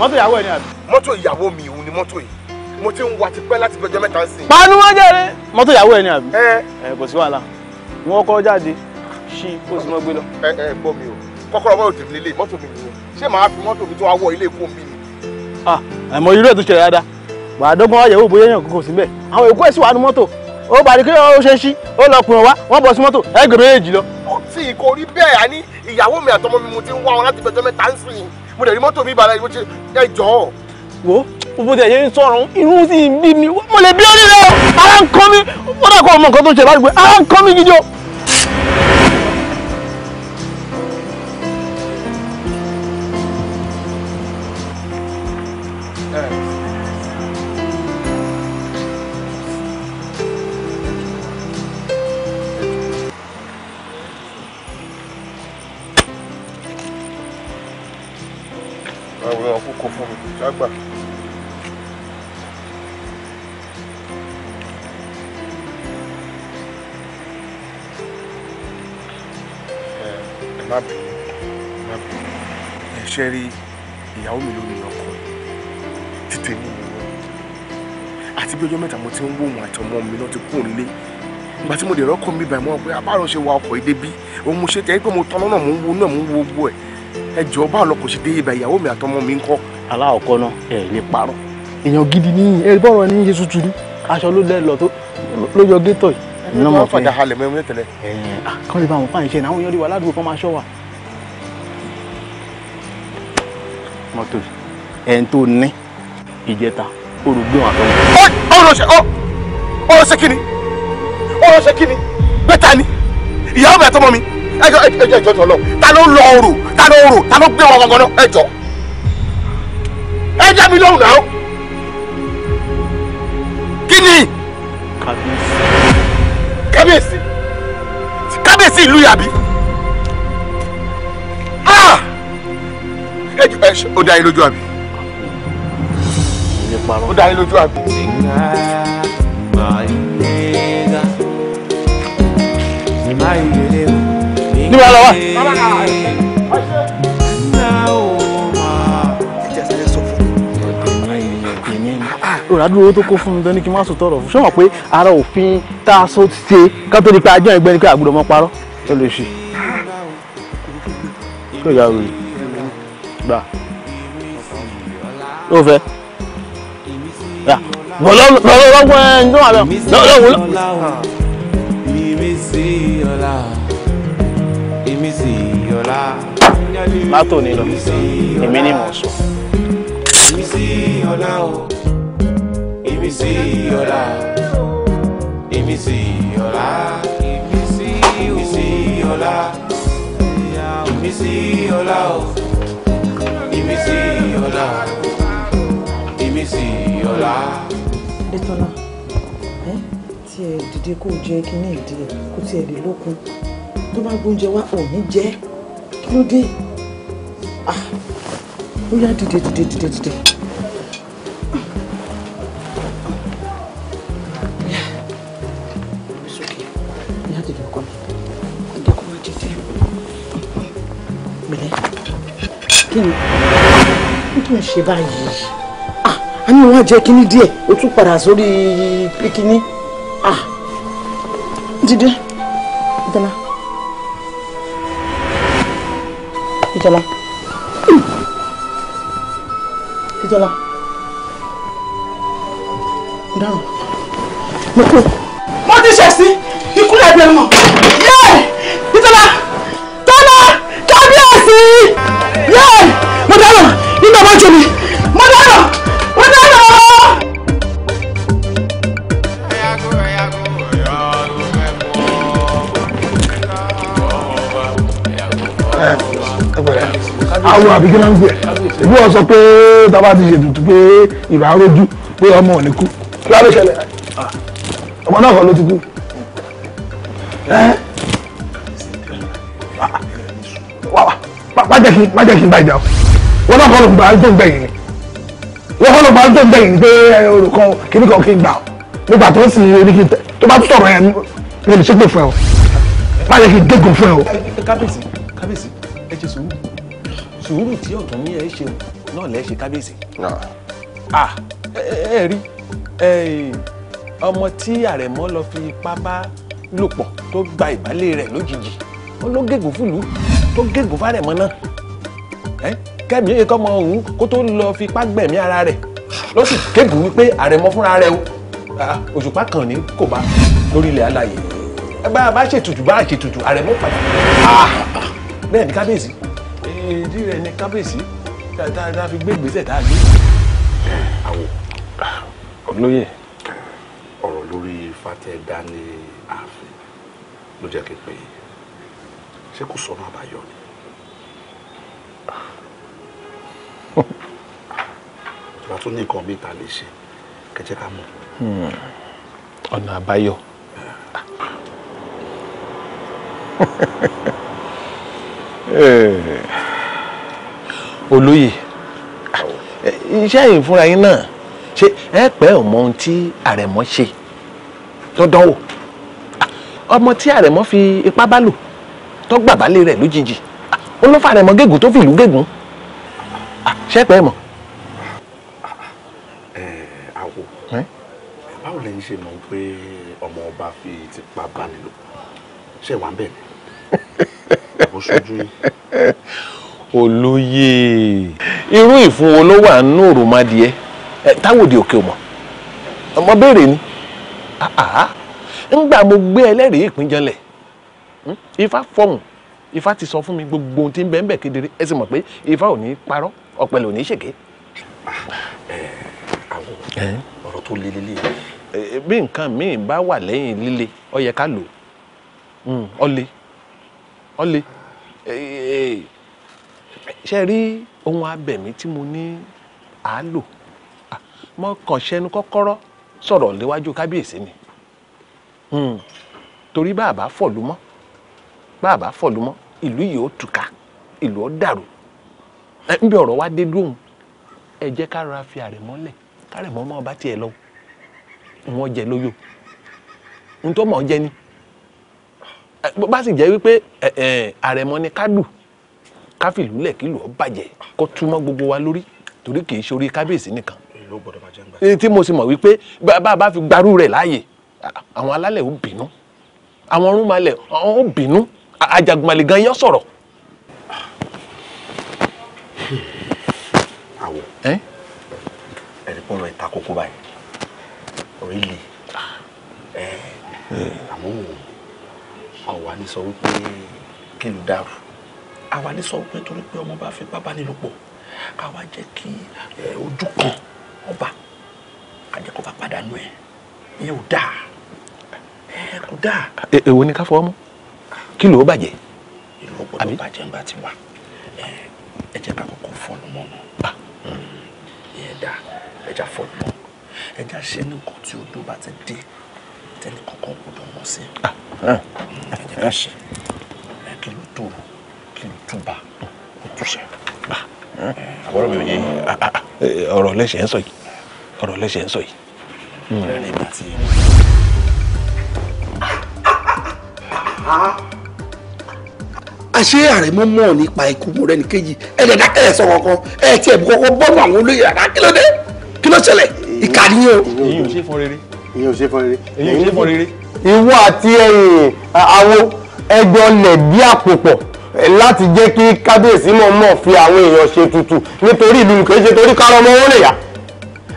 mọ́tò ìyàwó ẹ̀ ni àbí. mọ́tò ìyàwó mi òun ni mọ́tò yìí mo ti ń wa tipẹ́ láti gbẹjọ mẹ́ta sí. panu wọn jẹrẹ. mọ́tò ìyàwó ẹ̀ ni àbí. ẹ ẹ kò sí wàhálà wọn kọ́ jáde ṣí kó sì mọ́ gbé lọ. ẹ ẹ gbọ́ mi o kọ́kọ́rọ́ mọ́tò tèmi lélẹ̀ mọ́tò mi nìyẹn ṣé màá fi mọ́tò mi tó wá wọ ilé ikú mi ni. Ah, àmọ́ irú ẹ̀ tó ṣẹlẹ̀ dáadáa gbàdọ́gbọ́n àyẹ̀wò bóyá èèyàn kò sí bẹ́ẹ̀ àwọn èkó ẹ̀ sì wà á nu mọ́tò ó bàrí kí ó ṣe sí ó lọ kùnà wá wọ́n bọ̀ sí mọ́tò ẹ gbèrè èjì lọ. ó tì í kò rí bẹ́ẹ̀ àní ìyàwó mi àtọmọ mi mo ti ń wá wọn láti fẹjọ́ mẹ́ta ń sìn mo dẹ̀ rí mọ́tò mi ìbára ìwé ẹ jọ. wo gbogbo tẹ̀ yé ń sọ̀rọ̀ irú sì ń bí mi mo lè bí ó nílẹ̀ o ara ń kọ́ mi ó dà kó ọmọ nǹkan tó ń ṣe láti gbé ara ń kọ́ mi gidi o. ti ń wò wọn àtọmọ mi náà ti kúrò nílé ìgbà tí mo dẹ̀ rọ́kọ̀ mi báyìí mo wọ pé abáàrọ̀ ah, ṣe wa ọkọ̀ èdè bí òun mo ṣe tẹ́ pé mo tán lọ́nà mo ń wo náà mo ń wo gbogbo ẹ̀ ẹ jọ bá ọlọ́kọ̀ ṣe dé ibà ìyàwó mi àtọmọ mi ń kọ́. aláwọ̀kọ́ náà ẹ lè parọ́ èèyàn gidi ní ẹ bọ́rọ̀ ní yéṣu tùdú aṣọ ló lẹ́ẹ̀ lọ tó lójọ gétọ̀ yìí. ẹni tó bá fàjà halẹ̀ mẹ́rin tẹ̀lẹ̀. kọ́ni bá wọn fàyè ṣe náà àwọn èèyàn wa ládùúgbò kan máa ṣọ́ wa. mọ́tò ẹ̀ ń tó ní ìjẹta orùgbọ́n àtọ́mọ. ọ̀rọ̀ ṣe ọ̀rọ̀ ṣe kíni ọ̀rọ̀ ṣe kíni bẹ́tà ni ìyàwó mi àtọmọ mi ẹjọ ẹjọ ẹjọ ẹjọ lọ ta ló lọ orò ta ló orò ta ló gbé wọn gangan náà ẹjọ ẹjọ mi lóhùn náà kíni. kábíyèsí kábíyèsí ìlú yàbí. Ah! ẹjọ ẹjọ ó dá yín lójú àbí parọ́ ó dá yín lójú àbí. níbo la wà. òràdúró tó kó fún mi dání kí n má sọ tọrọ fún sọmọ pé ara òfin tá a sọ ti ṣe ká tó di pé ajá ẹgbẹ ni pé àgbọ́dọ̀ mọ parọ́ ẹ lè ṣe tó yà wò yìí gbà ó fẹ́ bọ̀ ni mò ń sọ kábíyèsí ọlá. adétọ́lá ẹ tí ẹ dìde kó jẹ kínní ìdí ẹ kó tiẹ̀ lè lókun tó bá gbóúnjẹ wá ò ní jẹ kí ló dé ah, ó yá dìde dìde dìde dìde. kí ni kí n ṣe báyìí a ní wọn jẹ kíní díẹ̀ ó tún padà sórí kíní ah dídé ìjọba ìjọba ìjọba dáhùn mo kú. mo ti ṣe sí ìkúlẹ̀ ẹgbẹ́ mọ̀ yẹ́ẹ̀ ìjọba tọ́lá kábíyèsí yẹ́ẹ̀ mo dáhùn nínú ọmọ jù mi. awo àbí kí ló ń pè é ìbí wọn sọ pé tábà ti ṣètùtù pé ìbá rojú pé ọmọ ò ní kú kí wàá ló ṣẹlẹ̀ ọmọ náà kọ́ ló ti kú. má jẹ́ kí má jẹ́ kí n bá ìjà o wọn náà kọ́ ló ń gbà á tó ń gbẹ̀yìn ni wọ́n kọ́ ló ń gbà á tó ń gbẹ̀yìn ni pé olùkọ́ kíní kan kí n gbà o nígbà tó ń sin oníkì tó bá sọ̀rọ̀ yẹn ní olùṣègbè fún ẹ o má jẹ́ kí n dégùn fún ẹ o. kábíyèsí kábíyèsí sùúrù tí ọ̀tún ní ẹ ṣe náà lẹ́ ṣe kábíyèsí. ah ẹ rí ọmọ tí àrẹ̀mọ lọ fi ipá bá lò pọ̀ tó gba ìbálẹ̀ rẹ̀ lójijì wọn ló gégùn fúlùú tó gégùn fárẹ̀mọ náà kẹ́mi ẹ̀ kọ́mọ òun kó tó lọ fi ipá gbẹ̀mí ara rẹ̀ ló sì gégùn wípé àrẹ̀mọ fúnra rẹ̀ o òṣùpá kan ní kò bá lórí ilẹ̀ alàyè ẹ bá a bá ṣètùtù bá a ṣètùtù àrẹ̀mọ pàtàkì bẹ́ẹ̀ ni kábíyèsí ìdí rẹ̀ ni kábíyèsí tá a fi gbé ìgbésẹ̀ tá a gbé. àwọ̀ olóyè ọ̀rọ̀ lórí fatẹ́dá ní ààfin ló jẹ́ kí n pè é ṣé kò sọ́nà àbáyọ ni. ìjọba tún ní nǹkan bíi ta lè ṣe kẹjẹ ká mọ̀. Hmm, ọ̀nà àbáyọ. Eh. Eh. olóyè iṣẹ́ yìí fúnra yín náà ṣe ẹ pẹ́ ọmọ ohun tí àrẹ̀mọ ṣe dandan o ọmọ tí àrẹ̀mọ fi ipá bá lò tó gbà bálé rẹ̀ lójijì ó ló fa àrẹ̀mọ gégùn tó fi ìlú gégùn ṣe pẹ́ mọ́. ẹ àwọ báwo lẹ̀yin ṣe mọ̀ pé ọmọ ọba fi tipa bá lò ṣe wà ń bẹ̀ ni. bó ṣojú yìí. olóyè irú ìfun wo ló wà nínú òròmọdìẹ táwòdì òkè ọmọ ọmọ béèrè ni ńgbà mo gbé ẹlẹ́rìí ìpínjọlẹ̀ hmm, ifá fọ̀hún ifá ti sọ fún gbogbo ohun tí ń ń kedere ẹ sì mọ̀ pé ifá ò ní parọ́ ọ̀pẹ̀lẹ̀ ò ní ṣèké. ọ̀rọ̀ tó lélẹ̀. bí nǹkan míì bá wà lẹ́yìn líle ọ yẹ ká lò ó hmm, le ọ le. ṣe rí ohun abẹ̀mí tí mo ní àálò mo kàn ṣẹnu kọ́kọ́rọ́ sọ̀rọ̀ léwájú kábíyèsí ni hmm. torí bàbá fọ̀lú mọ́ bàbá fọ̀lú mọ́ ìlú yìí ó tùkà ìlú ó dàrú níbi ọ̀rọ̀ wa dé lóhùn ẹ jẹ́ ká rọra fi àrẹ̀mọ́ lẹ̀ kárẹ̀mọ́ mọ́ ọba tiẹ̀ lọ wọn jẹ lóyò ntọ́ jẹ ni bá sì jẹ́ wípé àrẹ̀mọ ni kádù káfíìlú lẹ̀ kí lù ọ́ bàjẹ́ kó túmọ̀ gbogbo wa lórí torí kì í ṣe orí kábíyèsí nìkan tí mo sì mọ̀ wípé bá a bá fi gbarú rẹ̀ láàyè àwọn alálẹ̀ ó bínú àwọn ọ̀rúnmalẹ̀ ó bínú àjàgùnmalẹ̀ gan yọ sọ̀rọ̀. àwọ̀ ẹ̀rí pọ̀rọ̀ ìta kókó báyìí ọ̀rẹ́ lè àwọn òun àwa ní sọ wípé kí ló dàrú àwa ní sọ wípé torí pé ọmọ bá fi bábá nílò pọ̀ káwa jẹ́ kí ojú kan ọba kájẹ́ kó bá pàdánù ẹ̀ ìyẹn ò dáa ẹ kò dáa. E, èwo ni ká fọwọ́ mú kí ló bàjẹ́. ìlú ọgbọ́dọ̀ bàjẹ́ ńgbà tí wà ẹ jẹ́ ká kọ́kọ́ fọ́ọ̀nù mọ́nà ah. hmm. ìyẹn dáa ẹ já fọ́ọ̀nù mọ́ ẹ já ṣe ní nǹkan tí odó bá ti dé tẹ́lẹ̀ kankan gbọ́dọ̀ mọ̀ sí. Ah, ah. ẹ̀jẹ̀ ká ṣe kí ló tó kí ló tún bá kó túṣe. Ah, àbọ̀rọ̀ mi ò yé eh, eh, ọ̀rọ̀ lẹ́sẹ̀ ń sọ yìí ọ̀rọ̀ lẹ́sẹ̀ ń sọ yìí. rẹ́rìn mi àti. àṣé ààrẹ mọ́ mọ́ nípa ikú mọ́rẹ́ni kejì ẹ̀ẹ́dẹ̀dá ẹ̀ sọ kọ̀ọ̀kan ẹ̀ tiẹ̀ bú kọ́kọ́ bọ́ọ̀lù àwọn olóyè àdá kí ló dé kí ló ṣẹlẹ̀ ìkàdí yẹn o. èyí ò ṣe fún rere ìyẹn ò ṣe fọ rere. ìyẹn ò ṣe fọ rere. ìwọ àti àwọn ẹjọ lẹ̀ bí àpòpọ̀ láti jẹ́ kí kábíyèsí mọ̀ mọ̀ fi àwọn èèyàn ṣe tutù nítorí ìlú nìkan ṣe torí kárọ̀ ọmọ wọn lè yá.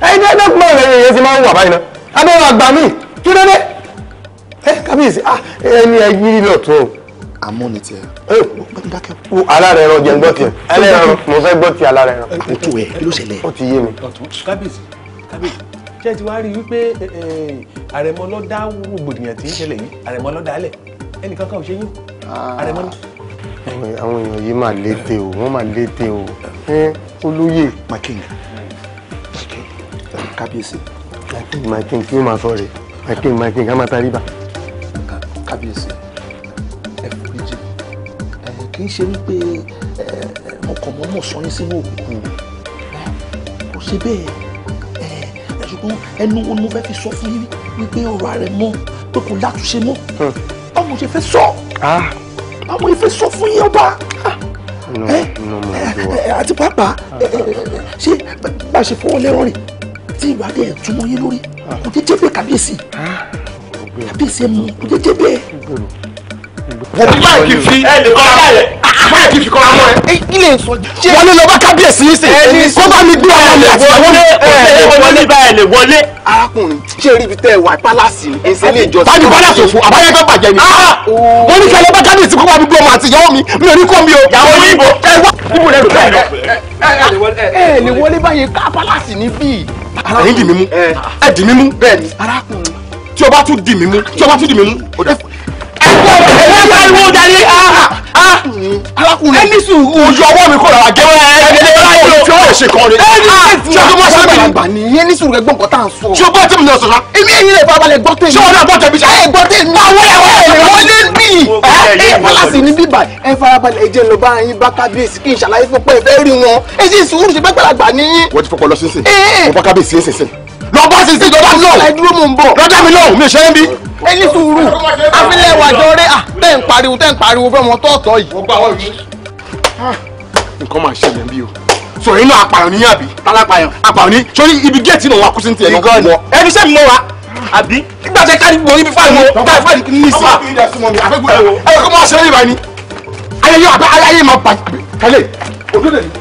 ẹyin tẹ́lẹ̀ pọ̀ lẹ́yìn èèyàn ti máa ń wà báyìí náà abẹ́rẹ́ àgbà mi kí ló dé. ẹ kábíyèsí ah, ẹni ẹyí lọ tó. àmọ́ ní tiẹ̀. alára ẹran jẹ́ ń gbọ́ tiẹ̀ ẹlẹ́ran mo fẹ́ gbọ́ tiẹ̀ alára ẹran. o tó ẹ kí ló ṣẹlẹ̀. ó ti yé mi. kábíyèsí kábíyèsí ṣé ti wá rí i wípé àrẹ̀mọ ló dá rògbòdìyàn tí ń ṣẹlẹ̀ yìí àrẹ̀mọ ló dá lẹ̀ ẹnìkan kan ò ṣe yín ah. àrẹ̀mọ ni. àwọn èèyàn yìí máa lété o wọ́n máa lété o olóyè. makin makin kábíyèsí. makin makin kí ó máa sọ rè makin makin ká máa tarí bá. kábíyèsí ẹ foríjì kì í ṣe wípé mo kàn mọ́ mọ̀ sọyún sínú òkùnkùn kò ṣe bẹ́ẹ̀ tó ẹnu wo ni mo fẹ́ fi sọ fún yín wípé ọ̀rọ̀ ààrẹ mọ́ pé kò látúnṣe mọ́ hmm. báwo mo ṣe fẹ́ sọ ah. báwo mo fẹ́ sọ fún yín ọba ah. eh? eh, eh, àti pàápàá ṣé bá a ṣe fọwọ́ lẹ́rọ̀ rìn tí ìwádìí ẹ̀ túmọ̀ yín lórí ah. kò jẹ́jẹ́ bẹ́ẹ̀ kábíyèsí kábíyèsí ẹ̀ mú kò jẹ́jẹ́ bẹ́ẹ̀ báyìí kì í fi báyìí kì í fi kọ́ ọmọ ẹ. ilé wọlé lọ bá kábíyèsí yìí sè kó bá mi gbé ọmọ mi àti ìyàwó mi. wọlé báyìí lè wọlé. arákùnrin ṣé rí ibi tẹ́ ẹ wà pálásì ni èsì ilé ìjọsìn. báyìí pálásì òfò àbáyé fẹ́ bàjẹ́ ni. wọ́n ní kẹ́lẹ́ bá kábíyèsí kó bá mi gbé ọmọ àti ìyàwó mi mi ò ní kọ́ mi o. ìyàwó yìí bò ẹ wá. ibùdó ẹ ẹ lè wọlé báyìí ká pálásì ní bíi. ẹ̀yin dì mí mú ẹ dì mí mú. bẹ́ẹ̀ni arákùnrin. tí o bá tún dì mí mú tí o bá tún dì mí mú ẹ pariwo darí alákùnrin ẹni sùúrù ojú ọwọ́ mi kò rà gẹ́gẹ́ ẹgbẹ́ láyé o tí ó lè ṣe kan ni ẹni sùúrù ṣọgbọ́n ṣe bẹ̀rẹ̀ gbà ní ẹni sùúrù ẹgbọ́n kọ́tà ń sọ. ṣé o gbọ́ tèmi náà sọ̀rọ̀. èmi ẹ̀yin lè farabalẹ̀ gbọ́ tèmi. ṣé o náà gbọ́ tèmi sọ. ẹ gbọ́ tèmi. àwọn ẹ̀wọ̀ ẹ̀rọ wọn lé bí. ẹ pàlàsì ní bíbà ẹ farabalẹ̀ ẹ jẹ́ lọ bá yín bá kábíyèsí kí n ṣàlàyé fún pé ẹ fẹ́ rí wọn ẹ sì sùúrù ṣe pẹ́ pẹ́lá gbà ní. wọ́n ti fọpọ́ lọ sínsìn mo bá kábíyèsí sínsìn bàbá sì sí ìjọba lọ. ẹ dúró mò ń bọ̀. lọ́jà mi lọ́hùn mi ò ṣe é bí. ẹ ní sùúrù àfilẹ̀ wà jọ rẹ̀ à tẹ́ ń pariwo tẹ́ ń pariwo fẹ́ ọmọ tọ́ọ̀tọ̀ yìí. mo gbà wọ́n yìí. nǹkan máa ṣẹlẹ̀ bí o sọ inú apààyàn ní àbí. alápààyàn. apààyàn ní sori ibi géètì náà wà kú sí ní tiẹ̀ lọ́kọ́ mọ́. ẹni sẹ́mi mọ́ wa àbí. nígbà tẹ káàdì gbòòrò ibi fáìlì mọ́ káàdì fáìlì ní ìsìn. ọmọ mi ìdásí mọ́ mi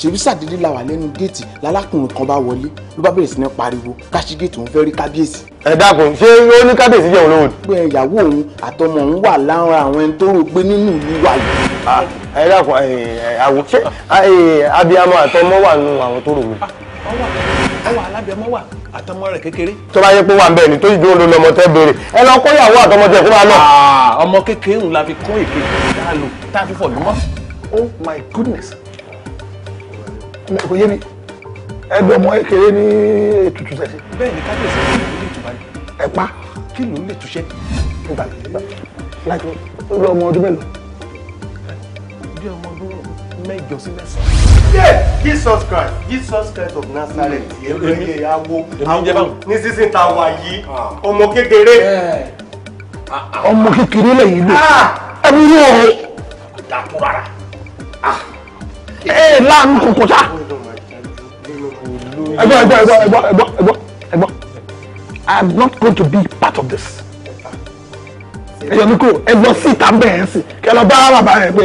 ṣèbí sàdédé la wà lẹ́nu géètì lálákùnrin kan bá wọlé ló bá bẹ̀rẹ̀ sí ní pariwo káṣí géètì òun fẹ́ rí kábíyèsí. ẹ dákun ṣé ó ní kábíyèsí jẹun lóhùn. pé ìyàwó òun àtọmọ òun wà lára àwọn ẹni tó rò pé nínú ìlú wa yìí. ẹ dákun àwọn ṣé abiyamọ àtọmọ wà nù àwọn tó rò mí. ọwọ́ alábìyamọ wà àtọmọ rẹ kékeré. tó bá yẹ pé wà ń bẹ ni tó yìí dúró lórí ọmọ tẹ béèrè ẹ oh my goodness kò yé mi ẹgbẹ́ ọmọ kékeré ní ètùtù tẹ̀sí. bẹ́ẹ̀ ni kábíyèsí ló lè tún báyìí. ẹ pa. kí ló ń lè túṣẹ́. nígbà láti ó lọ ọmọ ọdún mélòó. bí ọmọ ọdún mẹ́jọ sí mẹ́sàn-án. Jesus Christ Jesus Christ of Nazareth ẹgbẹ́ hmm. awo awo ní sísìn tá a wà yìí ah. ọmọ kékeré. ọmọ kékeré lẹ́yìn lò. ẹ bí yóò ẹ láàánú kòkò sá. ẹgbọ́ ẹgbọ́ ẹgbọ́ ẹgbọ́ ẹgbọ́ ẹgbọ́ ẹgbọ́ I not going to be part of this. ẹyọ mi kúrò ẹ lọ sí ìta bẹ́ẹ̀ sí kẹ lọ bá bàbá rẹ pé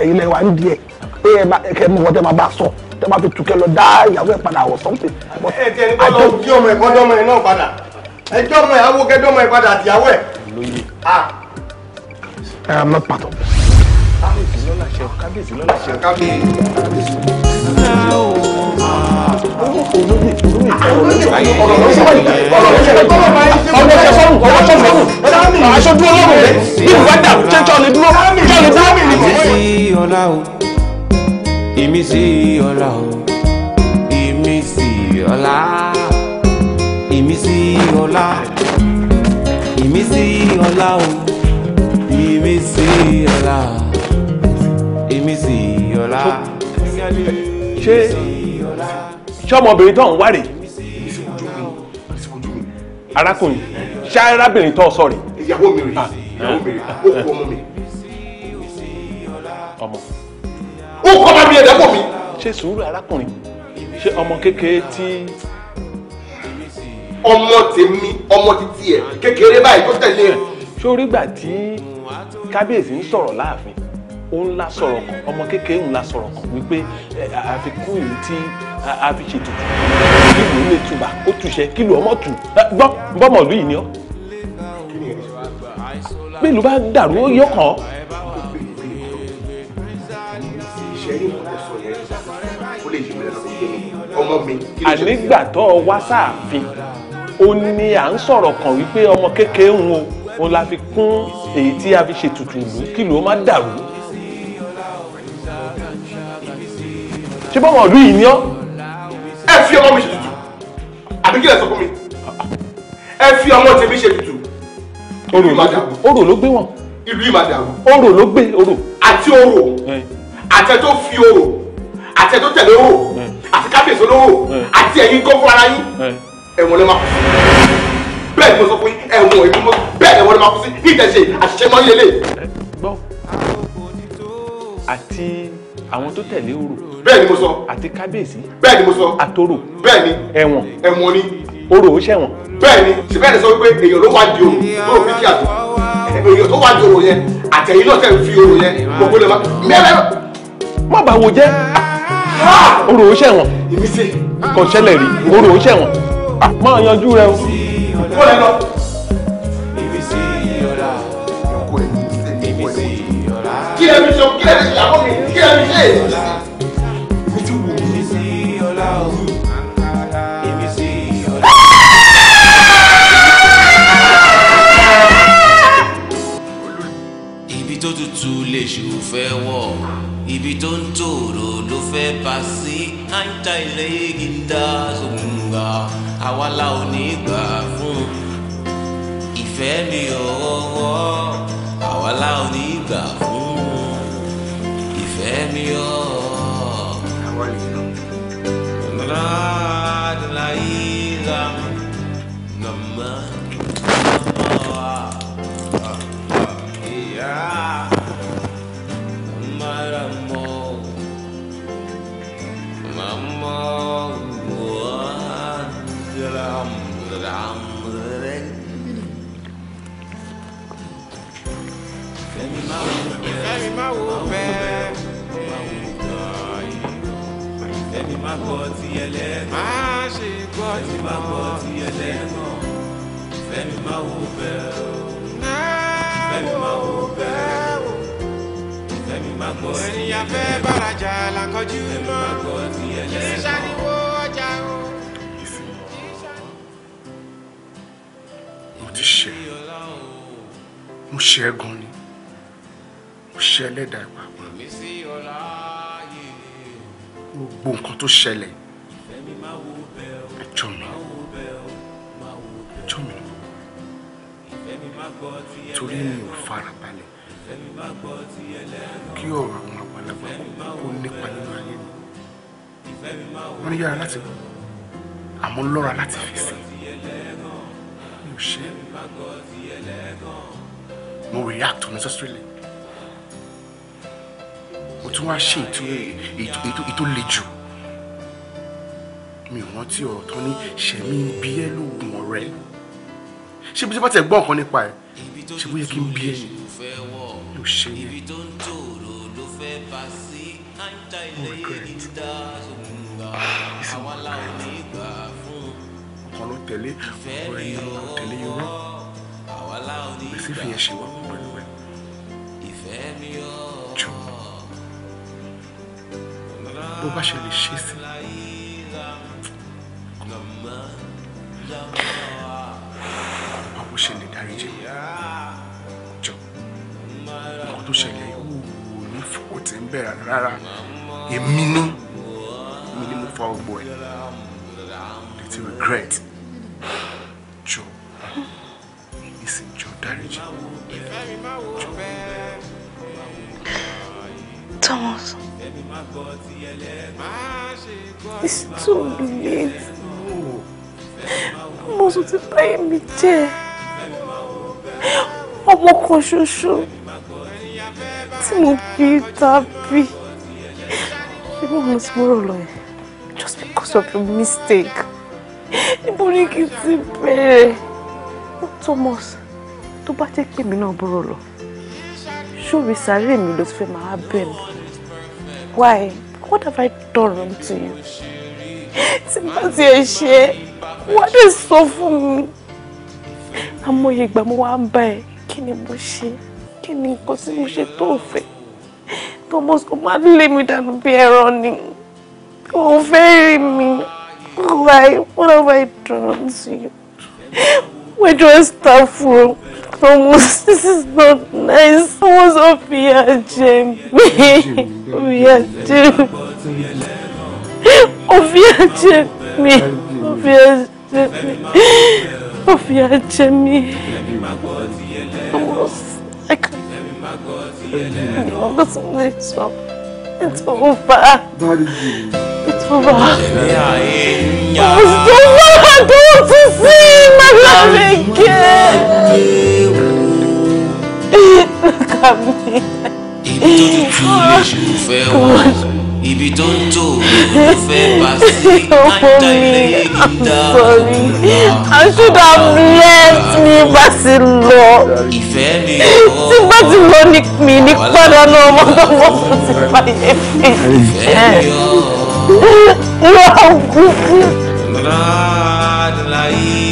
ẹ̀yin lẹ wà nídìí ẹ pé ẹ má kẹ mú wọn tẹ máa bá sọ tẹ máa fi tù kẹ lọ dá ìyàwó ẹ padà or something. ẹ ti ẹni bọ́ lọ kí ọmọ ẹ̀ kọ́ dọ́mọ ẹ̀ náà padà ẹjọ́ ọmọ ẹ̀ awọ́kẹ́dọ́mọ ẹ̀ padà àtìyàwó ẹ̀. Ah. I am not part of this lọ́làṣẹ kábíyèsí lọ́làṣẹ kábíyèsí. Aṣojú ọlọ́run rẹ̀ bí ìwà dàrú ṣe ń tọ́ ni dúró tọ́ ni dúró mi nìkan. Èmi sí ọlá o, èmi sí ọlá èmi sí ọlá, èmi sí ọlá, o, èmi sí ọlá o. Jimisi Ọlá. ṣé ṣọmọbìnrin tó ń wá rèé arákùnrin ṣé arábìnrin tó sọ rèé. ìyàwó mi rèé ah. ìyàwó mi rèé ó kú ọmọ mi. ọmọ. ó kọ́ ọmọ mi ẹ̀dá pọ̀ mi. ṣé sùúrù arákùnrin ṣé ọmọ kékeré tí ọmọ tèmi ọmọ títí ẹ kékeré báyìí tó tẹ̀lé ẹ. sórí gbà tí kábíyèsí ń sọ̀rọ̀ láàfin ó ń la sọ̀rọ̀ kan ọmọ kékeré ń la sọ̀rọ̀ kan wípé àfikún yìí tí a fi ṣètò kí ló lè tuba ó túṣẹ kí ló ọmọ tù gbọ́ bọ́mọ̀lú yìí ni ọ́ pé ìlú bá dàrú ó yọ kàn án. ànígbà tó o wá sáàfin ó ní à ń sọ̀rọ̀ kan wípé ọmọ kékeré ń wo òun la fi kún èyí tí a fi ṣètùtù ìlú kí ló má dàrú. ṣé bọ́ wọn ọdún yìí ni ọ́. ẹ fi ọmọ mi ṣe tutù àbí kí lè sọ fún mi ẹ fi ọmọ tèmi ṣe tutù. orò orò ló gbé wọn. ìlú yìí oro. dàrú. ló gbé orò. àti orò àtẹ tó fi orò àtẹ tó tẹ̀lé orò àti kábíyèsí olówó àti ẹ̀yin kọ́ fún ara yín ẹ̀wọ̀n ló máa kú sí bẹ́ẹ̀ ni mo sọ fún yín ẹ̀wọ̀n ìlú mọ́ bẹ́ẹ̀ ẹ̀wọ̀n ló máa kú sí ní ìtẹ̀sẹ̀ àṣìṣe mọ́ yẹlé. àti àwọn tó tẹ̀lé orò. bẹ́ẹ̀ ni mo sọ. àti kábíyèsí. bẹ́ẹ̀ ni mo sọ. àtòrò. bẹ́ẹ̀ ni. ẹ̀wọ̀n. ẹ̀wọ̀n ni. orò ó ṣẹ̀wọ̀n. bẹ́ẹ̀ ni sìbẹ́ẹ̀ ni sọ pé èèyàn ló wá di orò tó fi kí àtò èèyàn tó wá di orò yẹn àtẹ̀yìn náà tẹ̀ ń fi orò yẹn gbogbo lè má mẹ́rẹ́. má bàa wo jẹ́ orò ó ṣẹ̀wọ̀n. ìmísí. kò ṣẹlẹ̀ rí orò ó ṣẹ̀wọ̀n. Ah, máa yanjú rẹ o. kó lẹ lọ. kí lẹ fi sọ kí lẹ fi sọ mi lè. Ibi tí wò ó. Ibi tó tutù lè ṣùfẹ́ wọ̀, ibi tó ń tòrò ló fẹ́ bá sí, à ń ta ilé igi dá sómùgbà, àwa la ò ní gbà. ènìyàn fẹ́ bàràjà làkọjú mọ́ kì í ṣàníwó ọjà o. mo ti ṣe mo ṣe ẹgún ni mo ṣe ẹlẹ́dàá ìpapọ̀ gbogbo nǹkan tó ṣẹlẹ̀ ẹjọ́ mi ẹjọ́ mi torí mi ò fara kí ọ̀rọ̀ àwọn àgbàlagbà kó nípa nínú ayé mi wọ́n ní yára láti kú àmọ́ láti fèsì mi ò ṣe mo react unnecessarily mo tún wá ṣe ètò le jù mi ò rántí ọ̀rọ̀ tán ní ṣẹ̀mí bí ẹ́ lóògùn ọ̀rẹ́ ṣé bí ṣe bá tẹ̀ gbọ́ nǹkan nípa ẹ̀ ṣé bó yẹ kí n bí ẹ̀ yìí kò ṣe yẹn. ibi tó ń tòrò ló fẹ́ bá sí káńtà ilé oh yìí dá sókun gbà àwa làwọn ní gbà fún. ọkàn ló tẹ̀lé ọ̀rọ̀ ẹ̀yìn ló tẹ̀lé yorùbá àwa làwọn ní gbà fún. fífi ẹ̀ṣẹ̀ wá pọ̀ pẹ̀lú ẹ̀. ìfẹ́ mi ọ̀. jọ bó bá ṣe lè ṣe sí. báwo ṣe lè dáríjì nǹkan tó ṣẹlẹ̀ ìwò ní fòkò tí ń bẹ̀rẹ̀ rárá èmi ní mi ni mo fa gbogbo ẹ̀ létí regret jọ ìsìn jọ jọ. Thomas, it's too late. Thomas, sọ ti báyìí mi jẹ́ ọmọ kan ṣoṣo tí mo fi tàbí níbo mo ti just because of your mistake níbo ni kí n Thomas tó bá jẹ́ pé mi náà bọ̀rọ̀ lọ ṣòwò sáré mi ló ti fẹ́ máa why what have I done wrong to you tí bá ti ẹ̀ ṣe wọ́n á lè sọ fún mi àmọ́ ìgbà mo wá ń bá ẹ kí kí ni nǹkan tí mo ṣe tó fẹ́ Thomas kò má lé mi dànù bí ẹran ni kò fẹ́ rí mi why what have I done to you where do I start from Thomas this is not nice Thomas ó fi ìyà jẹ mí ó fi ìyà jẹ mí fi ìyà jẹ mí fi ìyà jẹ mí fi ìyà jẹ mí Thomas. I can't. No, that's only it's over. It's over. It's over. It's over. I don't want see my love again. Look at me. Come on ibi tó ń tò ló fẹ́ bá sí ìdá I should have let me bá sí lọ ìfẹ́ mi ọ̀ tí bá ti lọ ní mi ní padà náà mo tó mọ̀ fún ti báyé mi ìfẹ́ mi eh. ọ̀.